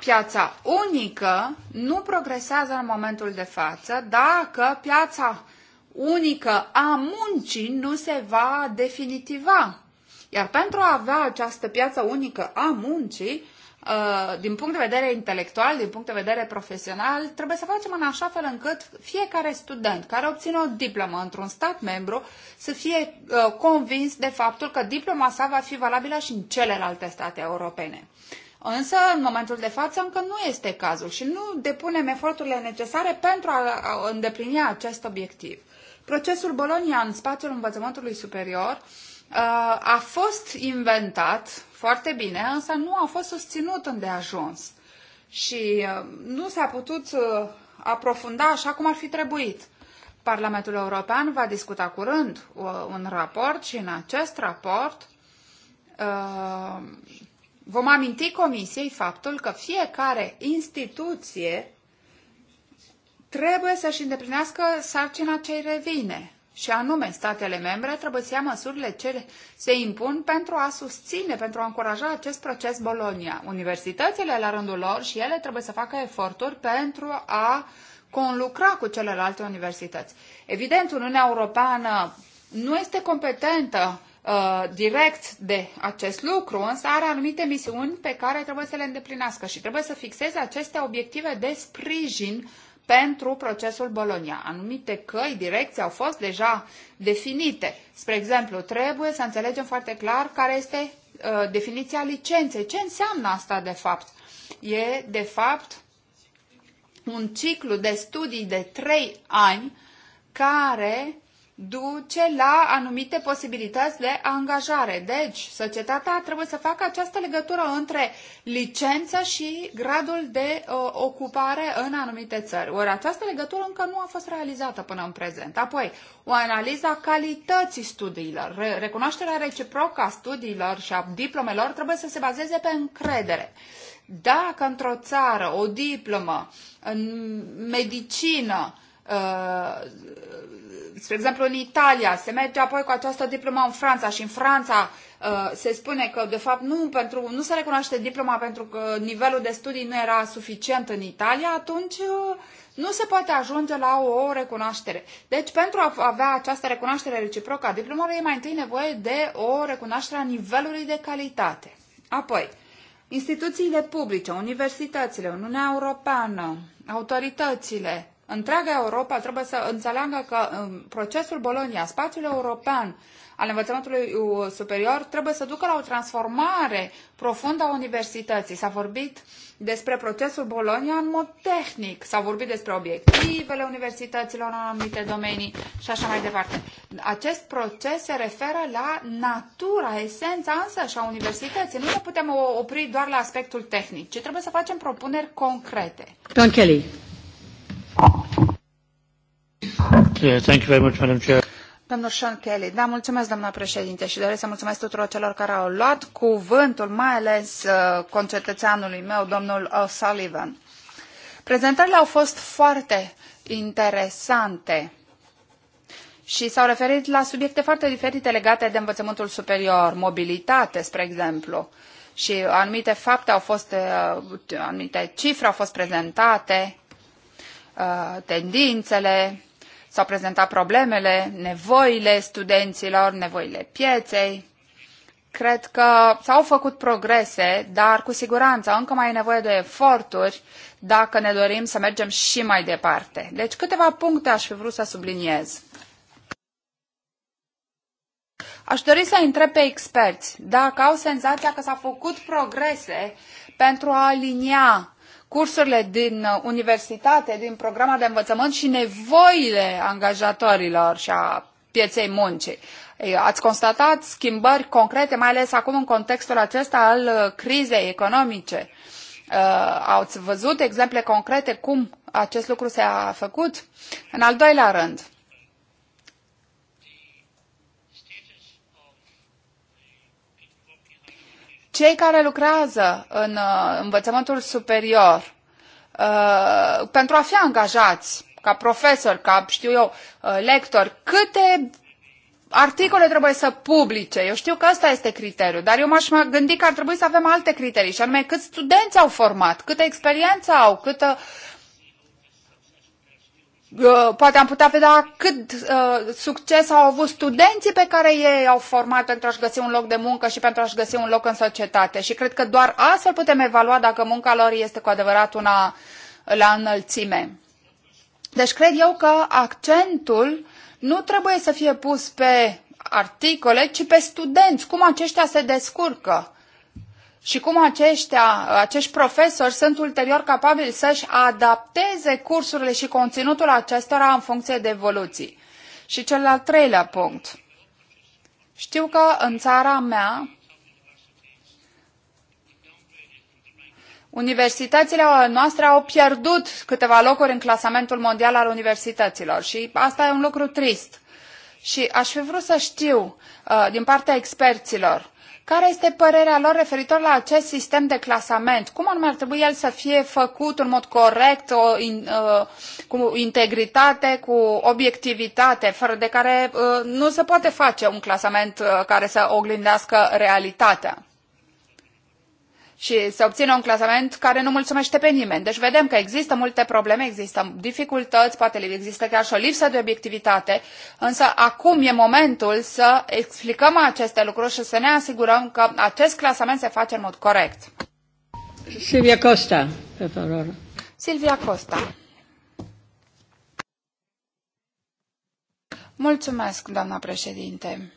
Piața unică nu progresează în momentul de față dacă piața unică a muncii nu se va definitiva. Iar pentru a avea această piață unică a muncii, Uh, din punct de vedere intelectual, din punct de vedere profesional, trebuie să facem în așa fel încât fiecare student care obține o diplomă într-un stat membru să fie uh, convins de faptul că diploma sa va fi valabilă și în celelalte state europene. Însă, în momentul de față, încă nu este cazul și nu depunem eforturile necesare pentru a îndeplini acest obiectiv. Procesul Bolonia în spațiul învățământului superior uh, a fost inventat foarte bine, însă nu a fost susținut îndeajuns și uh, nu s-a putut uh, aprofunda așa cum ar fi trebuit. Parlamentul European va discuta curând uh, un raport și în acest raport vom aminti Comisiei faptul că fiecare instituție trebuie să-și îndeplinească sarcina ce revine și anume statele membre trebuie să ia măsurile ce se impun pentru a susține, pentru a încuraja acest proces Bolonia. Universitățile, la rândul lor, și ele trebuie să facă eforturi pentru a conlucra cu celelalte universități. Evident, Uniunea Europeană nu este competentă uh, direct de acest lucru, însă are anumite misiuni pe care trebuie să le îndeplinească și trebuie să fixeze aceste obiective de sprijin pentru procesul Bolonia. Anumite căi, direcții au fost deja definite. Spre exemplu, trebuie să înțelegem foarte clar care este uh, definiția licenței. Ce înseamnă asta de fapt? E de fapt un ciclu de studii de trei ani care duce la anumite posibilități de angajare. Deci, societatea trebuie să facă această legătură între licență și gradul de uh, ocupare în anumite țări. Ori această legătură încă nu a fost realizată până în prezent. Apoi, o analiză a calității studiilor. Re- recunoașterea reciprocă a studiilor și a diplomelor trebuie să se bazeze pe încredere. Dacă într-o țară o diplomă în medicină uh, spre exemplu, în Italia, se merge apoi cu această diplomă în Franța și în Franța uh, se spune că, de fapt, nu, pentru, nu se recunoaște diploma pentru că nivelul de studii nu era suficient în Italia, atunci uh, nu se poate ajunge la o recunoaștere. Deci, pentru a avea această recunoaștere reciprocă a diplomului, e mai întâi nevoie de o recunoaștere a nivelului de calitate. Apoi, instituțiile publice, universitățile, Uniunea Europeană, autoritățile, întreaga Europa trebuie să înțeleagă că um, procesul Bolonia, spațiul european al învățământului uh, superior, trebuie să ducă la o transformare profundă a universității. S-a vorbit despre procesul Bolonia în mod tehnic, s-a vorbit despre obiectivele universităților în anumite domenii și așa mai departe. Acest proces se referă la natura, esența însă a universității. Nu ne putem opri doar la aspectul tehnic, ci trebuie să facem propuneri concrete. Don Kelly. Thank Da, mulțumesc, doamna președinte, și doresc să mulțumesc tuturor celor care au luat cuvântul, mai ales uh, concetățeanului meu, domnul O'Sullivan. Prezentările au fost foarte interesante și s-au referit la subiecte foarte diferite legate de învățământul superior, mobilitate, spre exemplu. Și anumite fapte au fost, uh, anumite cifre au fost prezentate Uh, tendințele, s-au prezentat problemele, nevoile studenților, nevoile pieței. Cred că s-au făcut progrese, dar cu siguranță încă mai e nevoie de eforturi dacă ne dorim să mergem și mai departe. Deci câteva puncte aș fi vrut să subliniez. Aș dori să întreb pe experți dacă au senzația că s-au făcut progrese pentru a alinia cursurile din uh, universitate, din programa de învățământ și nevoile angajatorilor și a pieței muncii. Ați constatat schimbări concrete, mai ales acum în contextul acesta al uh, crizei economice. Uh, ați văzut exemple concrete cum acest lucru s-a făcut? În al doilea rând, Cei care lucrează în uh, învățământul superior uh, pentru a fi angajați ca profesori, ca, știu eu, uh, lectori, câte articole trebuie să publice. Eu știu că ăsta este criteriul, dar eu m-aș gândi că ar trebui să avem alte criterii, și anume câți studenți au format, câtă experiență au, câtă Ă, poate am putea vedea cât uh, succes au avut studenții pe care ei au format pentru a-și găsi un loc de muncă și pentru a-și găsi un loc în societate. Și cred că doar astfel putem evalua dacă munca lor este cu adevărat una la înălțime. Deci cred eu că accentul nu trebuie să fie pus pe articole, ci pe studenți, cum aceștia se descurcă și cum aceștia, acești profesori sunt ulterior capabili să-și adapteze cursurile și conținutul acestora în funcție de evoluții. Și cel al treilea punct. Știu că în țara mea Universitățile noastre au pierdut câteva locuri în clasamentul mondial al universităților și asta e un lucru trist. Și aș fi vrut să știu uh, din partea experților care este părerea lor referitor la acest sistem de clasament? Cum anume ar trebui el să fie făcut în mod corect, o, in, uh, cu integritate, cu obiectivitate, fără de care uh, nu se poate face un clasament uh, care să oglindească realitatea? și se obține un clasament care nu mulțumește pe nimeni. Deci vedem că există multe probleme, există dificultăți, poate există chiar și o lipsă de obiectivitate, însă acum e momentul să explicăm aceste lucruri și să ne asigurăm că acest clasament se face în mod corect. Silvia Costa, pe favor. Silvia Costa. Mulțumesc, doamna președinte.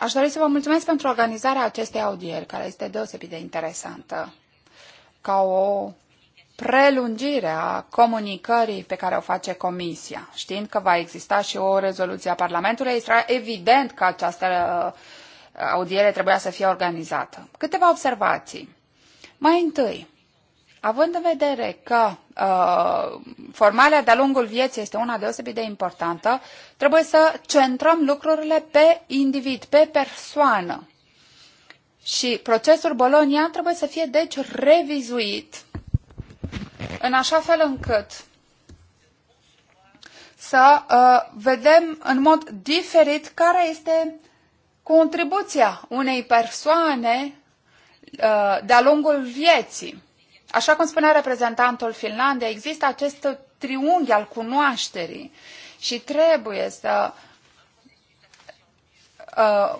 Aș dori să vă mulțumesc pentru organizarea acestei audieri, care este deosebit de interesantă, ca o prelungire a comunicării pe care o face Comisia. Știind că va exista și o rezoluție a Parlamentului, este evident că această uh, audiere trebuia să fie organizată. Câteva observații. Mai întâi, având în vedere că Uh, formarea de-a lungul vieții este una deosebit de importantă, trebuie să centrăm lucrurile pe individ, pe persoană. Și procesul Bolonia trebuie să fie, deci, revizuit în așa fel încât să uh, vedem în mod diferit care este contribuția unei persoane uh, de-a lungul vieții. Așa cum spunea reprezentantul Finlandei, există acest triunghi al cunoașterii și trebuie să uh,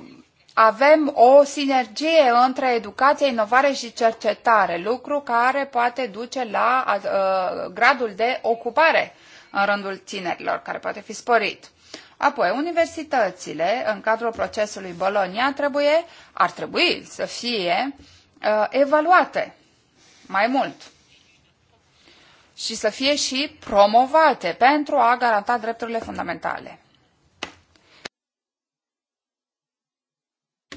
avem o sinergie între educație, inovare și cercetare, lucru care poate duce la uh, gradul de ocupare în rândul tinerilor, care poate fi sporit. Apoi, universitățile, în cadrul procesului Bologna, trebuie, ar trebui să fie uh, evaluate mai mult și să fie și promovate pentru a garanta drepturile fundamentale.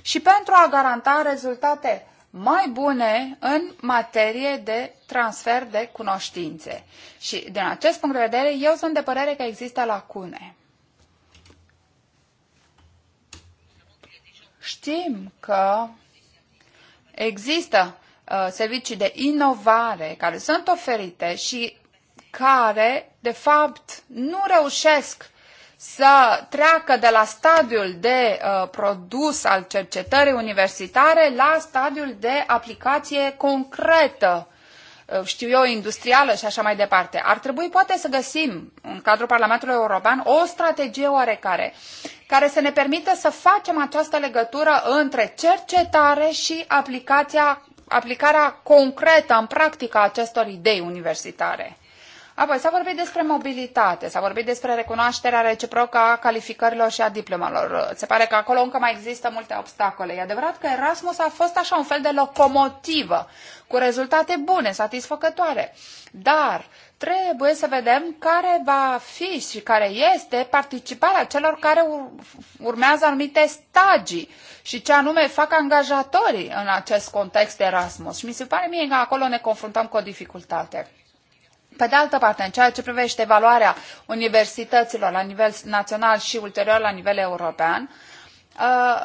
Și pentru a garanta rezultate mai bune în materie de transfer de cunoștințe. Și din acest punct de vedere, eu sunt de părere că există lacune. Știm că există Uh, servicii de inovare care sunt oferite și care, de fapt, nu reușesc să treacă de la stadiul de uh, produs al cercetării universitare la stadiul de aplicație concretă, uh, știu eu, industrială și așa mai departe. Ar trebui poate să găsim în cadrul Parlamentului European o strategie oarecare care să ne permită să facem această legătură între cercetare și aplicația aplicarea concretă, în practică, a acestor idei universitare. Apoi s-a vorbit despre mobilitate, s-a vorbit despre recunoașterea reciprocă a calificărilor și a diplomelor. Se pare că acolo încă mai există multe obstacole. E adevărat că Erasmus a fost așa un fel de locomotivă, cu rezultate bune, satisfăcătoare. Dar trebuie să vedem care va fi și care este participarea celor care urmează anumite stagii și ce anume fac angajatorii în acest context Erasmus. Și mi se pare mie că acolo ne confruntăm cu o dificultate. Pe de altă parte, în ceea ce privește evaluarea universităților la nivel național și ulterior la nivel european, Uh,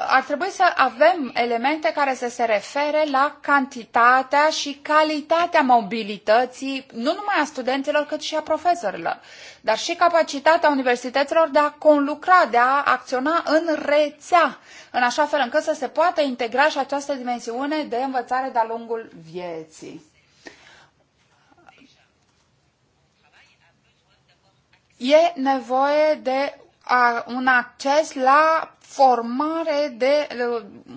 ar trebui să avem elemente care să se refere la cantitatea și calitatea mobilității, nu numai a studenților, cât și a profesorilor, dar și capacitatea universităților de a conlucra, de a acționa în rețea, în așa fel încât să se poată integra și această dimensiune de învățare de-a lungul vieții. E nevoie de un acces la formare de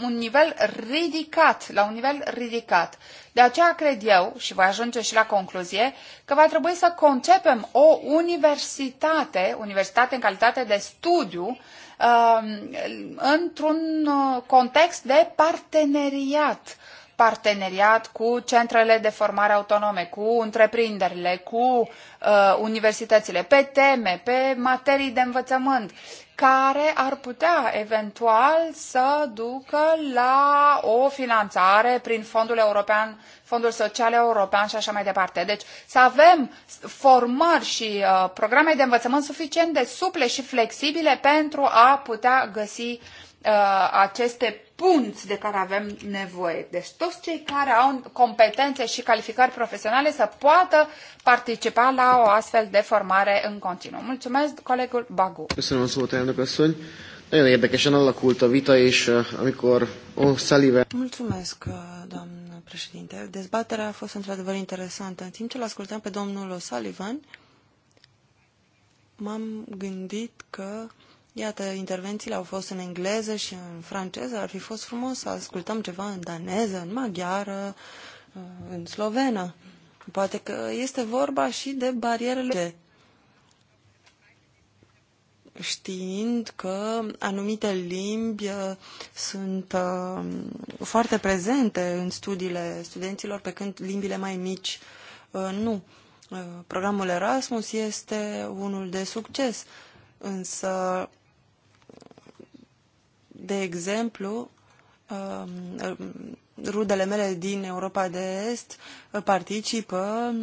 un nivel ridicat, la un nivel ridicat. De aceea cred eu, și voi ajunge și la concluzie, că va trebui să concepem o universitate, universitate în calitate de studiu, um, într-un uh, context de parteneriat parteneriat cu centrele de formare autonome, cu întreprinderile, cu uh, universitățile, pe teme, pe materii de învățământ, care ar putea eventual să ducă la o finanțare prin Fondul European, Fondul Social European și așa mai departe. Deci să avem formări și uh, programe de învățământ suficient de suple și flexibile pentru a putea găsi uh, Uh, aceste punți de care avem nevoie. Deci toți cei care au competențe și calificări profesionale să poată participa la o astfel de formare în continuu. Mulțumesc, colegul Bagu. Köszönöm a elnök asszony. Nagyon érdekesen alakult a vita, és uh, amikor O'Sullivan... Mulțumesc, uh, doamnă președinte. Dezbaterea a fost într-adevăr interesantă. În timp ce l-ascultam pe domnul O'Sullivan, m-am gândit că Iată, intervențiile au fost în engleză și în franceză. Ar fi fost frumos să ascultăm ceva în daneză, în maghiară, uh, în slovenă. Poate că este vorba și de barierele știind că anumite limbi uh, sunt uh, foarte prezente în studiile studenților, pe când limbile mai mici nu. Programul Erasmus este unul de succes, însă de exemplu, um, rudele mele din Europa de Est participă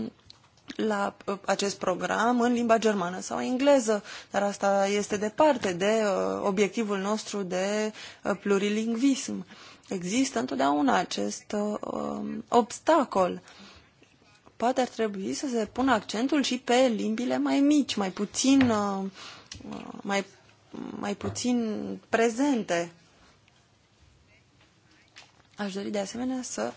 la acest program în limba germană sau engleză, dar asta este departe de uh, obiectivul nostru de uh, plurilingvism. Există întotdeauna acest uh, um, obstacol. Poate ar trebui să se pună accentul și pe limbile mai mici, mai puțin, mai mai puțin prezente. Aș dori de asemenea să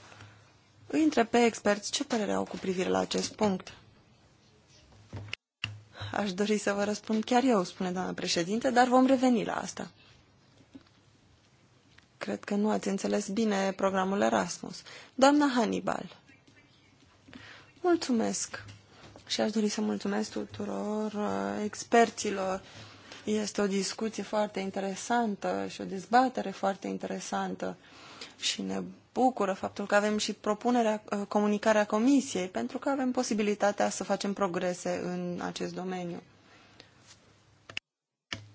îi întreb pe experți ce părere au cu privire la acest punct. Aș dori să vă răspund chiar eu, spune doamna președinte, dar vom reveni la asta. Cred că nu ați înțeles bine programul Erasmus. Doamna Hannibal. Mulțumesc. Și aș dori să mulțumesc tuturor uh, experților este o discuție foarte interesantă și o dezbatere foarte interesantă și ne bucură faptul că avem și propunerea, ă, comunicarea comisiei, pentru că avem posibilitatea să facem progrese în acest domeniu.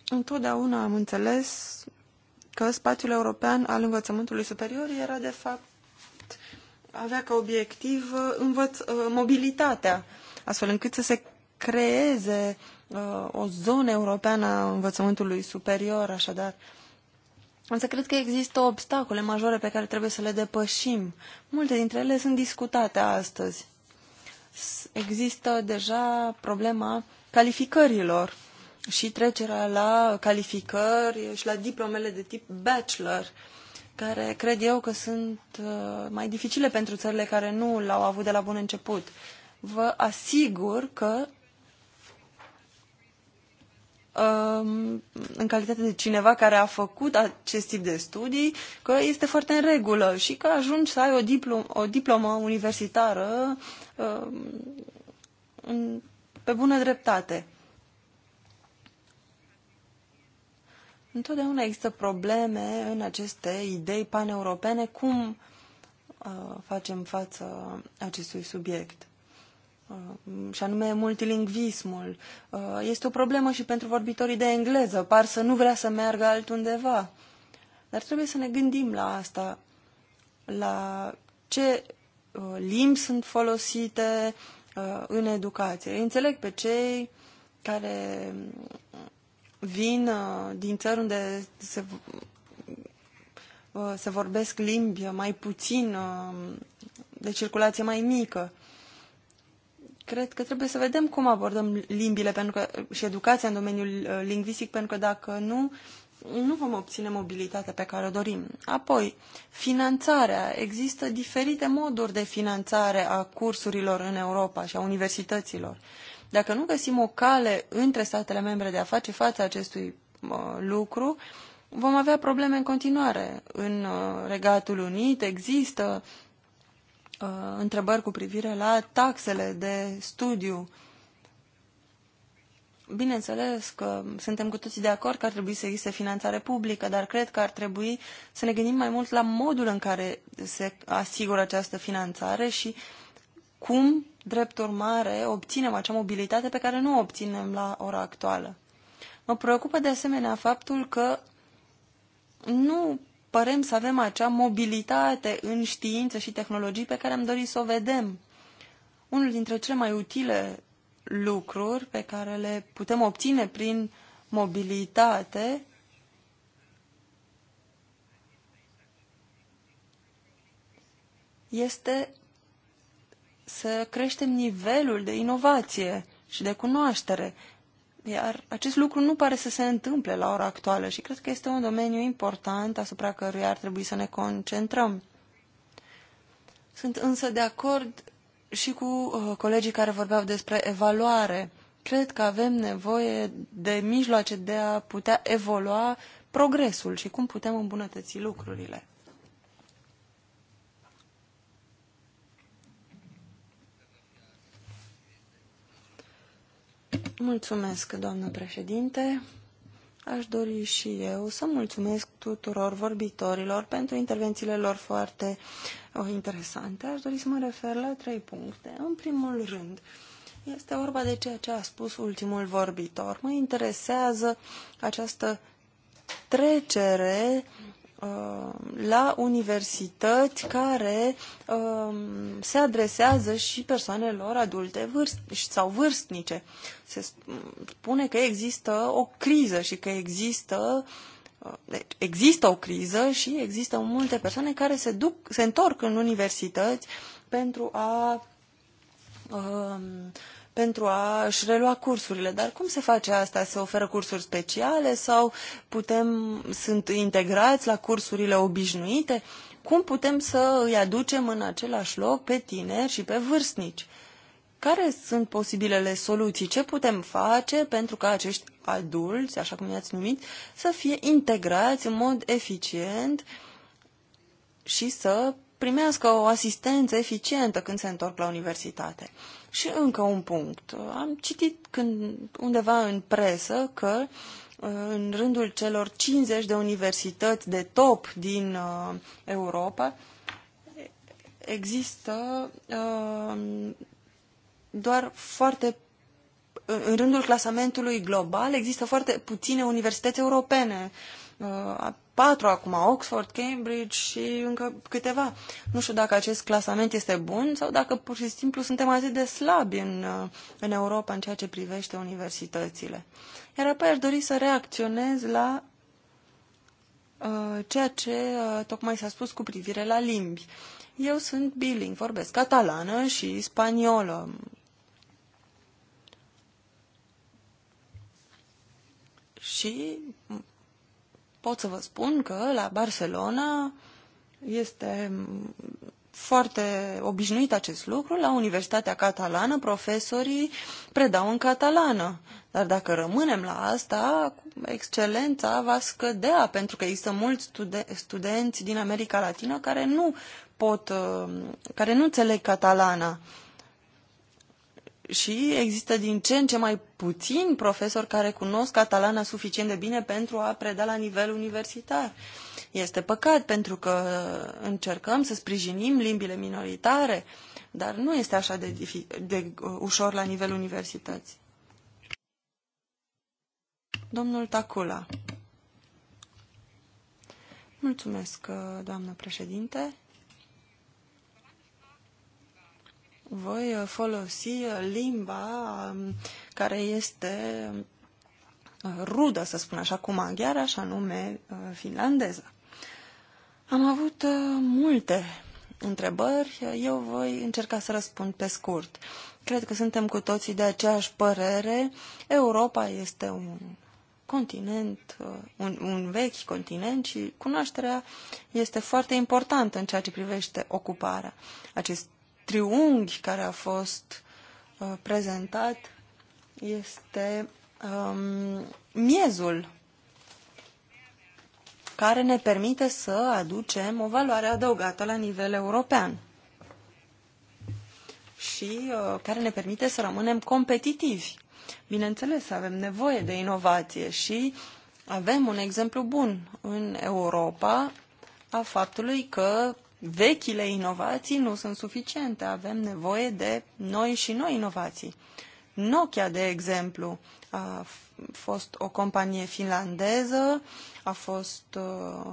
Întotdeauna am înțeles că spațiul european al învățământului superior era de fapt avea ca obiectiv ă, învăț, ă, mobilitatea, astfel încât să se creeze Uh, o zonă europeană a învățământului superior, așadar. Însă cred că există obstacole majore pe care trebuie să le depășim. Multe dintre ele sunt discutate astăzi. Există deja problema calificărilor și trecerea la calificări și la diplomele de tip bachelor, care cred eu că sunt uh, mai dificile pentru țările care nu l-au avut de la bun început. Vă asigur că Um, în calitate de cineva care a făcut acest tip de studii, că este foarte în regulă și că ajungi să ai o, diplom, o diplomă universitară um, pe bună dreptate. Întotdeauna există probleme în aceste idei paneuropene. Cum uh, facem față acestui subiect? Uh, și anume multilingvismul. Uh, este o problemă și pentru vorbitorii de engleză, par să nu vrea să meargă altundeva. Dar trebuie să ne gândim la asta, la ce uh, limbi sunt folosite în educație. Eu înțeleg pe cei care vin din țări unde se, se vorbesc limbi mai puțin, de circulație mai mică cred că trebuie să vedem cum abordăm limbile pentru că, și educația în domeniul uh, lingvistic, pentru că dacă nu, nu vom obține mobilitatea pe care o dorim. Apoi, finanțarea. Există diferite moduri de finanțare a cursurilor în Europa și a universităților. Dacă nu găsim o cale între statele membre de a face față acestui uh, lucru, vom avea probleme în continuare. În uh, Regatul Unit există uh, întrebări cu privire la taxele de studiu. Bineînțeles că suntem cu toții de acord că ar trebui să existe finanțare publică, dar cred că ar trebui să ne gândim mai mult la modul în care se asigură această finanțare și cum, drept urmare, obținem acea mobilitate pe care nu o obținem la ora actuală. Mă preocupă de asemenea faptul că nu părem să avem acea mobilitate în știință și tehnologii pe care am dorit să o vedem. Unul dintre cele mai utile lucruri pe care le putem obține prin mobilitate este să creștem nivelul de inovație și de cunoaștere. Iar acest lucru nu pare să se întâmple la ora actuală și cred că este un domeniu important asupra căruia ar trebui să ne concentrăm. Sunt însă de acord și cu uh, colegii care vorbeau despre evaluare. Cred că avem nevoie de mijloace de a putea evolua progresul și cum putem îmbunătăți lucrurile. Mulțumesc, doamnă președinte. Aș dori și eu să mulțumesc tuturor vorbitorilor pentru intervențiile lor foarte oh, interesante. Aș dori să mă refer la trei puncte. În primul rând, este vorba de ceea ce a spus ultimul vorbitor. Mă interesează această trecere Uh, la universități care um, se adresează și persoanelor adulte vârst sau vârstnice. Se spune că există o criză și că există uh, deci există o criză și există multe persoane care se duc, se întorc în universități pentru a um, pentru a-și relua cursurile. Dar cum se face asta? Se oferă cursuri speciale sau putem, sunt integrați la cursurile obișnuite? Cum putem să îi aducem în același loc pe tineri și pe vârstnici? Care sunt posibilele soluții? Ce putem face pentru ca acești adulți, așa cum i-ați numit, să fie integrați în mod eficient și să primească o asistență eficientă când se întorc la universitate? Și încă un punct. Am citit când, undeva în presă că uh, în rândul celor 50 de universități de top din uh, Europa există uh, doar foarte uh, în rândul clasamentului global există foarte puține universități europene. Uh, patru acum, Oxford, Cambridge și încă câteva. Nu știu dacă acest clasament este bun sau dacă pur și simplu suntem atât de slabi în, uh, în Europa în ceea ce privește universitățile. Iar apoi aș dori să reacționez la uh, ceea ce uh, tocmai s-a spus cu privire la limbi. Eu sunt biling, vorbesc catalană și spaniolă. Și pot să vă spun că la Barcelona este foarte obișnuit acest lucru. La Universitatea Catalană profesorii predau în catalană. Dar dacă rămânem la asta, excelența va scădea, pentru că există mulți studen studenți din America Latină care nu pot, uh, care nu înțeleg catalana și există din ce în ce mai puțini profesori care cunosc catalana suficient de bine pentru a preda la nivel universitar. Este păcat pentru că încercăm să sprijinim limbile minoritare, dar nu este așa de, de uh, ușor la nivel universității. Domnul Tacula. Mulțumesc, uh, doamnă președinte. voi uh, folosi uh, limba um, care este uh, rudă, să spun așa, cu maghiara, așa nume finlandeză. Am avut multe întrebări, eu voi încerca să răspund pe scurt. Cred că suntem cu toții de aceeași părere. Europa este un continent, un, un vechi continent și cunoașterea este foarte importantă în ceea ce privește ocuparea. Acest triunghi care a fost uh, prezentat este um, miezul care ne permite să aducem o valoare adăugată la nivel european și uh, care ne permite să rămânem competitivi. Bineînțeles, avem nevoie de inovație și avem un exemplu bun în Europa a faptului că vechile inovații nu sunt suficiente. Avem nevoie de noi și noi inovații. Nokia, de exemplu, a fost o companie finlandeză, a fost uh,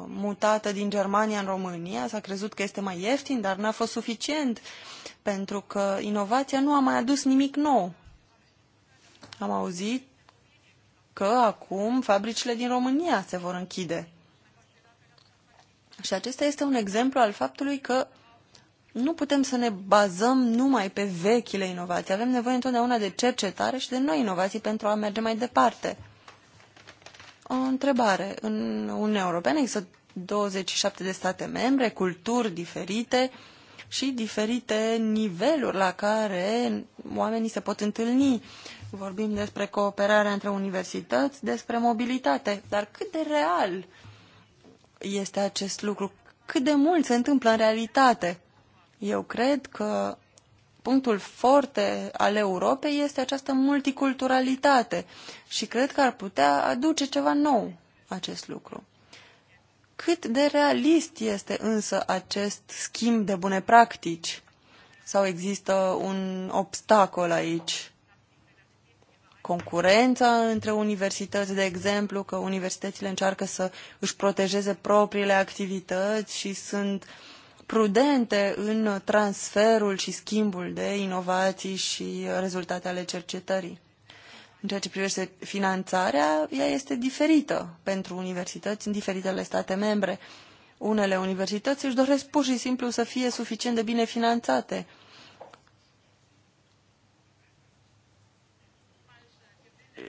mutată din Germania în România, s-a crezut că este mai ieftin, dar n-a fost suficient, pentru că inovația nu a mai adus nimic nou. Am auzit că acum fabricile din România se vor închide. Și acesta este un exemplu al faptului că nu putem să ne bazăm numai pe vechile inovații. Avem nevoie întotdeauna de cercetare și de noi inovații pentru a merge mai departe. O întrebare. În Uniunea Europeană există 27 de state membre, culturi diferite și diferite niveluri la care oamenii se pot întâlni. Vorbim despre cooperarea între universități, despre mobilitate. Dar cât de real uh, este acest lucru? Cât de mult se întâmplă în realitate? Eu cred că punctul forte al Europei este această multiculturalitate și cred că ar putea aduce ceva nou acest lucru. Cât de realist este însă acest schimb de bune practici? Sau există un obstacol aici? concurența între universități, de exemplu, că universitățile încearcă să își protejeze propriile activități și sunt prudente în transferul și schimbul de inovații și rezultate ale cercetării. În ceea ce privește finanțarea, ea este diferită pentru universități în diferitele state membre. Unele universități își doresc pur și simplu să fie suficient de bine finanțate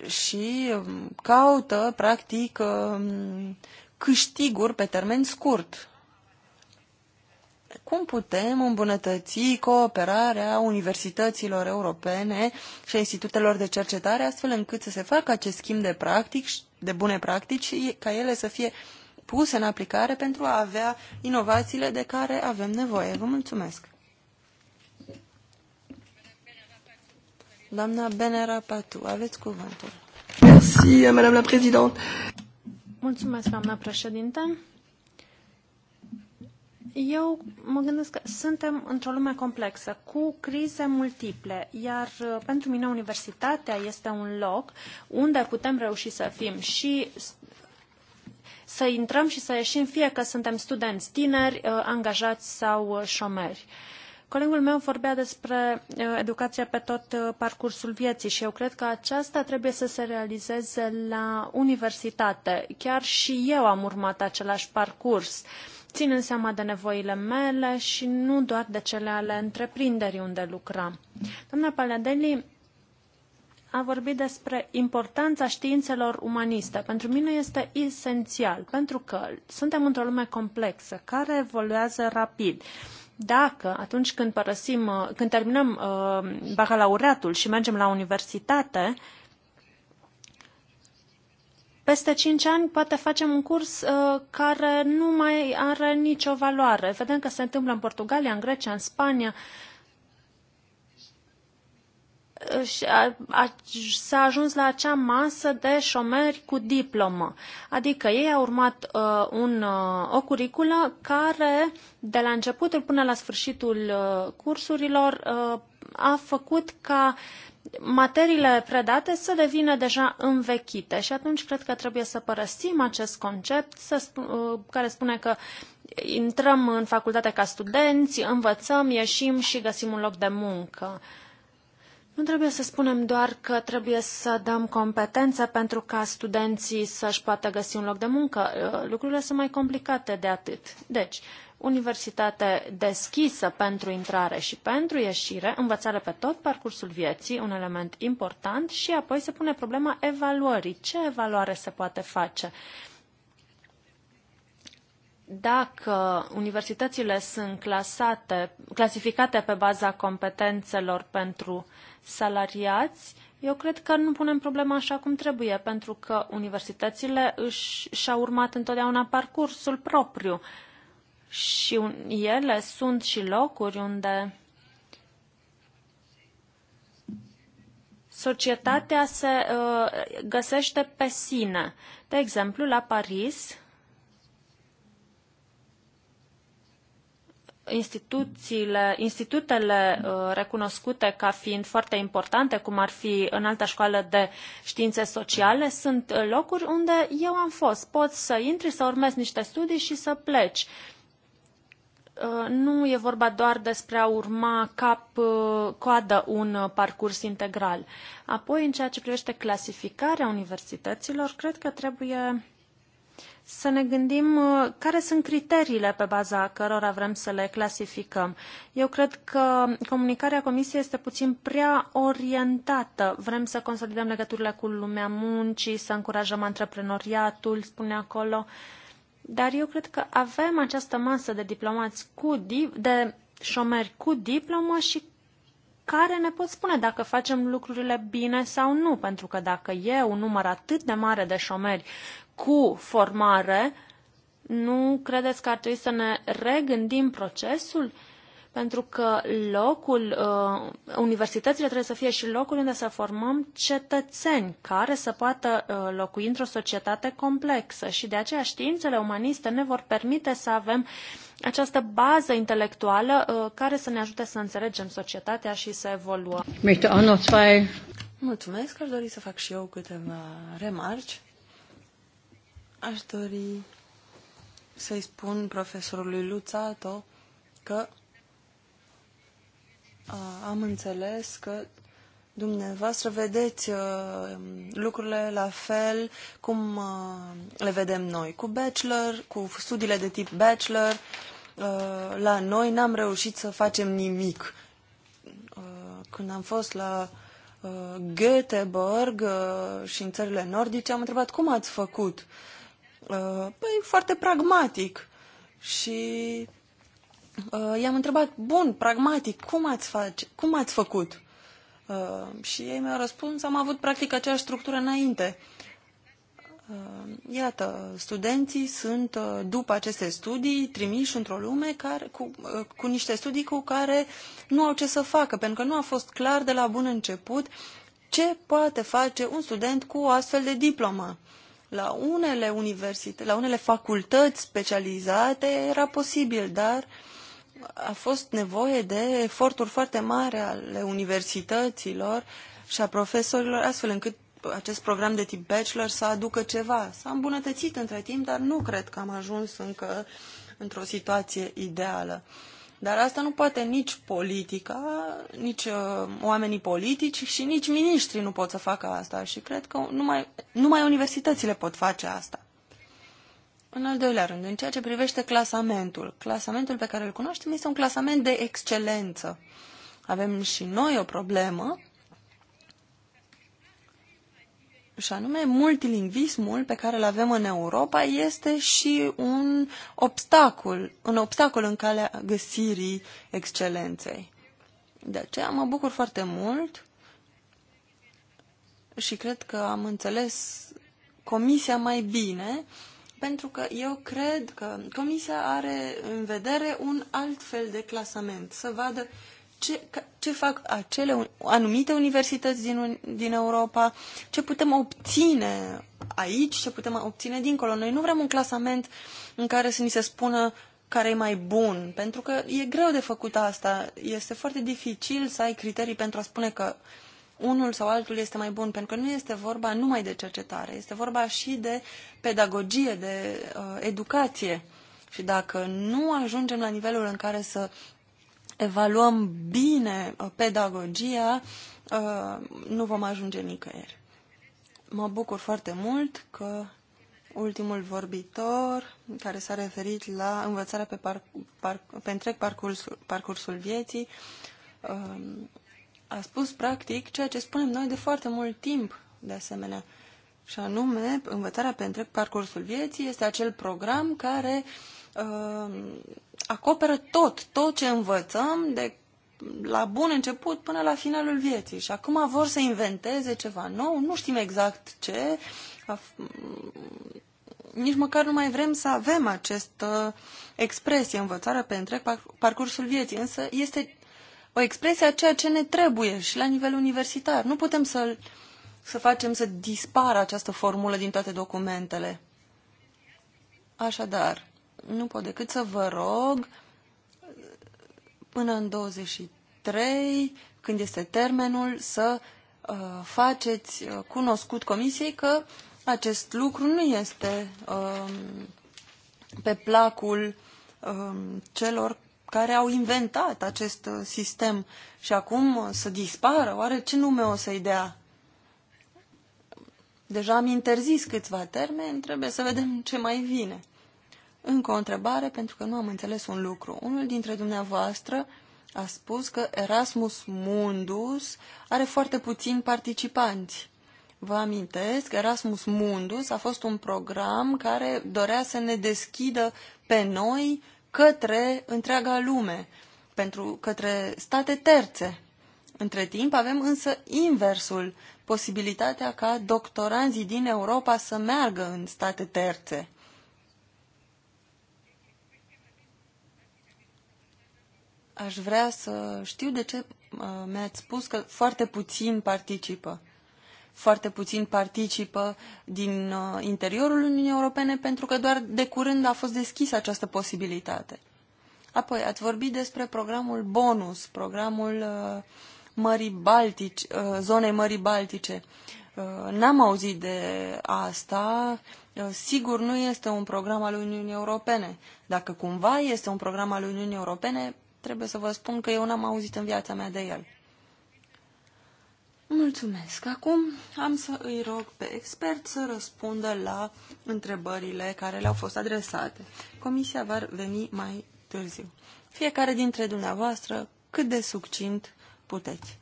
și um, caută, practic, um, câștiguri pe termen scurt. Cum putem îmbunătăți cooperarea universităților europene și a institutelor de cercetare astfel încât să se facă acest schimb de practic, de bune practici și ca ele să fie puse în aplicare pentru a avea inovațiile de care avem nevoie. Vă mulțumesc! Doamna Benera Patu, aveți cuvântul. Merci, Madame la Présidente. Mulțumesc, doamna președinte. Eu mă gândesc că suntem într-o lume complexă, cu crize multiple, iar uh, pentru mine universitatea este un loc unde putem reuși să fim și să intrăm și să ieșim, fie că suntem studenți tineri, uh, angajați sau uh, șomeri. Uh, Colegul meu vorbea despre uh, educația pe tot uh, parcursul vieții și eu cred că aceasta trebuie să se realizeze la universitate. Chiar și eu am urmat același parcurs, ținând seama de nevoile mele și nu doar de cele ale întreprinderii unde lucram. Doamna Paladeli, a vorbit despre importanța științelor umaniste. Pentru mine este esențial, pentru că suntem într-o lume complexă, care evoluează rapid. Dacă atunci când părăsim, uh, când terminăm uh, bacalaureatul și mergem la universitate, peste 5 ani poate facem un curs uh, care nu mai are nicio valoare. Vedem că se întâmplă în Portugalia, în Grecia, în Spania. Uh, s-a ajuns la acea masă de șomeri cu diplomă. Adică ei au urmat uh, un, uh, o curiculă care, de la începutul până la sfârșitul uh, cursurilor, uh, a făcut ca materiile predate să devină deja învechite și atunci cred că trebuie să părăsim acest concept să sp- uh, care spune că intrăm în facultate ca studenți, învățăm, ieșim și găsim un loc de muncă. Uh, nu trebuie să spunem doar că trebuie să dăm competențe pentru ca studenții să-și poată găsi un loc de muncă. Uh, lucrurile sunt mai complicate de atât. Deci, universitate deschisă pentru intrare și pentru ieșire, învățare pe tot parcursul vieții, un element important, și apoi se pune problema evaluării. Ce evaluare se poate face? dacă universitățile sunt clasate, clasificate pe baza competențelor pentru salariați, eu cred că nu punem problema așa cum trebuie, pentru că universitățile își, și-au urmat întotdeauna parcursul propriu și ele sunt și locuri unde societatea se uh, găsește pe sine. De exemplu, la Paris, instituțiile, institutele uh, recunoscute ca fiind foarte importante, cum ar fi în alta școală de științe sociale, sunt uh, locuri unde eu am fost. Poți să intri, să urmezi niște studii și să pleci. Uh, nu e vorba doar despre a urma cap-coadă un parcurs integral. Apoi, în ceea ce privește clasificarea universităților, cred că trebuie să ne gândim uh, care sunt criteriile pe baza cărora vrem să le clasificăm. Eu cred că comunicarea Comisiei este puțin prea orientată. Vrem să consolidăm legăturile cu lumea muncii, să încurajăm antreprenoriatul, spune acolo. Dar eu cred că avem această masă de diplomați cu dip- de șomeri cu diplomă și care ne pot spune dacă facem lucrurile bine sau nu, pentru că dacă e un număr atât de mare de șomeri cu formare, nu credeți că ar trebui să ne regândim procesul? Pentru că locul, uh, universitățile trebuie să fie și locul unde să formăm cetățeni care să poată uh, locui într-o societate complexă și de aceea științele umaniste ne vor permite să avem această bază intelectuală uh, care să ne ajute să înțelegem societatea și să evoluăm. Mulțumesc, aș dori să fac și eu câteva remarci. Aș dori să-i spun profesorului Luțato că am înțeles că dumneavoastră vedeți lucrurile la fel cum le vedem noi cu bachelor, cu studiile de tip bachelor. la noi n-am reușit să facem nimic. când am fost la Göteborg și în țările nordice, am întrebat cum ați făcut. Uh, păi, foarte pragmatic. Și uh, i-am întrebat, bun, pragmatic, cum ați, face, cum ați făcut? Uh, și ei mi-au răspuns, am avut practic aceeași structură înainte. Uh, iată, studenții sunt, uh, după aceste studii, trimiși într-o lume care, cu, uh, cu niște studii cu care nu au ce să facă, pentru că nu a fost clar de la bun început ce poate face un student cu o astfel de diplomă. Uh, la unele universități, la unele facultăți specializate era posibil, dar a fost nevoie de eforturi foarte mari ale universităților și a profesorilor, astfel încât acest program de tip bachelor să aducă ceva. S-a îmbunătățit între timp, dar nu cred că am ajuns încă într-o situație ideală. Dar asta nu poate nici politica, nici uh, oamenii politici și nici miniștrii nu pot să facă asta și cred că numai, numai universitățile pot face asta. În al doilea rând, în ceea ce privește clasamentul, clasamentul pe care îl cunoaștem este un clasament de excelență. Avem și noi o problemă și anume multilingvismul pe care îl avem în Europa este și un obstacol, un obstacol în calea găsirii excelenței. De aceea mă bucur foarte mult și cred că am înțeles comisia mai bine, pentru că eu cred că comisia are în vedere un alt fel de clasament, să vadă uh, ce, ce fac acele anumite universități din, din Europa, ce putem obține aici, ce putem obține dincolo. Noi nu vrem un clasament în care să ni se spună care e mai bun, pentru că e greu de făcut asta. Este foarte dificil să ai criterii pentru a spune că unul sau altul este mai bun, pentru că nu este vorba numai de cercetare, este vorba și de pedagogie, de uh, educație. Și dacă nu ajungem la nivelul în care să evaluăm bine uh, pedagogia, uh, nu vom ajunge nicăieri. Mă bucur foarte mult că ultimul vorbitor care s-a referit la învățarea pe, par, par, pe întreg parcursul, parcursul vieții uh, a spus practic ceea ce spunem noi de foarte mult timp de asemenea. Și anume, învățarea pe întreg parcursul vieții este acel program care uh, Um, acoperă tot, tot ce învățăm de la bun început până la finalul vieții și acum vor să inventeze ceva nou, nu știm exact ce, mm, nici măcar nu mai vrem să avem această expresie învățarea pe întreg parcursul vieții, însă este o expresie a ceea ce ne trebuie și la nivel universitar. Nu putem să, să facem să dispară această formulă din toate documentele. Așadar, nu pot decât să vă rog până în 23, când este termenul, să uh, faceți uh, cunoscut comisiei că acest lucru nu este uh, pe placul uh, celor care au inventat acest uh, sistem și acum uh, să dispară, oare ce nume o să-i dea? Deja am interzis câțiva termeni, trebuie să vedem ce mai vine. Încă o întrebare, pentru că nu am înțeles un lucru. Unul dintre dumneavoastră a spus că Erasmus Mundus are foarte puțini participanți. Vă amintesc, Erasmus Mundus a fost un program care dorea să ne deschidă pe noi către întreaga lume, pentru către state terțe. Între timp avem însă inversul, posibilitatea ca doctoranzii din Europa să meargă în state terțe. Aș vrea să știu de ce uh, mi-ați spus că foarte puțin participă. Foarte puțin participă din uh, interiorul Uniunii Europene pentru că doar de curând a fost deschisă această posibilitate. Apoi, ați vorbit despre programul bonus, programul uh, Mării Baltici, zonei Mării Baltice. N-am auzit de asta. Sigur nu este un program al Uniunii Europene. Dacă cumva este un program al Uniunii Europene, trebuie să vă spun că eu n-am auzit în viața mea de el. Mulțumesc. Acum am să îi rog pe expert să răspundă la întrebările care le-au fost adresate. Comisia va veni mai târziu. Fiecare dintre dumneavoastră cât de succint puteți.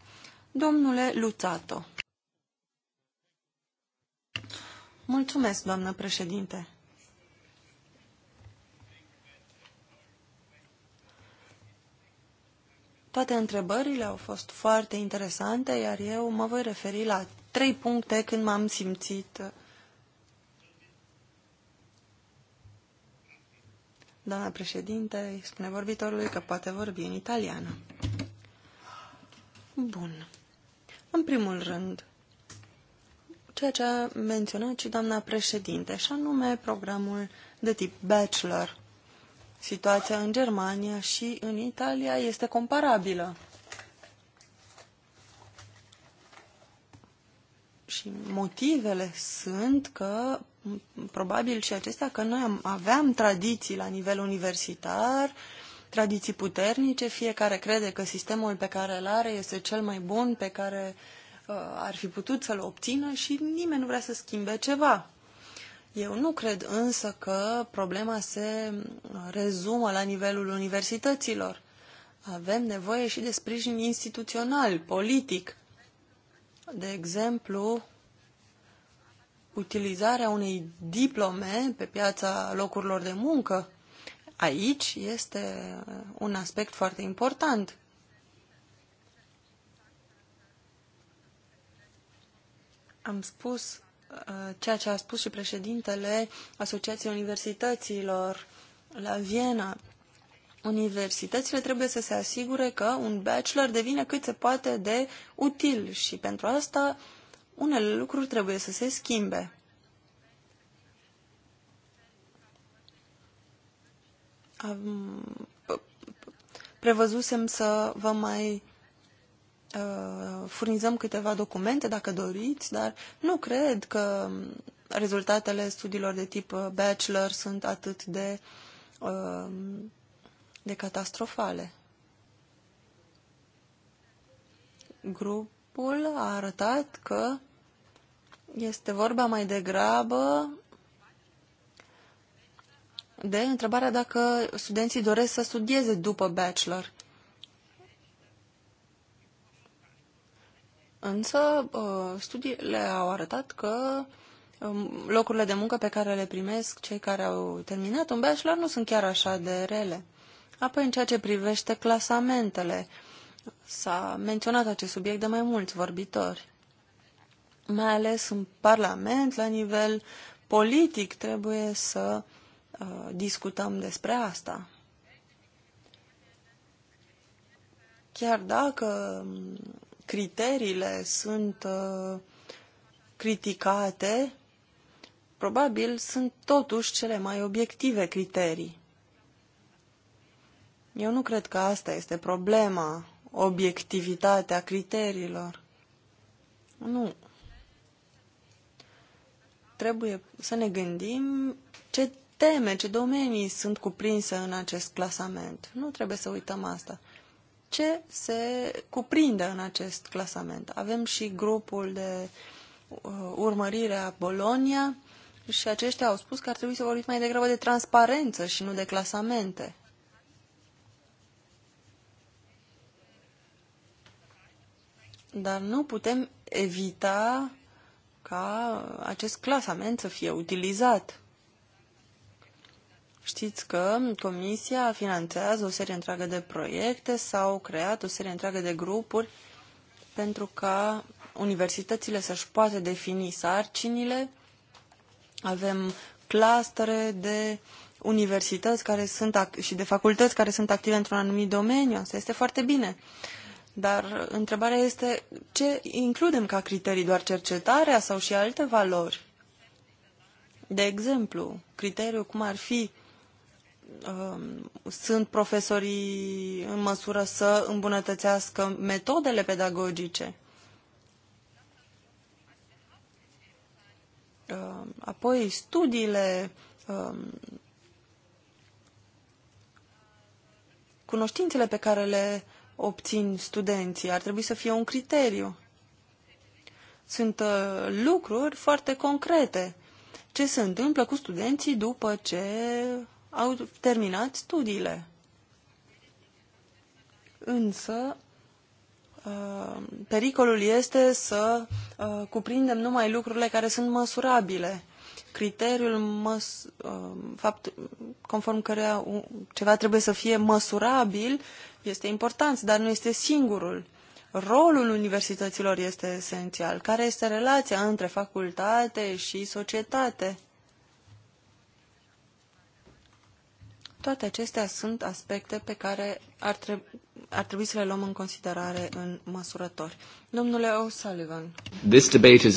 Domnule Luțato. Mulțumesc, doamnă președinte. Toate întrebările au fost foarte interesante, iar eu mă voi referi la trei puncte când m-am simțit. Uh, doamna președinte spune vorbitorului că poate vorbi în italiană. Bun. În primul rând, ceea ce a menționat și doamna președinte, și anume programul de tip bachelor. Situația în Germania și în Italia este comparabilă. Și motivele sunt că, probabil și acestea, că noi aveam tradiții la nivel universitar, tradiții puternice, fiecare crede că sistemul pe care îl are este cel mai bun pe care uh, ar fi putut să-l obțină și nimeni nu vrea să schimbe ceva. Eu nu cred însă că problema se rezumă la nivelul universităților. Avem nevoie și de sprijin instituțional, politic. De exemplu, utilizarea unei diplome pe piața locurilor de muncă. Aici este un aspect foarte important. Am spus Uh, ceea ce a spus și președintele Asociației Universităților la Viena. Universitățile trebuie să se asigure că un bachelor devine cât se poate de util și pentru asta unele lucruri trebuie să se schimbe. Am, prevăzusem să vă mai Uh, furnizăm câteva documente dacă doriți, dar nu cred că rezultatele studiilor de tip uh, bachelor sunt atât de, uh, de catastrofale. Grupul a arătat că este vorba mai degrabă de întrebarea dacă studenții doresc să studieze după bachelor. Însă, uh, studiile au arătat că um, locurile de muncă pe care le primesc cei care au terminat un bachelor nu sunt chiar așa de rele. Apoi, în ceea ce privește clasamentele, s-a menționat acest subiect de mai mulți vorbitori. Mai ales în Parlament, la nivel politic, trebuie să uh, discutăm despre asta. Chiar dacă um, criteriile sunt uh, criticate, probabil sunt totuși cele mai obiective criterii. Eu nu cred că asta este problema, obiectivitatea criteriilor. Nu. Trebuie să ne gândim ce teme, ce domenii sunt cuprinse în acest clasament. Nu trebuie să uităm asta ce se cuprinde în acest clasament. Avem și grupul de uh, urmărire a Bolonia și aceștia au spus că ar trebui să vorbim mai degrabă de transparență și nu de clasamente. Dar nu putem evita ca acest clasament să fie utilizat. Știți că Comisia finanțează o serie întreagă de proiecte, sau creat o serie întreagă de grupuri pentru ca universitățile să-și poată defini sarcinile. Avem clastere de universități care sunt și de facultăți care sunt active într-un anumit domeniu. Asta este foarte bine. Dar întrebarea este ce includem ca criterii, doar cercetarea sau și alte valori? De exemplu, criteriul cum ar fi Um, sunt profesorii în măsură să îmbunătățească metodele pedagogice? Um, apoi, studiile, um, cunoștințele pe care le obțin studenții ar trebui să fie un criteriu. Sunt uh, lucruri foarte concrete. Ce se întâmplă cu studenții după ce au terminat studiile. Însă, uh, pericolul este să uh, cuprindem numai lucrurile care sunt măsurabile. Criteriul măs, uh, fapt, conform căreia ceva trebuie să fie măsurabil este important, dar nu este singurul. Rolul universităților este esențial. Care este relația între facultate și societate? Toate acestea sunt aspecte pe care ar, treb ar trebui să le luăm în considerare în măsurători. Domnule O'Sullivan. This debate is...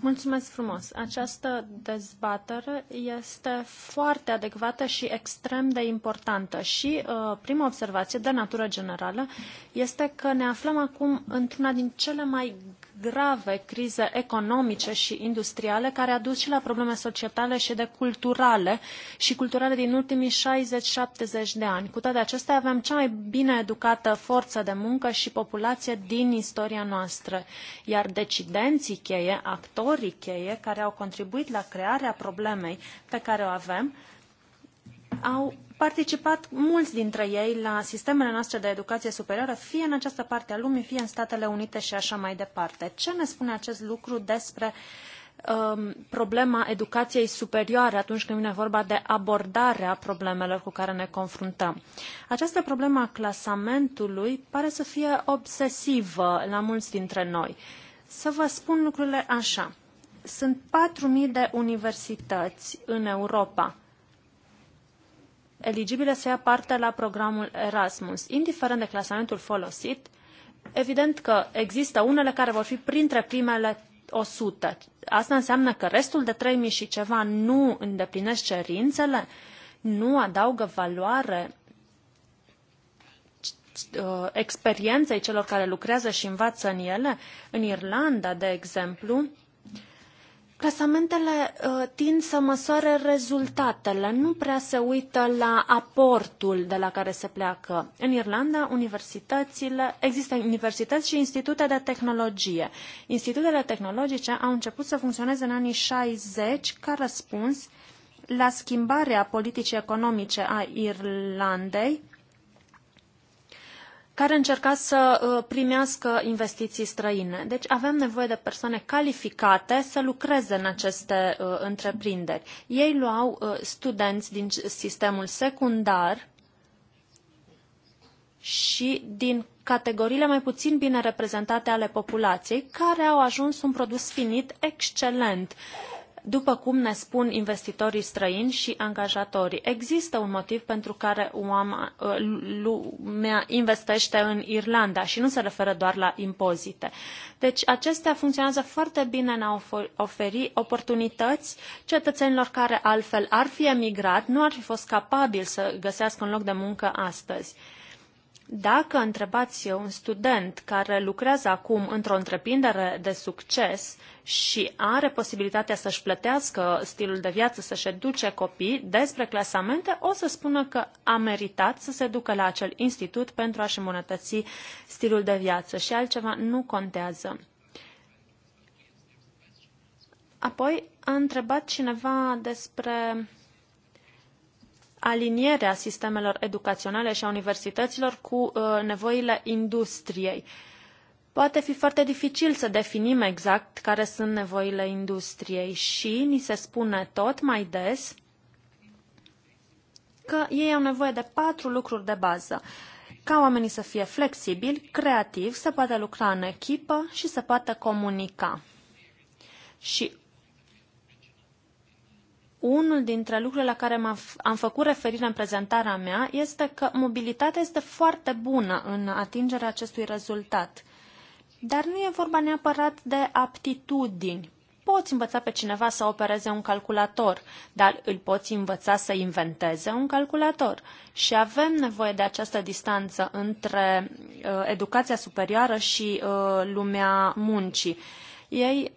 Mulțumesc frumos. Această dezbatere este foarte adecvată și extrem de importantă. Și uh, prima observație de natură generală este că ne aflăm acum într-una din cele mai grave crize economice și industriale care a dus și la probleme societale și de culturale și culturale din ultimii 60-70 de ani. Cu toate acestea avem cea mai bine educată forță de muncă și populație din istoria noastră, iar decidenții cheie, actorii cheie care au contribuit la crearea problemei pe care o avem, au participat mulți dintre ei la sistemele noastre de educație superioară, fie în această parte a lumii, fie în Statele Unite și așa mai departe. Ce ne spune acest lucru despre um, problema educației superioare atunci când vine vorba de abordarea problemelor cu care ne confruntăm. Această problemă a clasamentului pare să fie obsesivă la mulți dintre noi. Să vă spun lucrurile așa. Sunt 4.000 de universități în Europa eligibile să ia parte la programul Erasmus, indiferent de clasamentul folosit. Evident că există unele care vor fi printre primele 100. Asta înseamnă că restul de 3000 și ceva nu îndeplinesc cerințele, nu adaugă valoare uh, experienței celor care lucrează și învață în ele. În Irlanda, de exemplu, Clasamentele uh, tind să măsoare rezultatele, nu prea se uită la aportul de la care se pleacă. În Irlanda, universitățile, există universități și institute de tehnologie. Institutele tehnologice au început să funcționeze în anii 60 ca răspuns la schimbarea politicii economice a Irlandei, care încerca să uh, primească investiții străine. Deci avem nevoie de persoane calificate să lucreze în aceste uh, întreprinderi. Ei luau uh, studenți din sistemul secundar și din categoriile mai puțin bine reprezentate ale populației, care au ajuns un produs finit excelent după cum ne spun investitorii străini și angajatorii. Există un motiv pentru care uh, lumea investește în Irlanda și nu se referă doar la impozite. Deci acestea funcționează foarte bine în a oferi oportunități cetățenilor care altfel ar fi emigrat, nu ar fi fost capabili să găsească un loc de muncă astăzi. Dacă întrebați un student care lucrează acum într-o întreprindere de succes și are posibilitatea să-și plătească stilul de viață, să-și educe copii despre clasamente, o să spună că a meritat să se ducă la acel institut pentru a-și îmbunătăți stilul de viață și altceva nu contează. Apoi a întrebat cineva despre alinierea sistemelor educaționale și a universităților cu uh, nevoile industriei. Poate fi foarte dificil să definim exact care sunt nevoile industriei și ni se spune tot mai des că ei au nevoie de patru lucruri de bază. Ca oamenii să fie flexibili, creativi, să poată lucra în echipă și să poată comunica. Și unul dintre lucrurile la care am făcut referire în prezentarea mea este că mobilitatea este foarte bună în atingerea acestui rezultat. Dar nu e vorba neapărat de aptitudini. Poți învăța pe cineva să opereze un calculator, dar îl poți învăța să inventeze un calculator. Și avem nevoie de această distanță între uh, educația superioară și uh, lumea muncii. Ei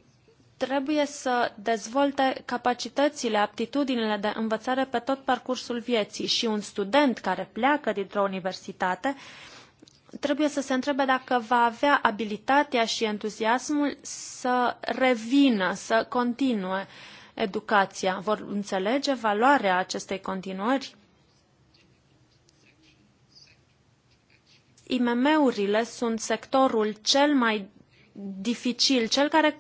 trebuie să dezvolte capacitățile, aptitudinile de învățare pe tot parcursul vieții și un student care pleacă dintr-o universitate trebuie să se întrebe dacă va avea abilitatea și entuziasmul să revină, să continue educația. Vor înțelege valoarea acestei continuări? IMM-urile sunt sectorul cel mai dificil, cel care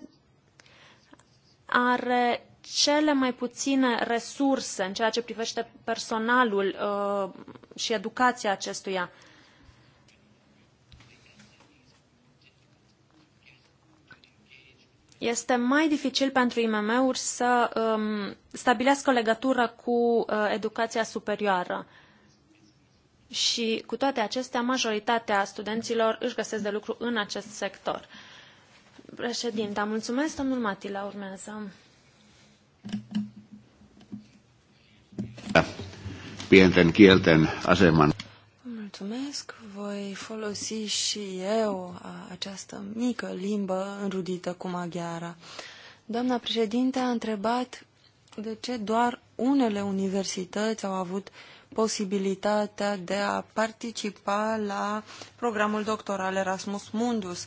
are cele mai puține resurse în ceea ce privește personalul uh, și educația acestuia. Este mai dificil pentru IMM-uri să um, stabilească o legătură cu uh, educația superioară. Și cu toate acestea, majoritatea studenților își găsesc de lucru în acest sector. Uh, Președinta, mulțumesc. Domnul Matila urmează. Da. Pienten kielten aseman. Mulțumesc. Voi folosi și eu această mică limbă înrudită cu maghiara. Doamna președinte a întrebat de ce doar unele universități au avut posibilitatea de a participa la programul doctoral Erasmus Mundus.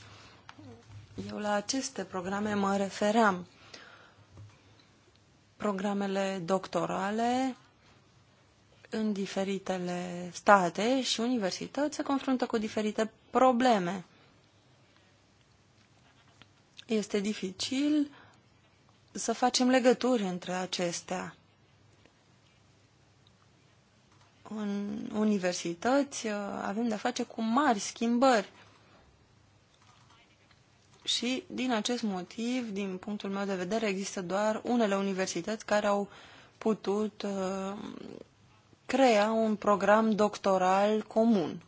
Eu la aceste programe mă refeream. Programele doctorale în diferitele state și universități se confruntă cu diferite probleme. Este dificil să facem legături între acestea. În universități uh, avem de-a face cu mari schimbări și din acest motiv, din punctul meu de vedere, există doar unele universități care au putut uh, crea un program doctoral comun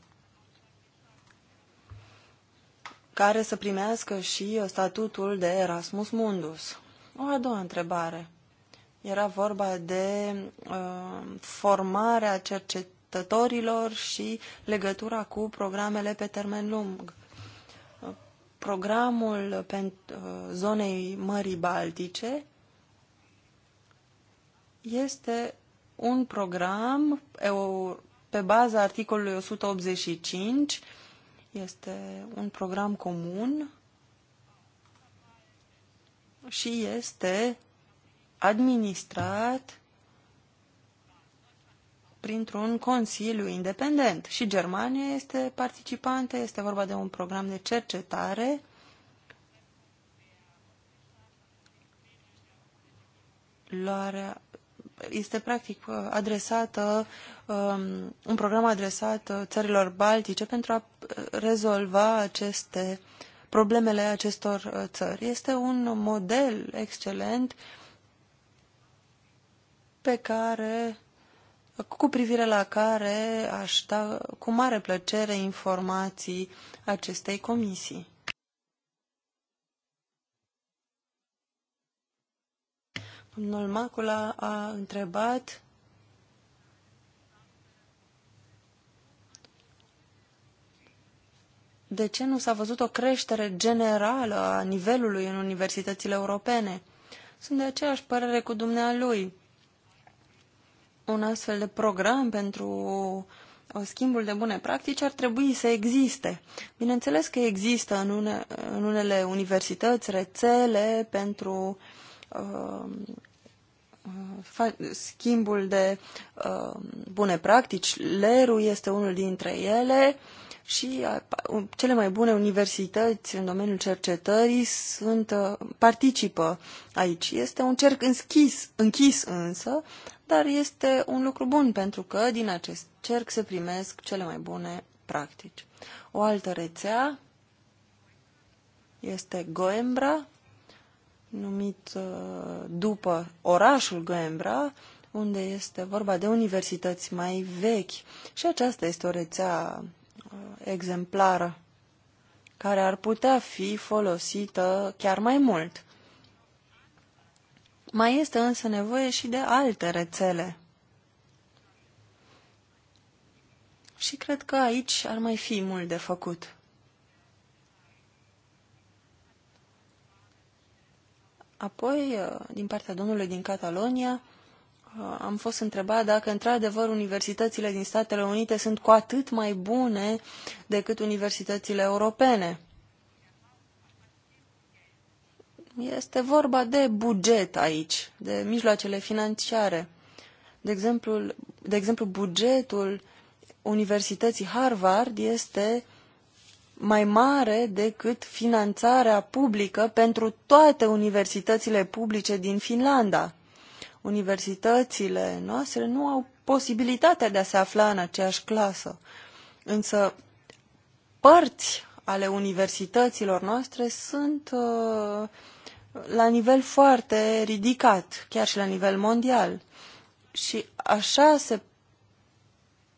care să primească și statutul de Erasmus Mundus. O a doua întrebare. Era vorba de uh, formarea cercetătorilor și legătura cu programele pe termen lung programul pentru uh, zonei Mării Baltice este un program pe baza articolului 185, este un program comun și este administrat printr-un consiliu independent. Și Germania este participantă, este vorba de un program de cercetare luarea este practic uh, adresată um, un program adresat uh, țărilor baltice pentru a uh, rezolva aceste problemele acestor țări. Este un model excelent pe care cu privire la care aș da cu mare plăcere informații acestei comisii. Domnul Macula a întrebat de ce nu s-a văzut o creștere generală a nivelului în universitățile europene. Sunt de aceeași părere cu dumnealui un astfel de program pentru schimbul de bune practici ar trebui să existe. Bineînțeles că există în, une, în unele universități rețele pentru uh, schimbul de uh, bune practici. Leru este unul dintre ele. Uh, și uh, cele mai bune universități în domeniul cercetării sunt, uh, participă aici. Este un cerc înschis, închis însă, dar este un lucru bun pentru că din acest cerc se primesc cele mai bune practici. O altă rețea este Goembra, numit uh, după orașul Goembra, unde este vorba de universități mai vechi. Și aceasta este o rețea Uh, exemplară, care ar putea fi folosită chiar mai mult. Mai este însă nevoie și de alte rețele. Și cred că aici ar mai fi mult de făcut. Apoi, uh, din partea domnului din Catalonia, Uh, am fost întrebat dacă într-adevăr universitățile din Statele Unite sunt cu atât mai bune decât universitățile europene. Este vorba de buget aici, de mijloacele financiare. De exemplu, de exemplu bugetul Universității Harvard este mai mare decât finanțarea publică pentru toate universitățile publice din Finlanda. Universitățile noastre nu au posibilitatea de a se afla în aceeași clasă, însă părți ale universităților noastre sunt uh, la nivel foarte ridicat, chiar și la nivel mondial. Și așa se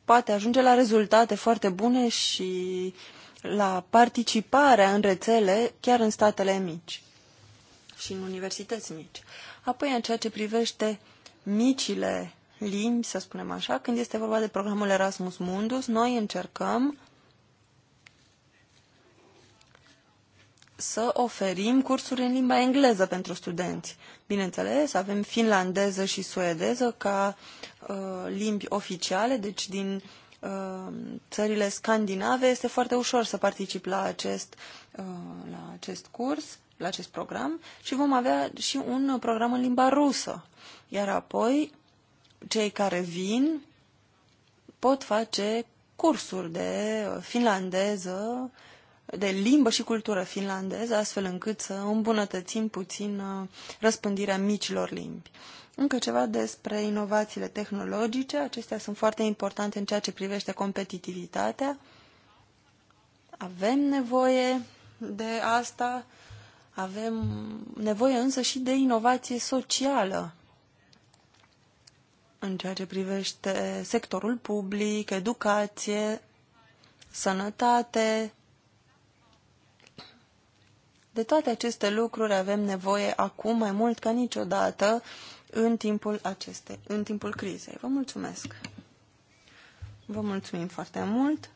poate ajunge la rezultate foarte bune și la participarea în rețele chiar în statele mici și în universități mici. Apoi, în ceea ce privește micile limbi, să spunem așa, când este vorba de programul Erasmus Mundus, noi încercăm să oferim cursuri în limba engleză pentru studenți. Bineînțeles, avem finlandeză și suedeză ca uh, limbi oficiale, deci din uh, țările scandinave este foarte ușor să particip la acest, uh, la acest curs la acest program și vom avea și un program în limba rusă. Iar apoi, cei care vin pot face cursuri de finlandeză, de limbă și cultură finlandeză, astfel încât să îmbunătățim puțin uh, răspândirea micilor limbi. Încă ceva despre inovațiile tehnologice. Acestea sunt foarte importante în ceea ce privește competitivitatea. Avem nevoie de asta avem nevoie însă și de inovație socială în ceea ce privește sectorul public, educație, sănătate. De toate aceste lucruri avem nevoie acum mai mult ca niciodată în timpul, aceste, în timpul crizei. Vă mulțumesc! Vă mulțumim foarte mult!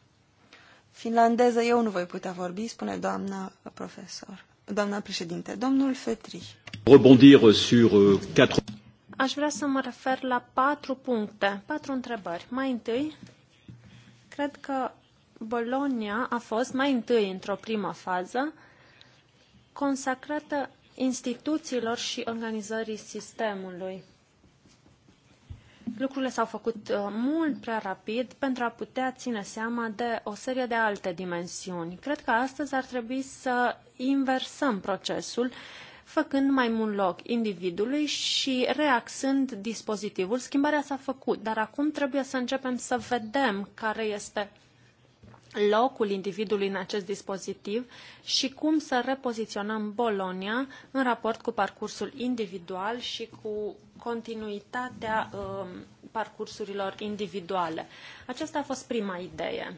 Finlandeză eu nu voi putea vorbi, spune doamna profesor doamna președinte. Domnul Fetri. Rebondir sur euh, quatre... Aș vrea să mă refer la patru puncte, patru întrebări. Mai întâi, cred că Bologna a fost mai întâi, într-o primă fază, consacrată instituțiilor și organizării sistemului lucrurile s-au făcut uh, mult prea rapid pentru a putea ține seama de o serie de alte dimensiuni. Cred că astăzi ar trebui să inversăm procesul făcând mai mult loc individului și reaxând dispozitivul. Schimbarea s-a făcut, dar acum trebuie să începem să vedem care este locul individului în acest dispozitiv și cum să repoziționăm Bolonia în raport cu parcursul individual și cu continuitatea um, parcursurilor individuale. Aceasta a fost prima idee.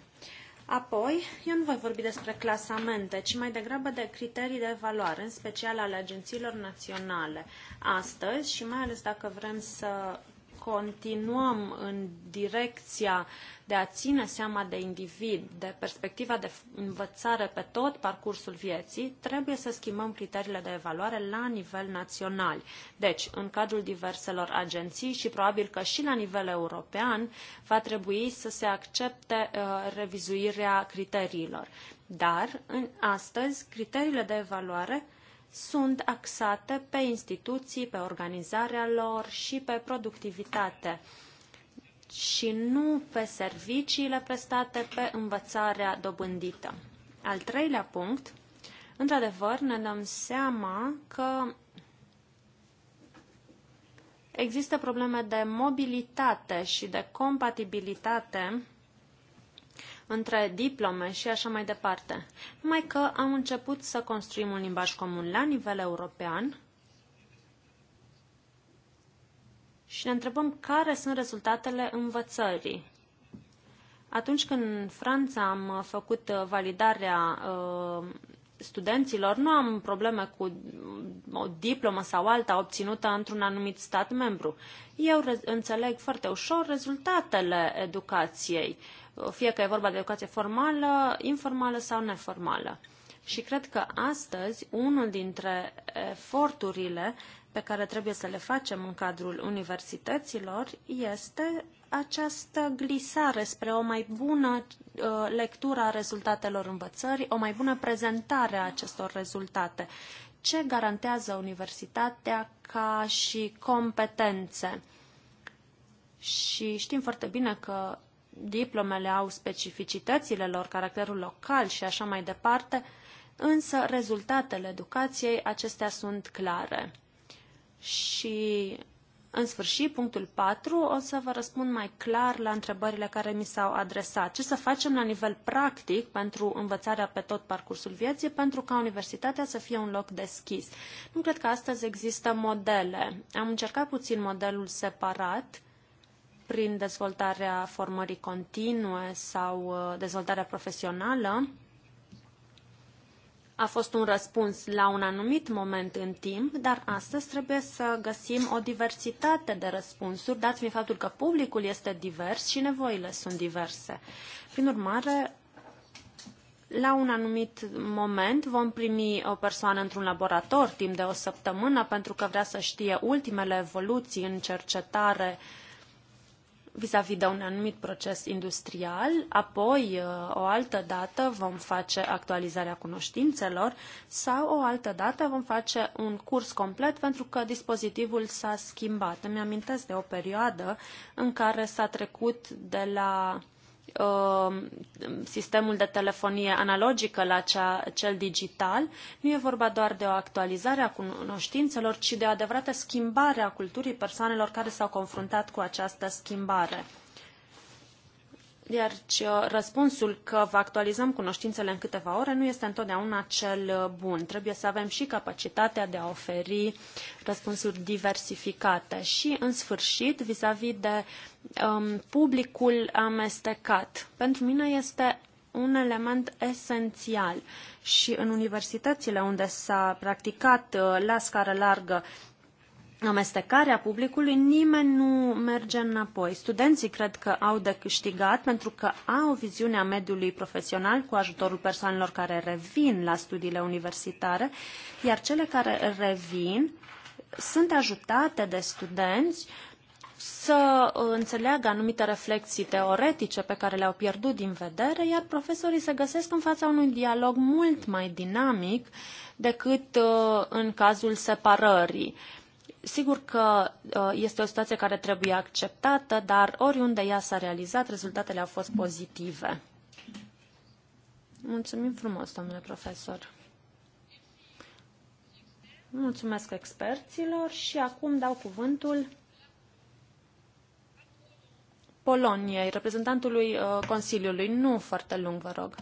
Apoi, eu nu voi vorbi despre clasamente, ci mai degrabă de criterii de evaluare, în special ale agențiilor naționale. Astăzi, și mai ales dacă vrem să continuăm în direcția de a ține seama de individ, de perspectiva de învățare pe tot parcursul vieții, trebuie să schimbăm criteriile de evaluare la nivel național. Deci, în cadrul diverselor agenții și probabil că și la nivel european va trebui să se accepte uh, revizuirea criteriilor. Dar, în, astăzi, criteriile de evaluare sunt axate pe instituții, pe organizarea lor și pe productivitate și nu pe serviciile prestate, pe învățarea dobândită. Al treilea punct, într-adevăr, ne dăm seama că există probleme de mobilitate și de compatibilitate între diplome și așa mai departe. Numai că am început să construim un limbaj comun la nivel european și ne întrebăm care sunt rezultatele învățării. Atunci când în Franța am făcut validarea uh, studenților, nu am probleme cu o diplomă sau alta obținută într-un anumit stat membru. Eu înțeleg foarte ușor rezultatele educației. Uh, fie că e vorba de educație formală, informală sau neformală. Și cred că astăzi unul dintre eforturile pe care trebuie să le facem în cadrul universităților este această glisare spre o mai bună uh, lectură a rezultatelor învățării, o mai bună prezentare a acestor rezultate. Ce garantează universitatea ca și competențe? Și știm foarte bine că diplomele au specificitățile lor, caracterul local și așa mai departe, însă rezultatele educației acestea sunt clare. Și în sfârșit, punctul 4, o să vă răspund mai clar la întrebările care mi s-au adresat. Ce să facem la nivel practic pentru învățarea pe tot parcursul vieții, pentru ca universitatea să fie un loc deschis? Nu cred că astăzi există modele. Am încercat puțin modelul separat prin dezvoltarea formării continue sau uh, dezvoltarea profesională, a fost un răspuns la un anumit moment în timp, dar astăzi trebuie să găsim o diversitate de răspunsuri, dat fiind faptul că publicul este divers și nevoile sunt diverse. Prin urmare, la un anumit moment vom primi o persoană într-un laborator timp de o săptămână pentru că vrea să știe ultimele evoluții în cercetare uh, vis-a-vis de un anumit proces industrial, apoi uh, o altă dată vom face actualizarea cunoștințelor sau o altă dată vom face un curs complet pentru că dispozitivul s-a schimbat. Îmi amintesc de o perioadă în care s-a trecut de la Uh, sistemul de telefonie analogică la cea, cel digital, nu e vorba doar de o actualizare a cunoștințelor, ci de o adevărată schimbare a culturii persoanelor care s-au confruntat cu această schimbare. Iar uh, răspunsul că vă actualizăm cunoștințele în câteva ore nu este întotdeauna cel uh, bun. Trebuie să avem și capacitatea de a oferi răspunsuri diversificate. Și, în sfârșit, vis-a-vis de um, publicul amestecat. Pentru mine este un element esențial și în universitățile unde s-a practicat uh, la scară largă amestecarea publicului, nimeni nu merge înapoi. Studenții cred că au de câștigat pentru că au o viziune a mediului profesional cu ajutorul persoanelor care revin la studiile universitare, iar cele care revin sunt ajutate de studenți să înțeleagă anumite reflexii teoretice pe care le-au pierdut din vedere, iar profesorii se găsesc în fața unui dialog mult mai dinamic decât uh, în cazul separării. Sigur că uh, este o situație care trebuie acceptată, dar oriunde ea s-a realizat, rezultatele au fost pozitive. Mulțumim frumos, domnule profesor. Mulțumesc experților și acum dau cuvântul Poloniei, reprezentantului uh, Consiliului. Nu foarte lung, vă rog.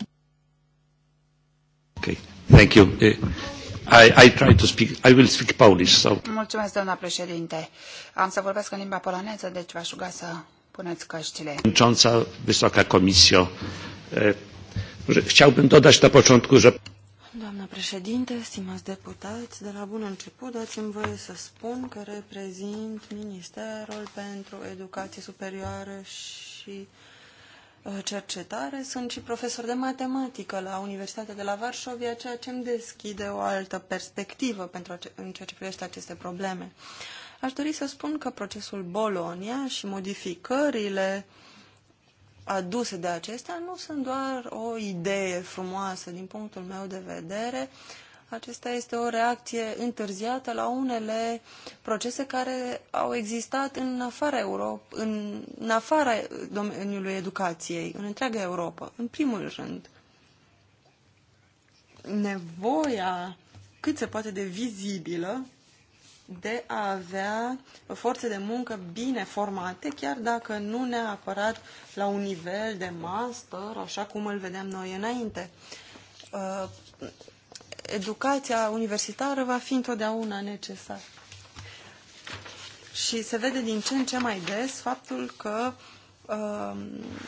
Okay. Thank you. Eh, Mulțumesc, doamna președinte. Am să vorbesc în limba poloneză, deci v-aș ruga să puneți căștile. Przewodnicząca, Wysoka Komisjo, chciałbym dodać na początku, że... Doamna președinte, stimați deputați, de la bun început dați-mi voie să spun că reprezint Ministerul pentru Educație Superioară și Uh, cercetare, sunt și profesor de matematică la Universitatea de la Varșovia, ceea ce îmi deschide o altă perspectivă pentru ace- în ceea ce privește aceste probleme. Aș dori să spun că procesul Bolonia și modificările aduse de acestea nu sunt doar o idee frumoasă din punctul meu de vedere, uh, acesta este o reacție întârziată la unele procese care au existat în afara, Europa, în afara domeniului educației, în întreaga Europa, în primul rând. Nevoia cât se poate de vizibilă de a avea forțe de muncă bine formate, chiar dacă nu neapărat la un nivel de master, așa cum îl vedeam noi înainte. Uh, educația universitară va fi întotdeauna necesară. Și se vede din ce în ce mai des faptul că uh,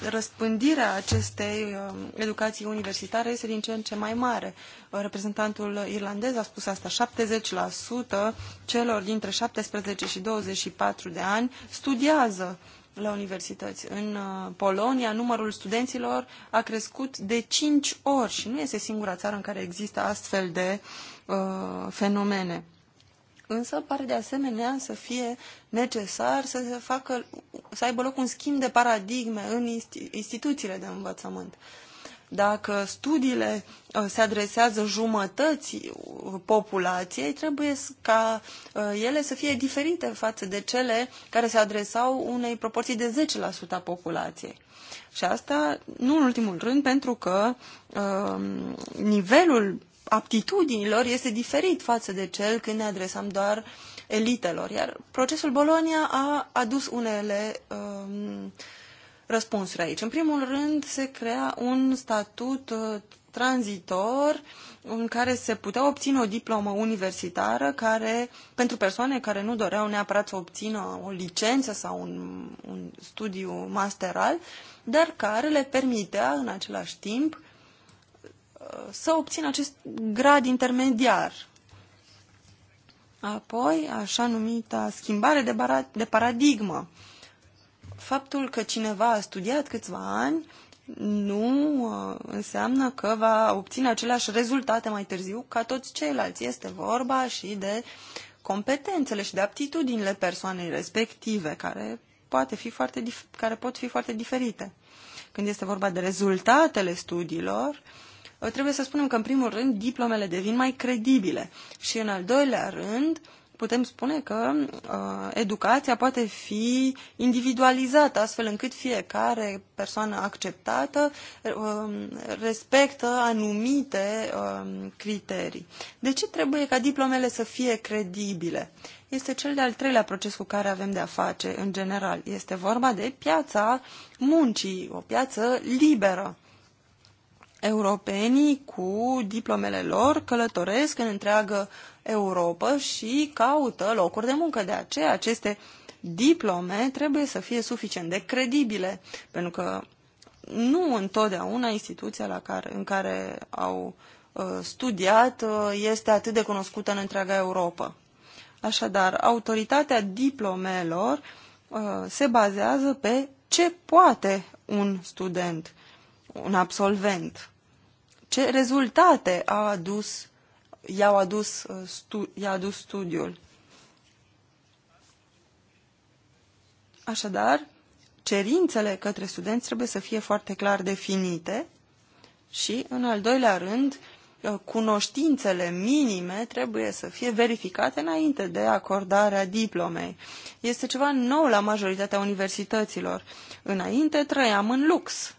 răspândirea acestei uh, educații universitare este din ce în ce mai mare. reprezentantul irlandez a spus asta, 70% celor dintre 17 și 24 de ani studiază la universități. În uh, Polonia, numărul studenților a crescut de 5 ori și nu este singura țară în care există astfel de uh, fenomene. Însă pare de asemenea să fie necesar să, se facă, să aibă loc un schimb de paradigme în instituțiile de învățământ. Uh, dacă studiile uh, se adresează jumătății uh, populației, trebuie ca uh, ele să fie diferite față de cele care se adresau unei proporții de 10% a populației. Și asta, nu în ultimul rând, pentru că um, nivelul aptitudinilor este diferit față de cel când ne adresam doar elitelor. Iar procesul Bolonia a adus unele uh, răspunsuri aici. În primul rând, se crea un statut uh, tranzitor în care se putea obține o diplomă universitară care, pentru persoane care nu doreau neapărat să obțină o licență sau un, un studiu masteral, dar care le permitea în același timp uh, să obțină acest grad intermediar. Apoi, așa numita schimbare de, de paradigmă. Uh, faptul că cineva a studiat câțiva ani nu uh, înseamnă că va obține aceleași rezultate mai târziu ca toți ceilalți. Este vorba și de competențele și de aptitudinile persoanei respective, care, poate fi foarte care pot fi foarte diferite. Când este vorba de rezultatele studiilor, uh, trebuie să spunem că, în primul rând, diplomele devin mai credibile și, în al doilea rând, putem spune că uh, educația poate fi individualizată, astfel încât fiecare persoană acceptată uh, respectă anumite uh, criterii. De ce trebuie ca diplomele să fie credibile? Este cel de-al treilea proces cu care avem de-a face, în general. Este vorba de piața muncii, o piață liberă europenii cu diplomele lor călătoresc în uh, Europa și caută locuri de muncă. De aceea aceste diplome trebuie să fie suficient de credibile, pentru că nu întotdeauna instituția la care, în care au uh, studiat uh, este atât de cunoscută în întreaga Europa. Așadar, autoritatea diplomelor uh, se bazează pe ce poate un student, un absolvent, ce rezultate a adus i-au adus, uh, stu, i-a adus studiul. Așadar, cerințele către studenți trebuie să fie foarte clar definite și, în al doilea rând, uh, cunoștințele minime trebuie să fie verificate înainte de acordarea diplomei. Este ceva nou la majoritatea universităților. Înainte trăiam în lux,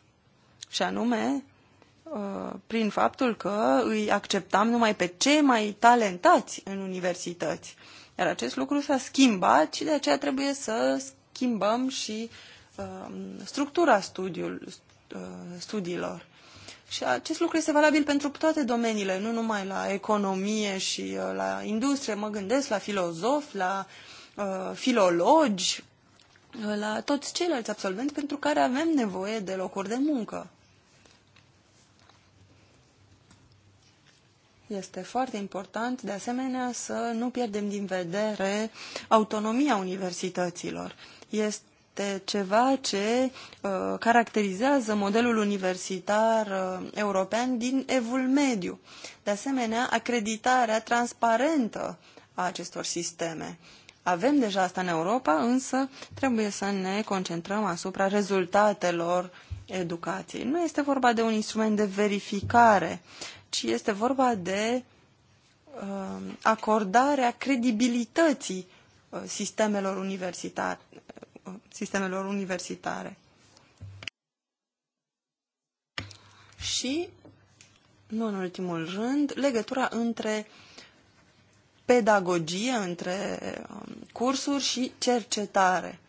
și anume Uh, prin faptul că îi acceptam numai pe cei mai talentați în universități. Iar acest lucru s-a schimbat și de aceea trebuie să schimbăm și uh, structura studiul, uh, studiilor. Și acest lucru este valabil pentru toate domeniile, nu numai la economie și uh, la industrie, mă gândesc la filozofi, la uh, filologi, uh, la toți ceilalți absolvenți pentru care avem nevoie de locuri de muncă. Este foarte important, de asemenea, să nu pierdem din vedere autonomia universităților. Este ceva ce uh, caracterizează modelul universitar uh, european din evul mediu. De asemenea, acreditarea transparentă a acestor sisteme. Avem deja asta în Europa, însă trebuie să ne concentrăm asupra rezultatelor educației. Nu este vorba de un instrument de verificare, ci este vorba de uh, acordarea credibilității uh, sistemelor universitare. Uh, sistemelor universitare. Și, nu în ultimul rând, legătura între pedagogie, între um, cursuri și cercetare.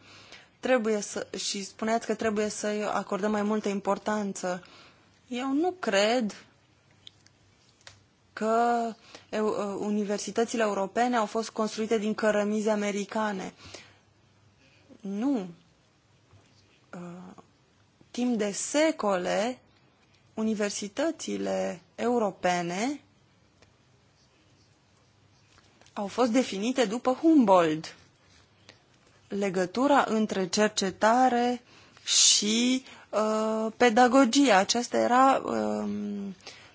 Trebuie să, și spuneați că trebuie să acordăm mai multă importanță. Eu nu cred că uh, universitățile europene au fost construite din cărămizi americane. Nu. Uh, timp de secole, universitățile europene au fost definite după Humboldt. Legătura între cercetare și uh, pedagogie. Aceasta era uh,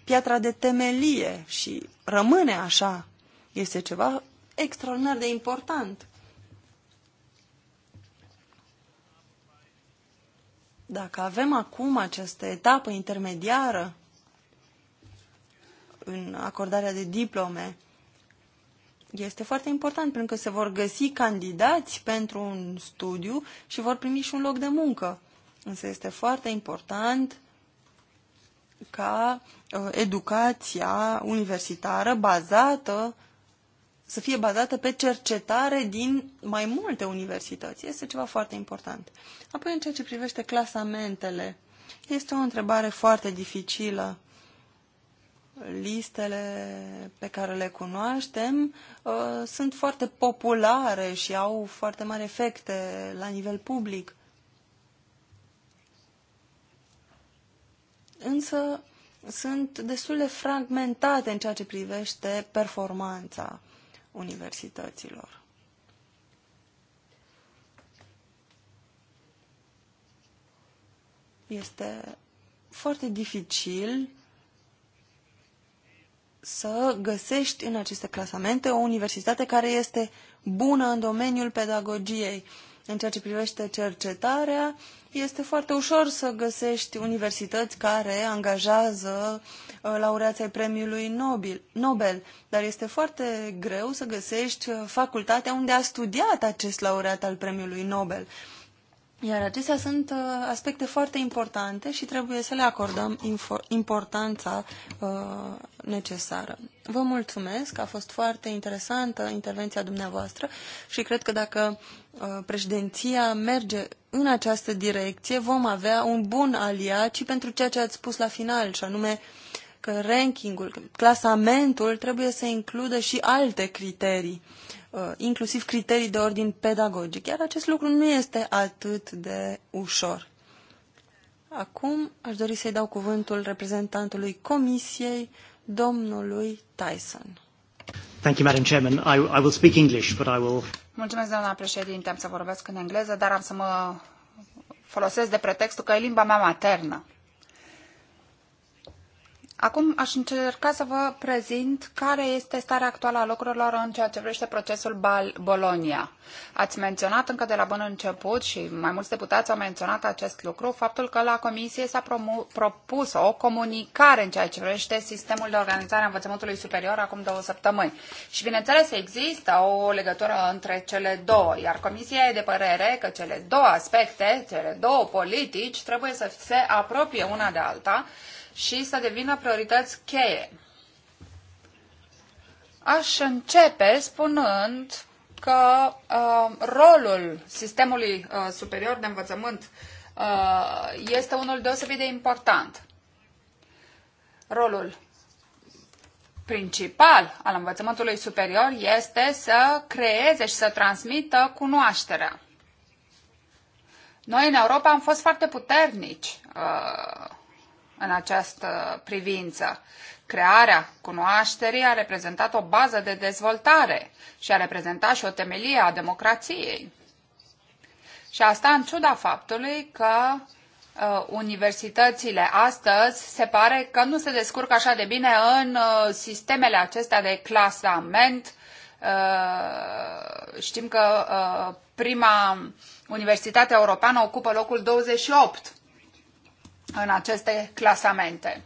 piatra de temelie și rămâne așa. Este ceva extraordinar de important. Dacă avem acum această etapă intermediară în acordarea de diplome, este foarte important pentru că se vor găsi candidați pentru un studiu și vor primi și un loc de muncă. Însă este foarte important ca uh, educația universitară bazată să fie bazată pe cercetare din mai multe universități. Este ceva foarte important. Apoi, în ceea ce privește clasamentele, este o întrebare foarte dificilă. Listele pe care le cunoaștem uh, sunt foarte populare și au foarte mari efecte la nivel public. însă sunt destul de fragmentate în ceea ce privește performanța universităților. Este foarte dificil să găsești în aceste clasamente o universitate care este bună în domeniul pedagogiei. În ceea ce privește cercetarea, este foarte ușor să găsești universități care angajează uh, laureații premiului Nobel, dar este foarte greu să găsești uh, facultatea unde a studiat acest laureat al premiului Nobel. Iar acestea sunt uh, aspecte foarte importante și trebuie să le acordăm importanța necesară. Vă mulțumesc, a fost foarte interesantă intervenția dumneavoastră și cred că dacă Uh, președinția merge în această direcție, vom avea un bun aliat și pentru ceea ce ați spus la final, și anume că rankingul, clasamentul trebuie să includă și alte criterii, uh, inclusiv criterii de ordin pedagogic. Iar acest lucru nu este atât de ușor. Acum aș dori să-i dau cuvântul reprezentantului Comisiei, domnului Tyson. Thank you, Madam Chairman. I, I will speak English, but I will... Mulțumesc, doamna președinte. Am să vorbesc în engleză, dar am să mă folosesc de pretextul că e limba mea maternă. Acum aș încerca să vă prezint care este starea actuală a lucrurilor în ceea ce privește procesul Bal Ați menționat încă de la bun început și mai mulți deputați au menționat acest lucru, faptul că la Comisie s-a propus o comunicare în ceea ce privește sistemul de organizare a învățământului superior acum două săptămâni. Și bineînțeles există o legătură între cele două, iar Comisia e de părere că cele două aspecte, cele două politici trebuie să se apropie una de alta și să devină priorități cheie. Aș începe spunând că uh, rolul sistemului uh, superior de învățământ uh, este unul deosebit de important. Rolul principal al învățământului superior este să creeze și să transmită cunoașterea. Noi în Europa am fost foarte puternici uh, în această privință. Crearea cunoașterii a reprezentat o bază de dezvoltare și a reprezentat și o temelie a democrației. Și asta în ciuda faptului că uh, universitățile astăzi se pare că nu se descurcă așa de bine în uh, sistemele acestea de clasament. Uh, știm că uh, prima universitate europeană ocupă locul 28 în aceste clasamente,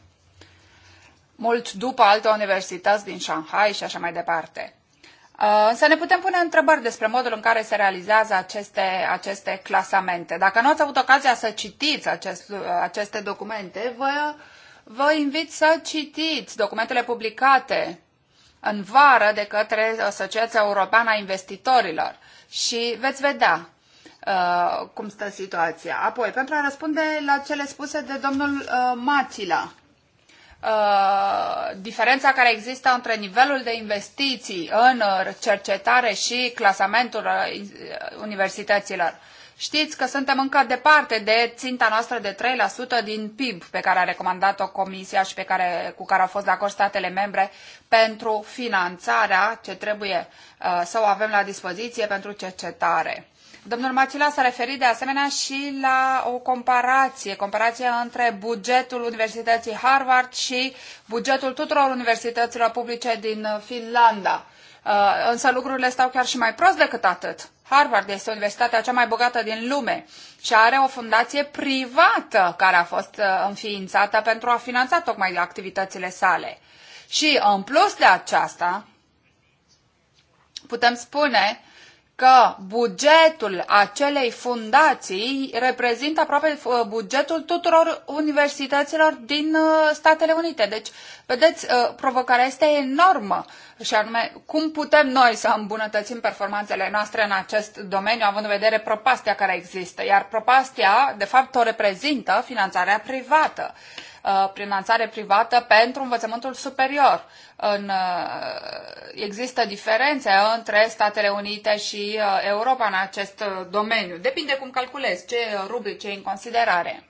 mult după alte universități din Shanghai și așa mai departe. Uh, însă ne putem pune întrebări despre modul în care se realizează aceste, aceste clasamente. Dacă nu ați avut ocazia să citiți acest, uh, aceste documente, vă, vă invit să citiți documentele publicate în vară de către Asociația Europeană a Investitorilor și veți vedea Uh, cum stă situația. Apoi, pentru a răspunde la cele spuse de domnul uh, Uh, diferența care există între nivelul de investiții în uh, cercetare și clasamentul uh, universităților. Știți că suntem încă departe de ținta noastră de 3% din PIB pe care a recomandat-o Comisia și pe care, cu care au fost de acord statele membre pentru finanțarea ce trebuie uh, să o avem la dispoziție pentru cercetare. Domnul Mațila, s-a referit de asemenea și la o comparație, comparație între bugetul Universității Harvard și bugetul tuturor universităților publice din Finlanda. Uh, însă lucrurile stau chiar și mai prost decât atât. Harvard este universitatea cea mai bogată din lume și are o fundație privată care a fost uh, înființată pentru a finanța tocmai activitățile sale. Și în plus de aceasta, putem spune că bugetul acelei fundații reprezintă aproape uh, bugetul tuturor universităților din uh, Statele Unite. Deci, vedeți, uh, provocarea este enormă și anume cum putem noi să îmbunătățim performanțele noastre în acest domeniu, având în vedere propastia care există. Iar propastia, de fapt, o reprezintă finanțarea privată. Uh, finanțare privată pentru învățământul superior. În, uh, există diferențe între Statele Unite și uh, Europa în acest domeniu. Depinde cum calculezi, ce rubrice în considerare.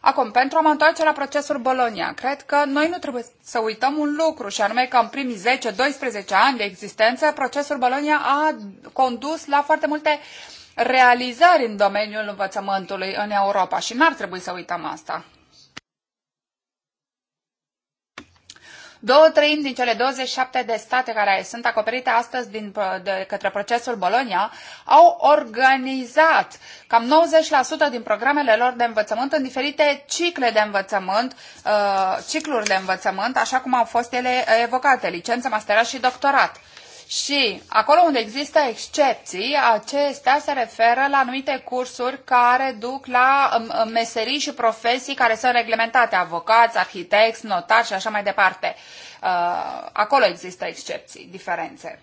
Acum, pentru a mă întoarce la procesul Bolonia, cred că noi nu trebuie să uităm un lucru, și anume că în primii 10-12 ani de existență, procesul Bolonia a condus la foarte multe realizări în domeniul învățământului în Europa și n-ar trebui să uităm asta. Două treimi din cele 27 de state care sunt acoperite astăzi din, de către procesul Bologna au organizat cam 90% din programele lor de învățământ în diferite cicle de învățământ, uh, cicluri de învățământ, așa cum au fost ele evocate, licență, masterat și doctorat. Și acolo unde există excepții, acestea se referă la anumite cursuri care duc la um, um, meserii și profesii care sunt reglementate, avocați, arhitecți, notari și așa mai departe. Uh, acolo există excepții, diferențe.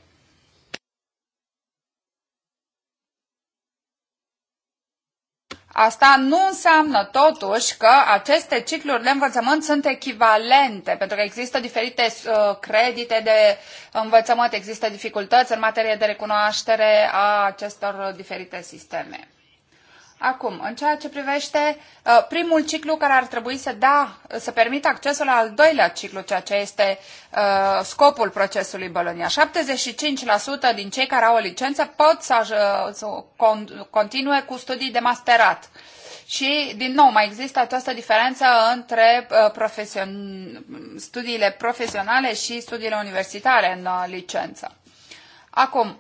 Asta nu înseamnă totuși că aceste cicluri de învățământ sunt echivalente, pentru că există diferite uh, credite de învățământ, există dificultăți în materie de recunoaștere a acestor diferite sisteme. Acum, în ceea ce privește uh, primul ciclu care ar trebui să da, să permită accesul la al doilea ciclu, ceea ce este uh, scopul procesului Bolonia. 75% din cei care au o licență pot să, uh, să continue cu studii de masterat. Și, din nou, mai există această diferență între uh, profesion... studiile profesionale și studiile universitare în uh, licență. Acum,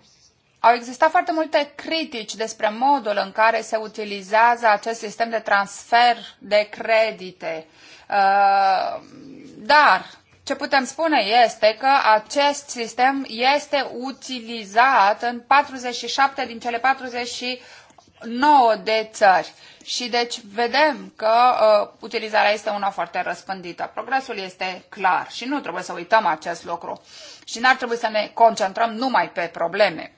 au existat foarte multe critici despre modul în care se utilizează acest sistem de transfer de credite. Uh, dar ce putem spune este că acest sistem este utilizat în 47 din cele 49 de țări. Și deci vedem că uh, utilizarea este una foarte răspândită. Progresul este clar și nu trebuie să uităm acest lucru. Și n-ar trebui să ne concentrăm numai pe probleme.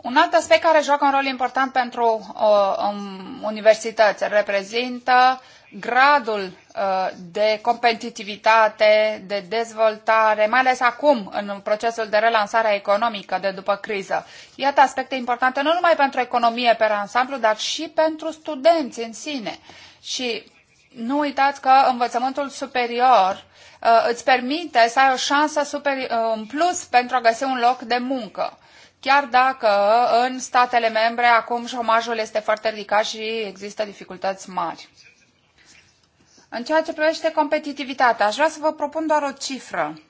Un alt aspect care joacă un rol important pentru uh, um, universități reprezintă gradul uh, de competitivitate, de dezvoltare, mai ales acum în procesul de relansare economică de după criză. Iată aspecte importante nu numai pentru economie pe ansamblu, dar și pentru studenți în sine. Și nu uitați că învățământul superior uh, îți permite să ai o șansă super, uh, în plus pentru a găsi un loc de muncă chiar dacă în statele membre acum șomajul este foarte ridicat și există dificultăți mari. În ceea ce privește competitivitatea, aș vrea să vă propun doar o cifră.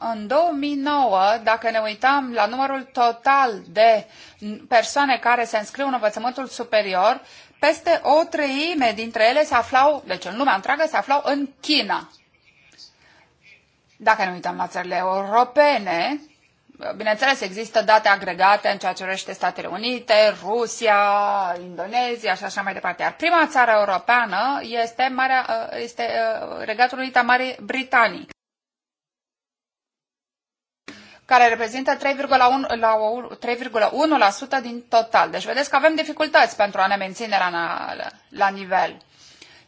În 2009, dacă ne uităm la numărul total de persoane care se înscriu în învățământul superior, peste o treime dintre ele se aflau, deci în lumea întreagă, se aflau în China. Dacă ne uităm la țările europene, Bineînțeles, există date agregate în ceea ce urește Statele Unite, Rusia, Indonezia și așa mai departe. Iar prima țară europeană este, Marea, uh, este uh, Regatul Unit al Marii Britanii care reprezintă 3,1% din total. Deci vedeți că avem dificultăți pentru a ne menține la, la nivel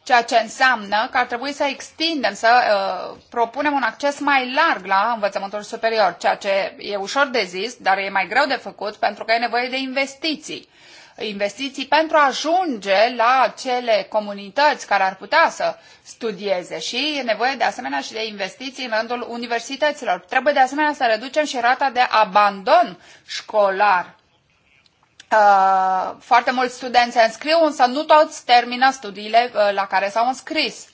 ceea ce înseamnă că ar trebui să extindem, să uh, propunem un acces mai larg la învățământul superior, ceea ce e ușor de zis, dar e mai greu de făcut pentru că e nevoie de investiții. Investiții pentru a ajunge la cele comunități care ar putea să studieze și e nevoie de asemenea și de investiții în rândul universităților. Trebuie de asemenea să reducem și rata de abandon școlar Uh, foarte mulți studenți se înscriu, însă nu toți termină studiile uh, la care s-au înscris.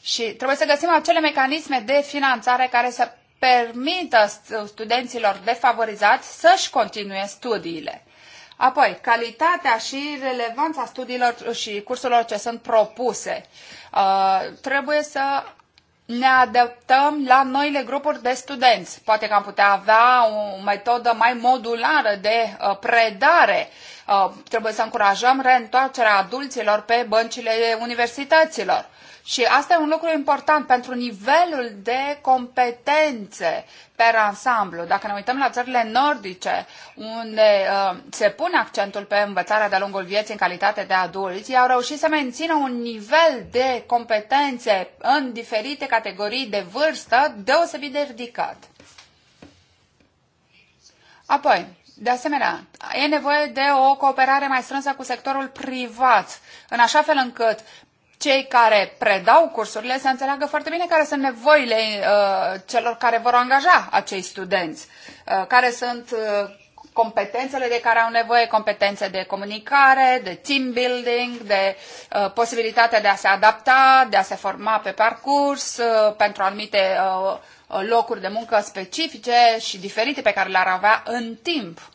Și trebuie să găsim acele mecanisme de finanțare care să permită studenților defavorizați să-și continue studiile. Apoi, calitatea și relevanța studiilor și cursurilor ce sunt propuse. Uh, trebuie să ne adaptăm la noile grupuri de studenți. Poate că am putea avea o metodă mai modulară de uh, predare. Uh, trebuie să încurajăm reîntoarcerea adulților pe băncile universităților și asta e un lucru important pentru nivelul de competențe per ansamblu. Dacă ne uităm la țările nordice, unde uh, se pune accentul pe învățarea de-a lungul vieții în calitate de adulți, ei au reușit să mențină un nivel de competențe în diferite categorii de vârstă deosebit de ridicat. Apoi, de asemenea, e nevoie de o cooperare mai strânsă cu sectorul privat, în așa fel încât cei care predau cursurile să înțeleagă foarte bine care sunt nevoile uh, celor care vor angaja acei studenți, uh, care sunt uh, competențele de care au nevoie, competențe de comunicare, de team building, de uh, posibilitatea de a se adapta, de a se forma pe parcurs uh, pentru anumite uh, locuri de muncă specifice și diferite pe care le-ar avea în timp.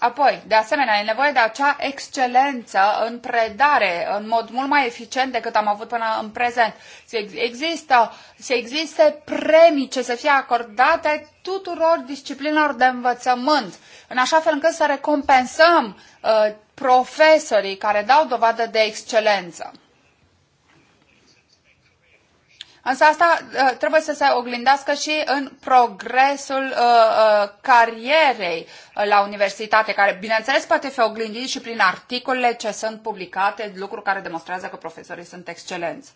Apoi, de asemenea, e nevoie de acea excelență în predare, în mod mult mai eficient decât am avut până în prezent. Se există, se existe premii ce să fie acordate tuturor disciplinelor de învățământ, în așa fel încât să recompensăm uh, profesorii care dau dovadă de excelență. Însă asta uh, trebuie să se oglindească și în progresul uh, uh, carierei uh, la universitate, care, bineînțeles, poate fi oglindit și prin articolele ce sunt publicate, lucru care demonstrează că profesorii sunt excelenți.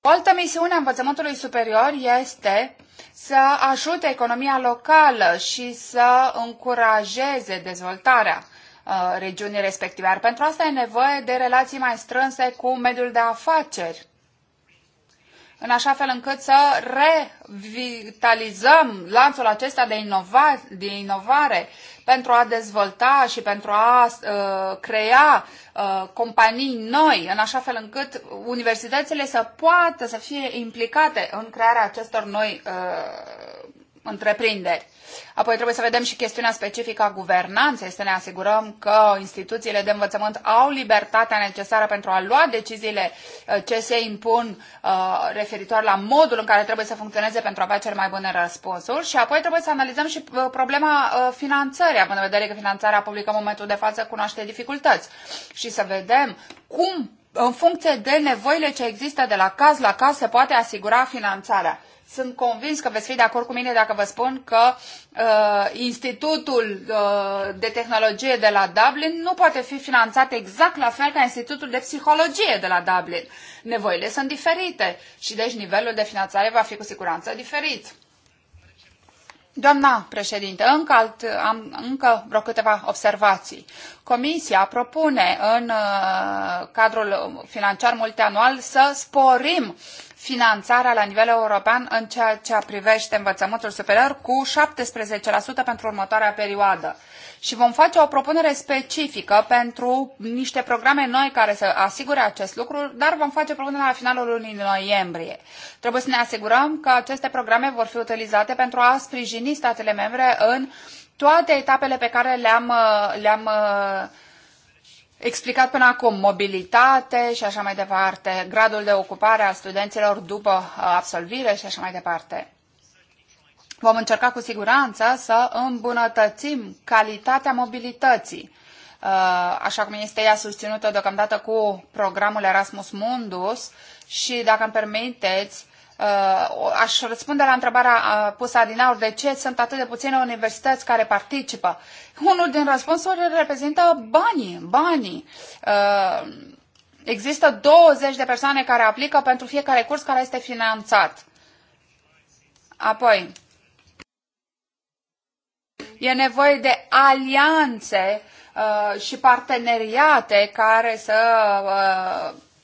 O altă misiune a învățământului superior este să ajute economia locală și să încurajeze dezvoltarea. Uh, regiunii respective. Iar pentru asta e nevoie de relații mai strânse cu mediul de afaceri, în așa fel încât să revitalizăm lanțul acesta de, inova- de inovare pentru a dezvolta și pentru a uh, crea uh, companii noi, în așa fel încât universitățile să poată să fie implicate în crearea acestor noi uh, întreprinderi. Apoi trebuie să vedem și chestiunea specifică a guvernanței, să ne asigurăm că instituțiile de învățământ au libertatea necesară pentru a lua deciziile uh, ce se impun uh, referitor la modul în care trebuie să funcționeze pentru a avea cele mai bune răspunsuri. Și apoi trebuie să analizăm și uh, problema finanțării, având în vedere că finanțarea publică în momentul de față cunoaște dificultăți. Și să vedem cum în funcție de nevoile ce există de la caz la caz se poate asigura finanțarea sunt convins că veți fi de acord cu mine dacă vă spun că uh, Institutul uh, de Tehnologie de la Dublin nu poate fi finanțat exact la fel ca Institutul de Psihologie de la Dublin. Nevoile sunt diferite și deci nivelul de finanțare va fi cu siguranță diferit. Doamna președinte, încă, alt, am încă vreo câteva observații. Comisia propune în uh, cadrul financiar multianual să sporim uh, finanțarea la nivel european în ceea ce privește învățământul superior cu 17% pentru următoarea perioadă. Și vom face o propunere specifică pentru niște programe noi care să asigure acest lucru, dar vom face propunerea la finalul lunii noiembrie. Trebuie să ne asigurăm că aceste programe vor fi utilizate pentru a sprijini statele membre în toate etapele pe care le-am, le-am explicat până acum mobilitate și așa mai departe, gradul de ocupare a studenților după uh, absolvire și așa mai departe. Vom încerca cu siguranță să îmbunătățim calitatea mobilității, uh, așa cum este ea susținută deocamdată cu programul Erasmus Mundus și, dacă îmi permiteți, Uh, aș răspunde la întrebarea uh, pusă adinaur de ce sunt atât de puține universități care participă. Unul din răspunsuri reprezintă banii, banii. Uh, există 20 de persoane care aplică pentru fiecare curs care este finanțat. Apoi, e nevoie de alianțe și parteneriate care să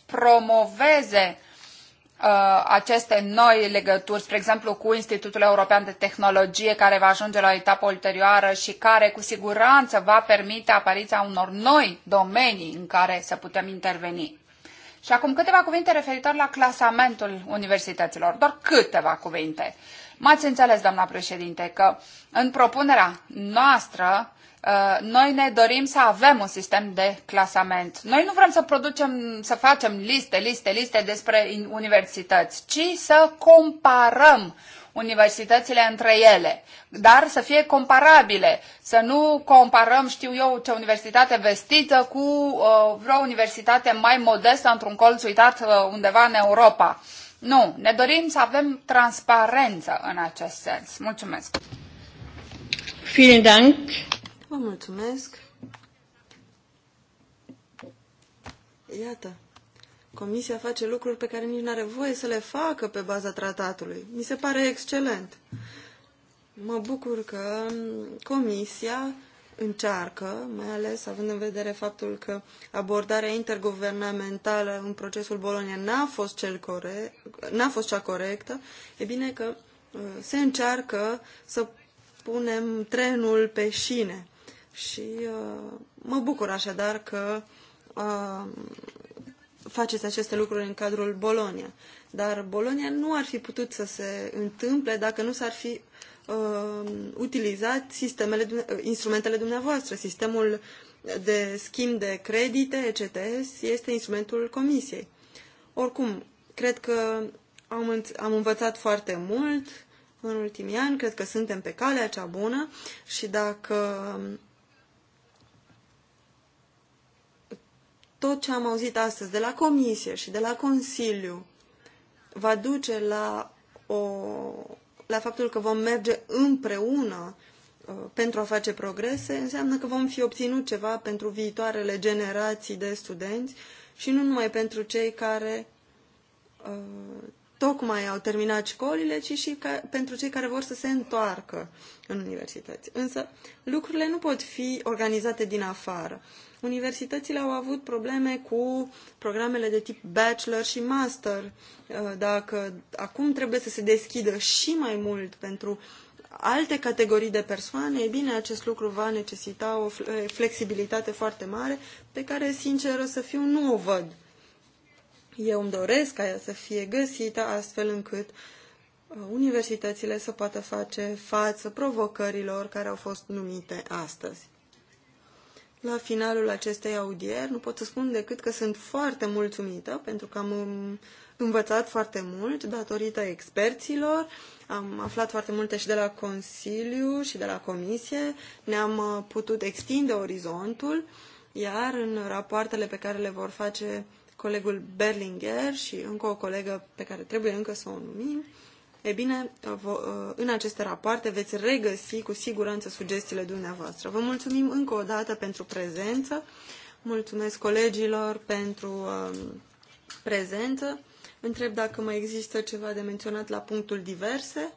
promoveze uh, Uh, aceste noi legături, spre exemplu cu Institutul European de Tehnologie, care va ajunge la o etapă ulterioară și care cu siguranță va permite apariția unor noi domenii în care să putem interveni. Și acum câteva cuvinte referitor la clasamentul universităților, doar câteva cuvinte. M-ați înțeles, doamna președinte, că în propunerea noastră Uh, noi ne dorim să avem un sistem de clasament. Noi nu vrem să producem, să facem liste, liste, liste despre universități, ci să comparăm universitățile între ele, dar să fie comparabile, să nu comparăm, știu eu, ce universitate vestită cu uh, vreo universitate mai modestă într-un colț uitat uh, undeva în Europa. Nu, ne dorim să avem transparență în acest sens. Mulțumesc! Vielen Dank! Vă mulțumesc. Iată. Comisia face lucruri pe care nici nu are voie să le facă pe baza tratatului. Mi se pare excelent. Mă bucur că Comisia încearcă, mai ales având în vedere faptul că abordarea interguvernamentală în procesul Bolonia n-a fost, cel corect, n-a fost cea corectă, e bine că uh, se încearcă să punem trenul pe șine. Și uh, mă bucur așadar că uh, faceți aceste lucruri în cadrul Bolonia. Dar Bolonia nu ar fi putut să se întâmple dacă nu s-ar fi uh, utilizat sistemele, uh, instrumentele dumneavoastră. Sistemul de schimb de credite, ECTS, este instrumentul Comisiei. Oricum, cred că am, am învățat foarte mult în ultimii ani, cred că suntem pe calea cea bună și dacă tot ce am auzit astăzi de la Comisie și de la Consiliu va duce la, o, la faptul că vom merge împreună uh, pentru a face progrese, înseamnă că vom fi obținut ceva pentru viitoarele generații de studenți și nu numai pentru cei care uh, tocmai au terminat școlile, ci și ca, pentru cei care vor să se întoarcă în universități. Însă lucrurile nu pot fi organizate din afară. Universitățile au avut probleme cu programele de tip bachelor și master. Uh, dacă acum trebuie să se deschidă și mai mult pentru alte categorii de persoane, e bine, acest lucru va necesita o flexibilitate foarte mare, pe care, sincer, să fiu, nu o văd. Eu îmi doresc ca ea să fie găsită astfel încât uh, universitățile să poată face față provocărilor care au fost numite astăzi la finalul acestei audieri. Nu pot să spun decât că sunt foarte mulțumită pentru că am învățat foarte mult datorită experților. Am aflat foarte multe și de la Consiliu și de la Comisie. Ne-am uh, putut extinde orizontul, iar în rapoartele pe care le vor face colegul Berlinger și încă o colegă pe care trebuie încă să o numim, E bine, în aceste rapoarte veți regăsi cu siguranță sugestiile dumneavoastră. Vă mulțumim încă o dată pentru prezență, mulțumesc colegilor pentru um, prezență. Întreb dacă mai există ceva de menționat la punctul diverse.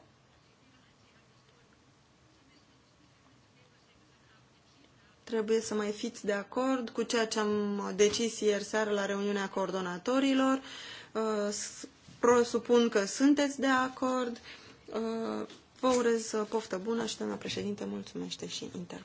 Trebuie să mai fiți de acord cu ceea ce am decis ieri seară la reuniunea coordonatorilor uh, presupun că sunteți de acord. Uh, vă urez uh, poftă bună și doamna președinte mulțumește și interpret.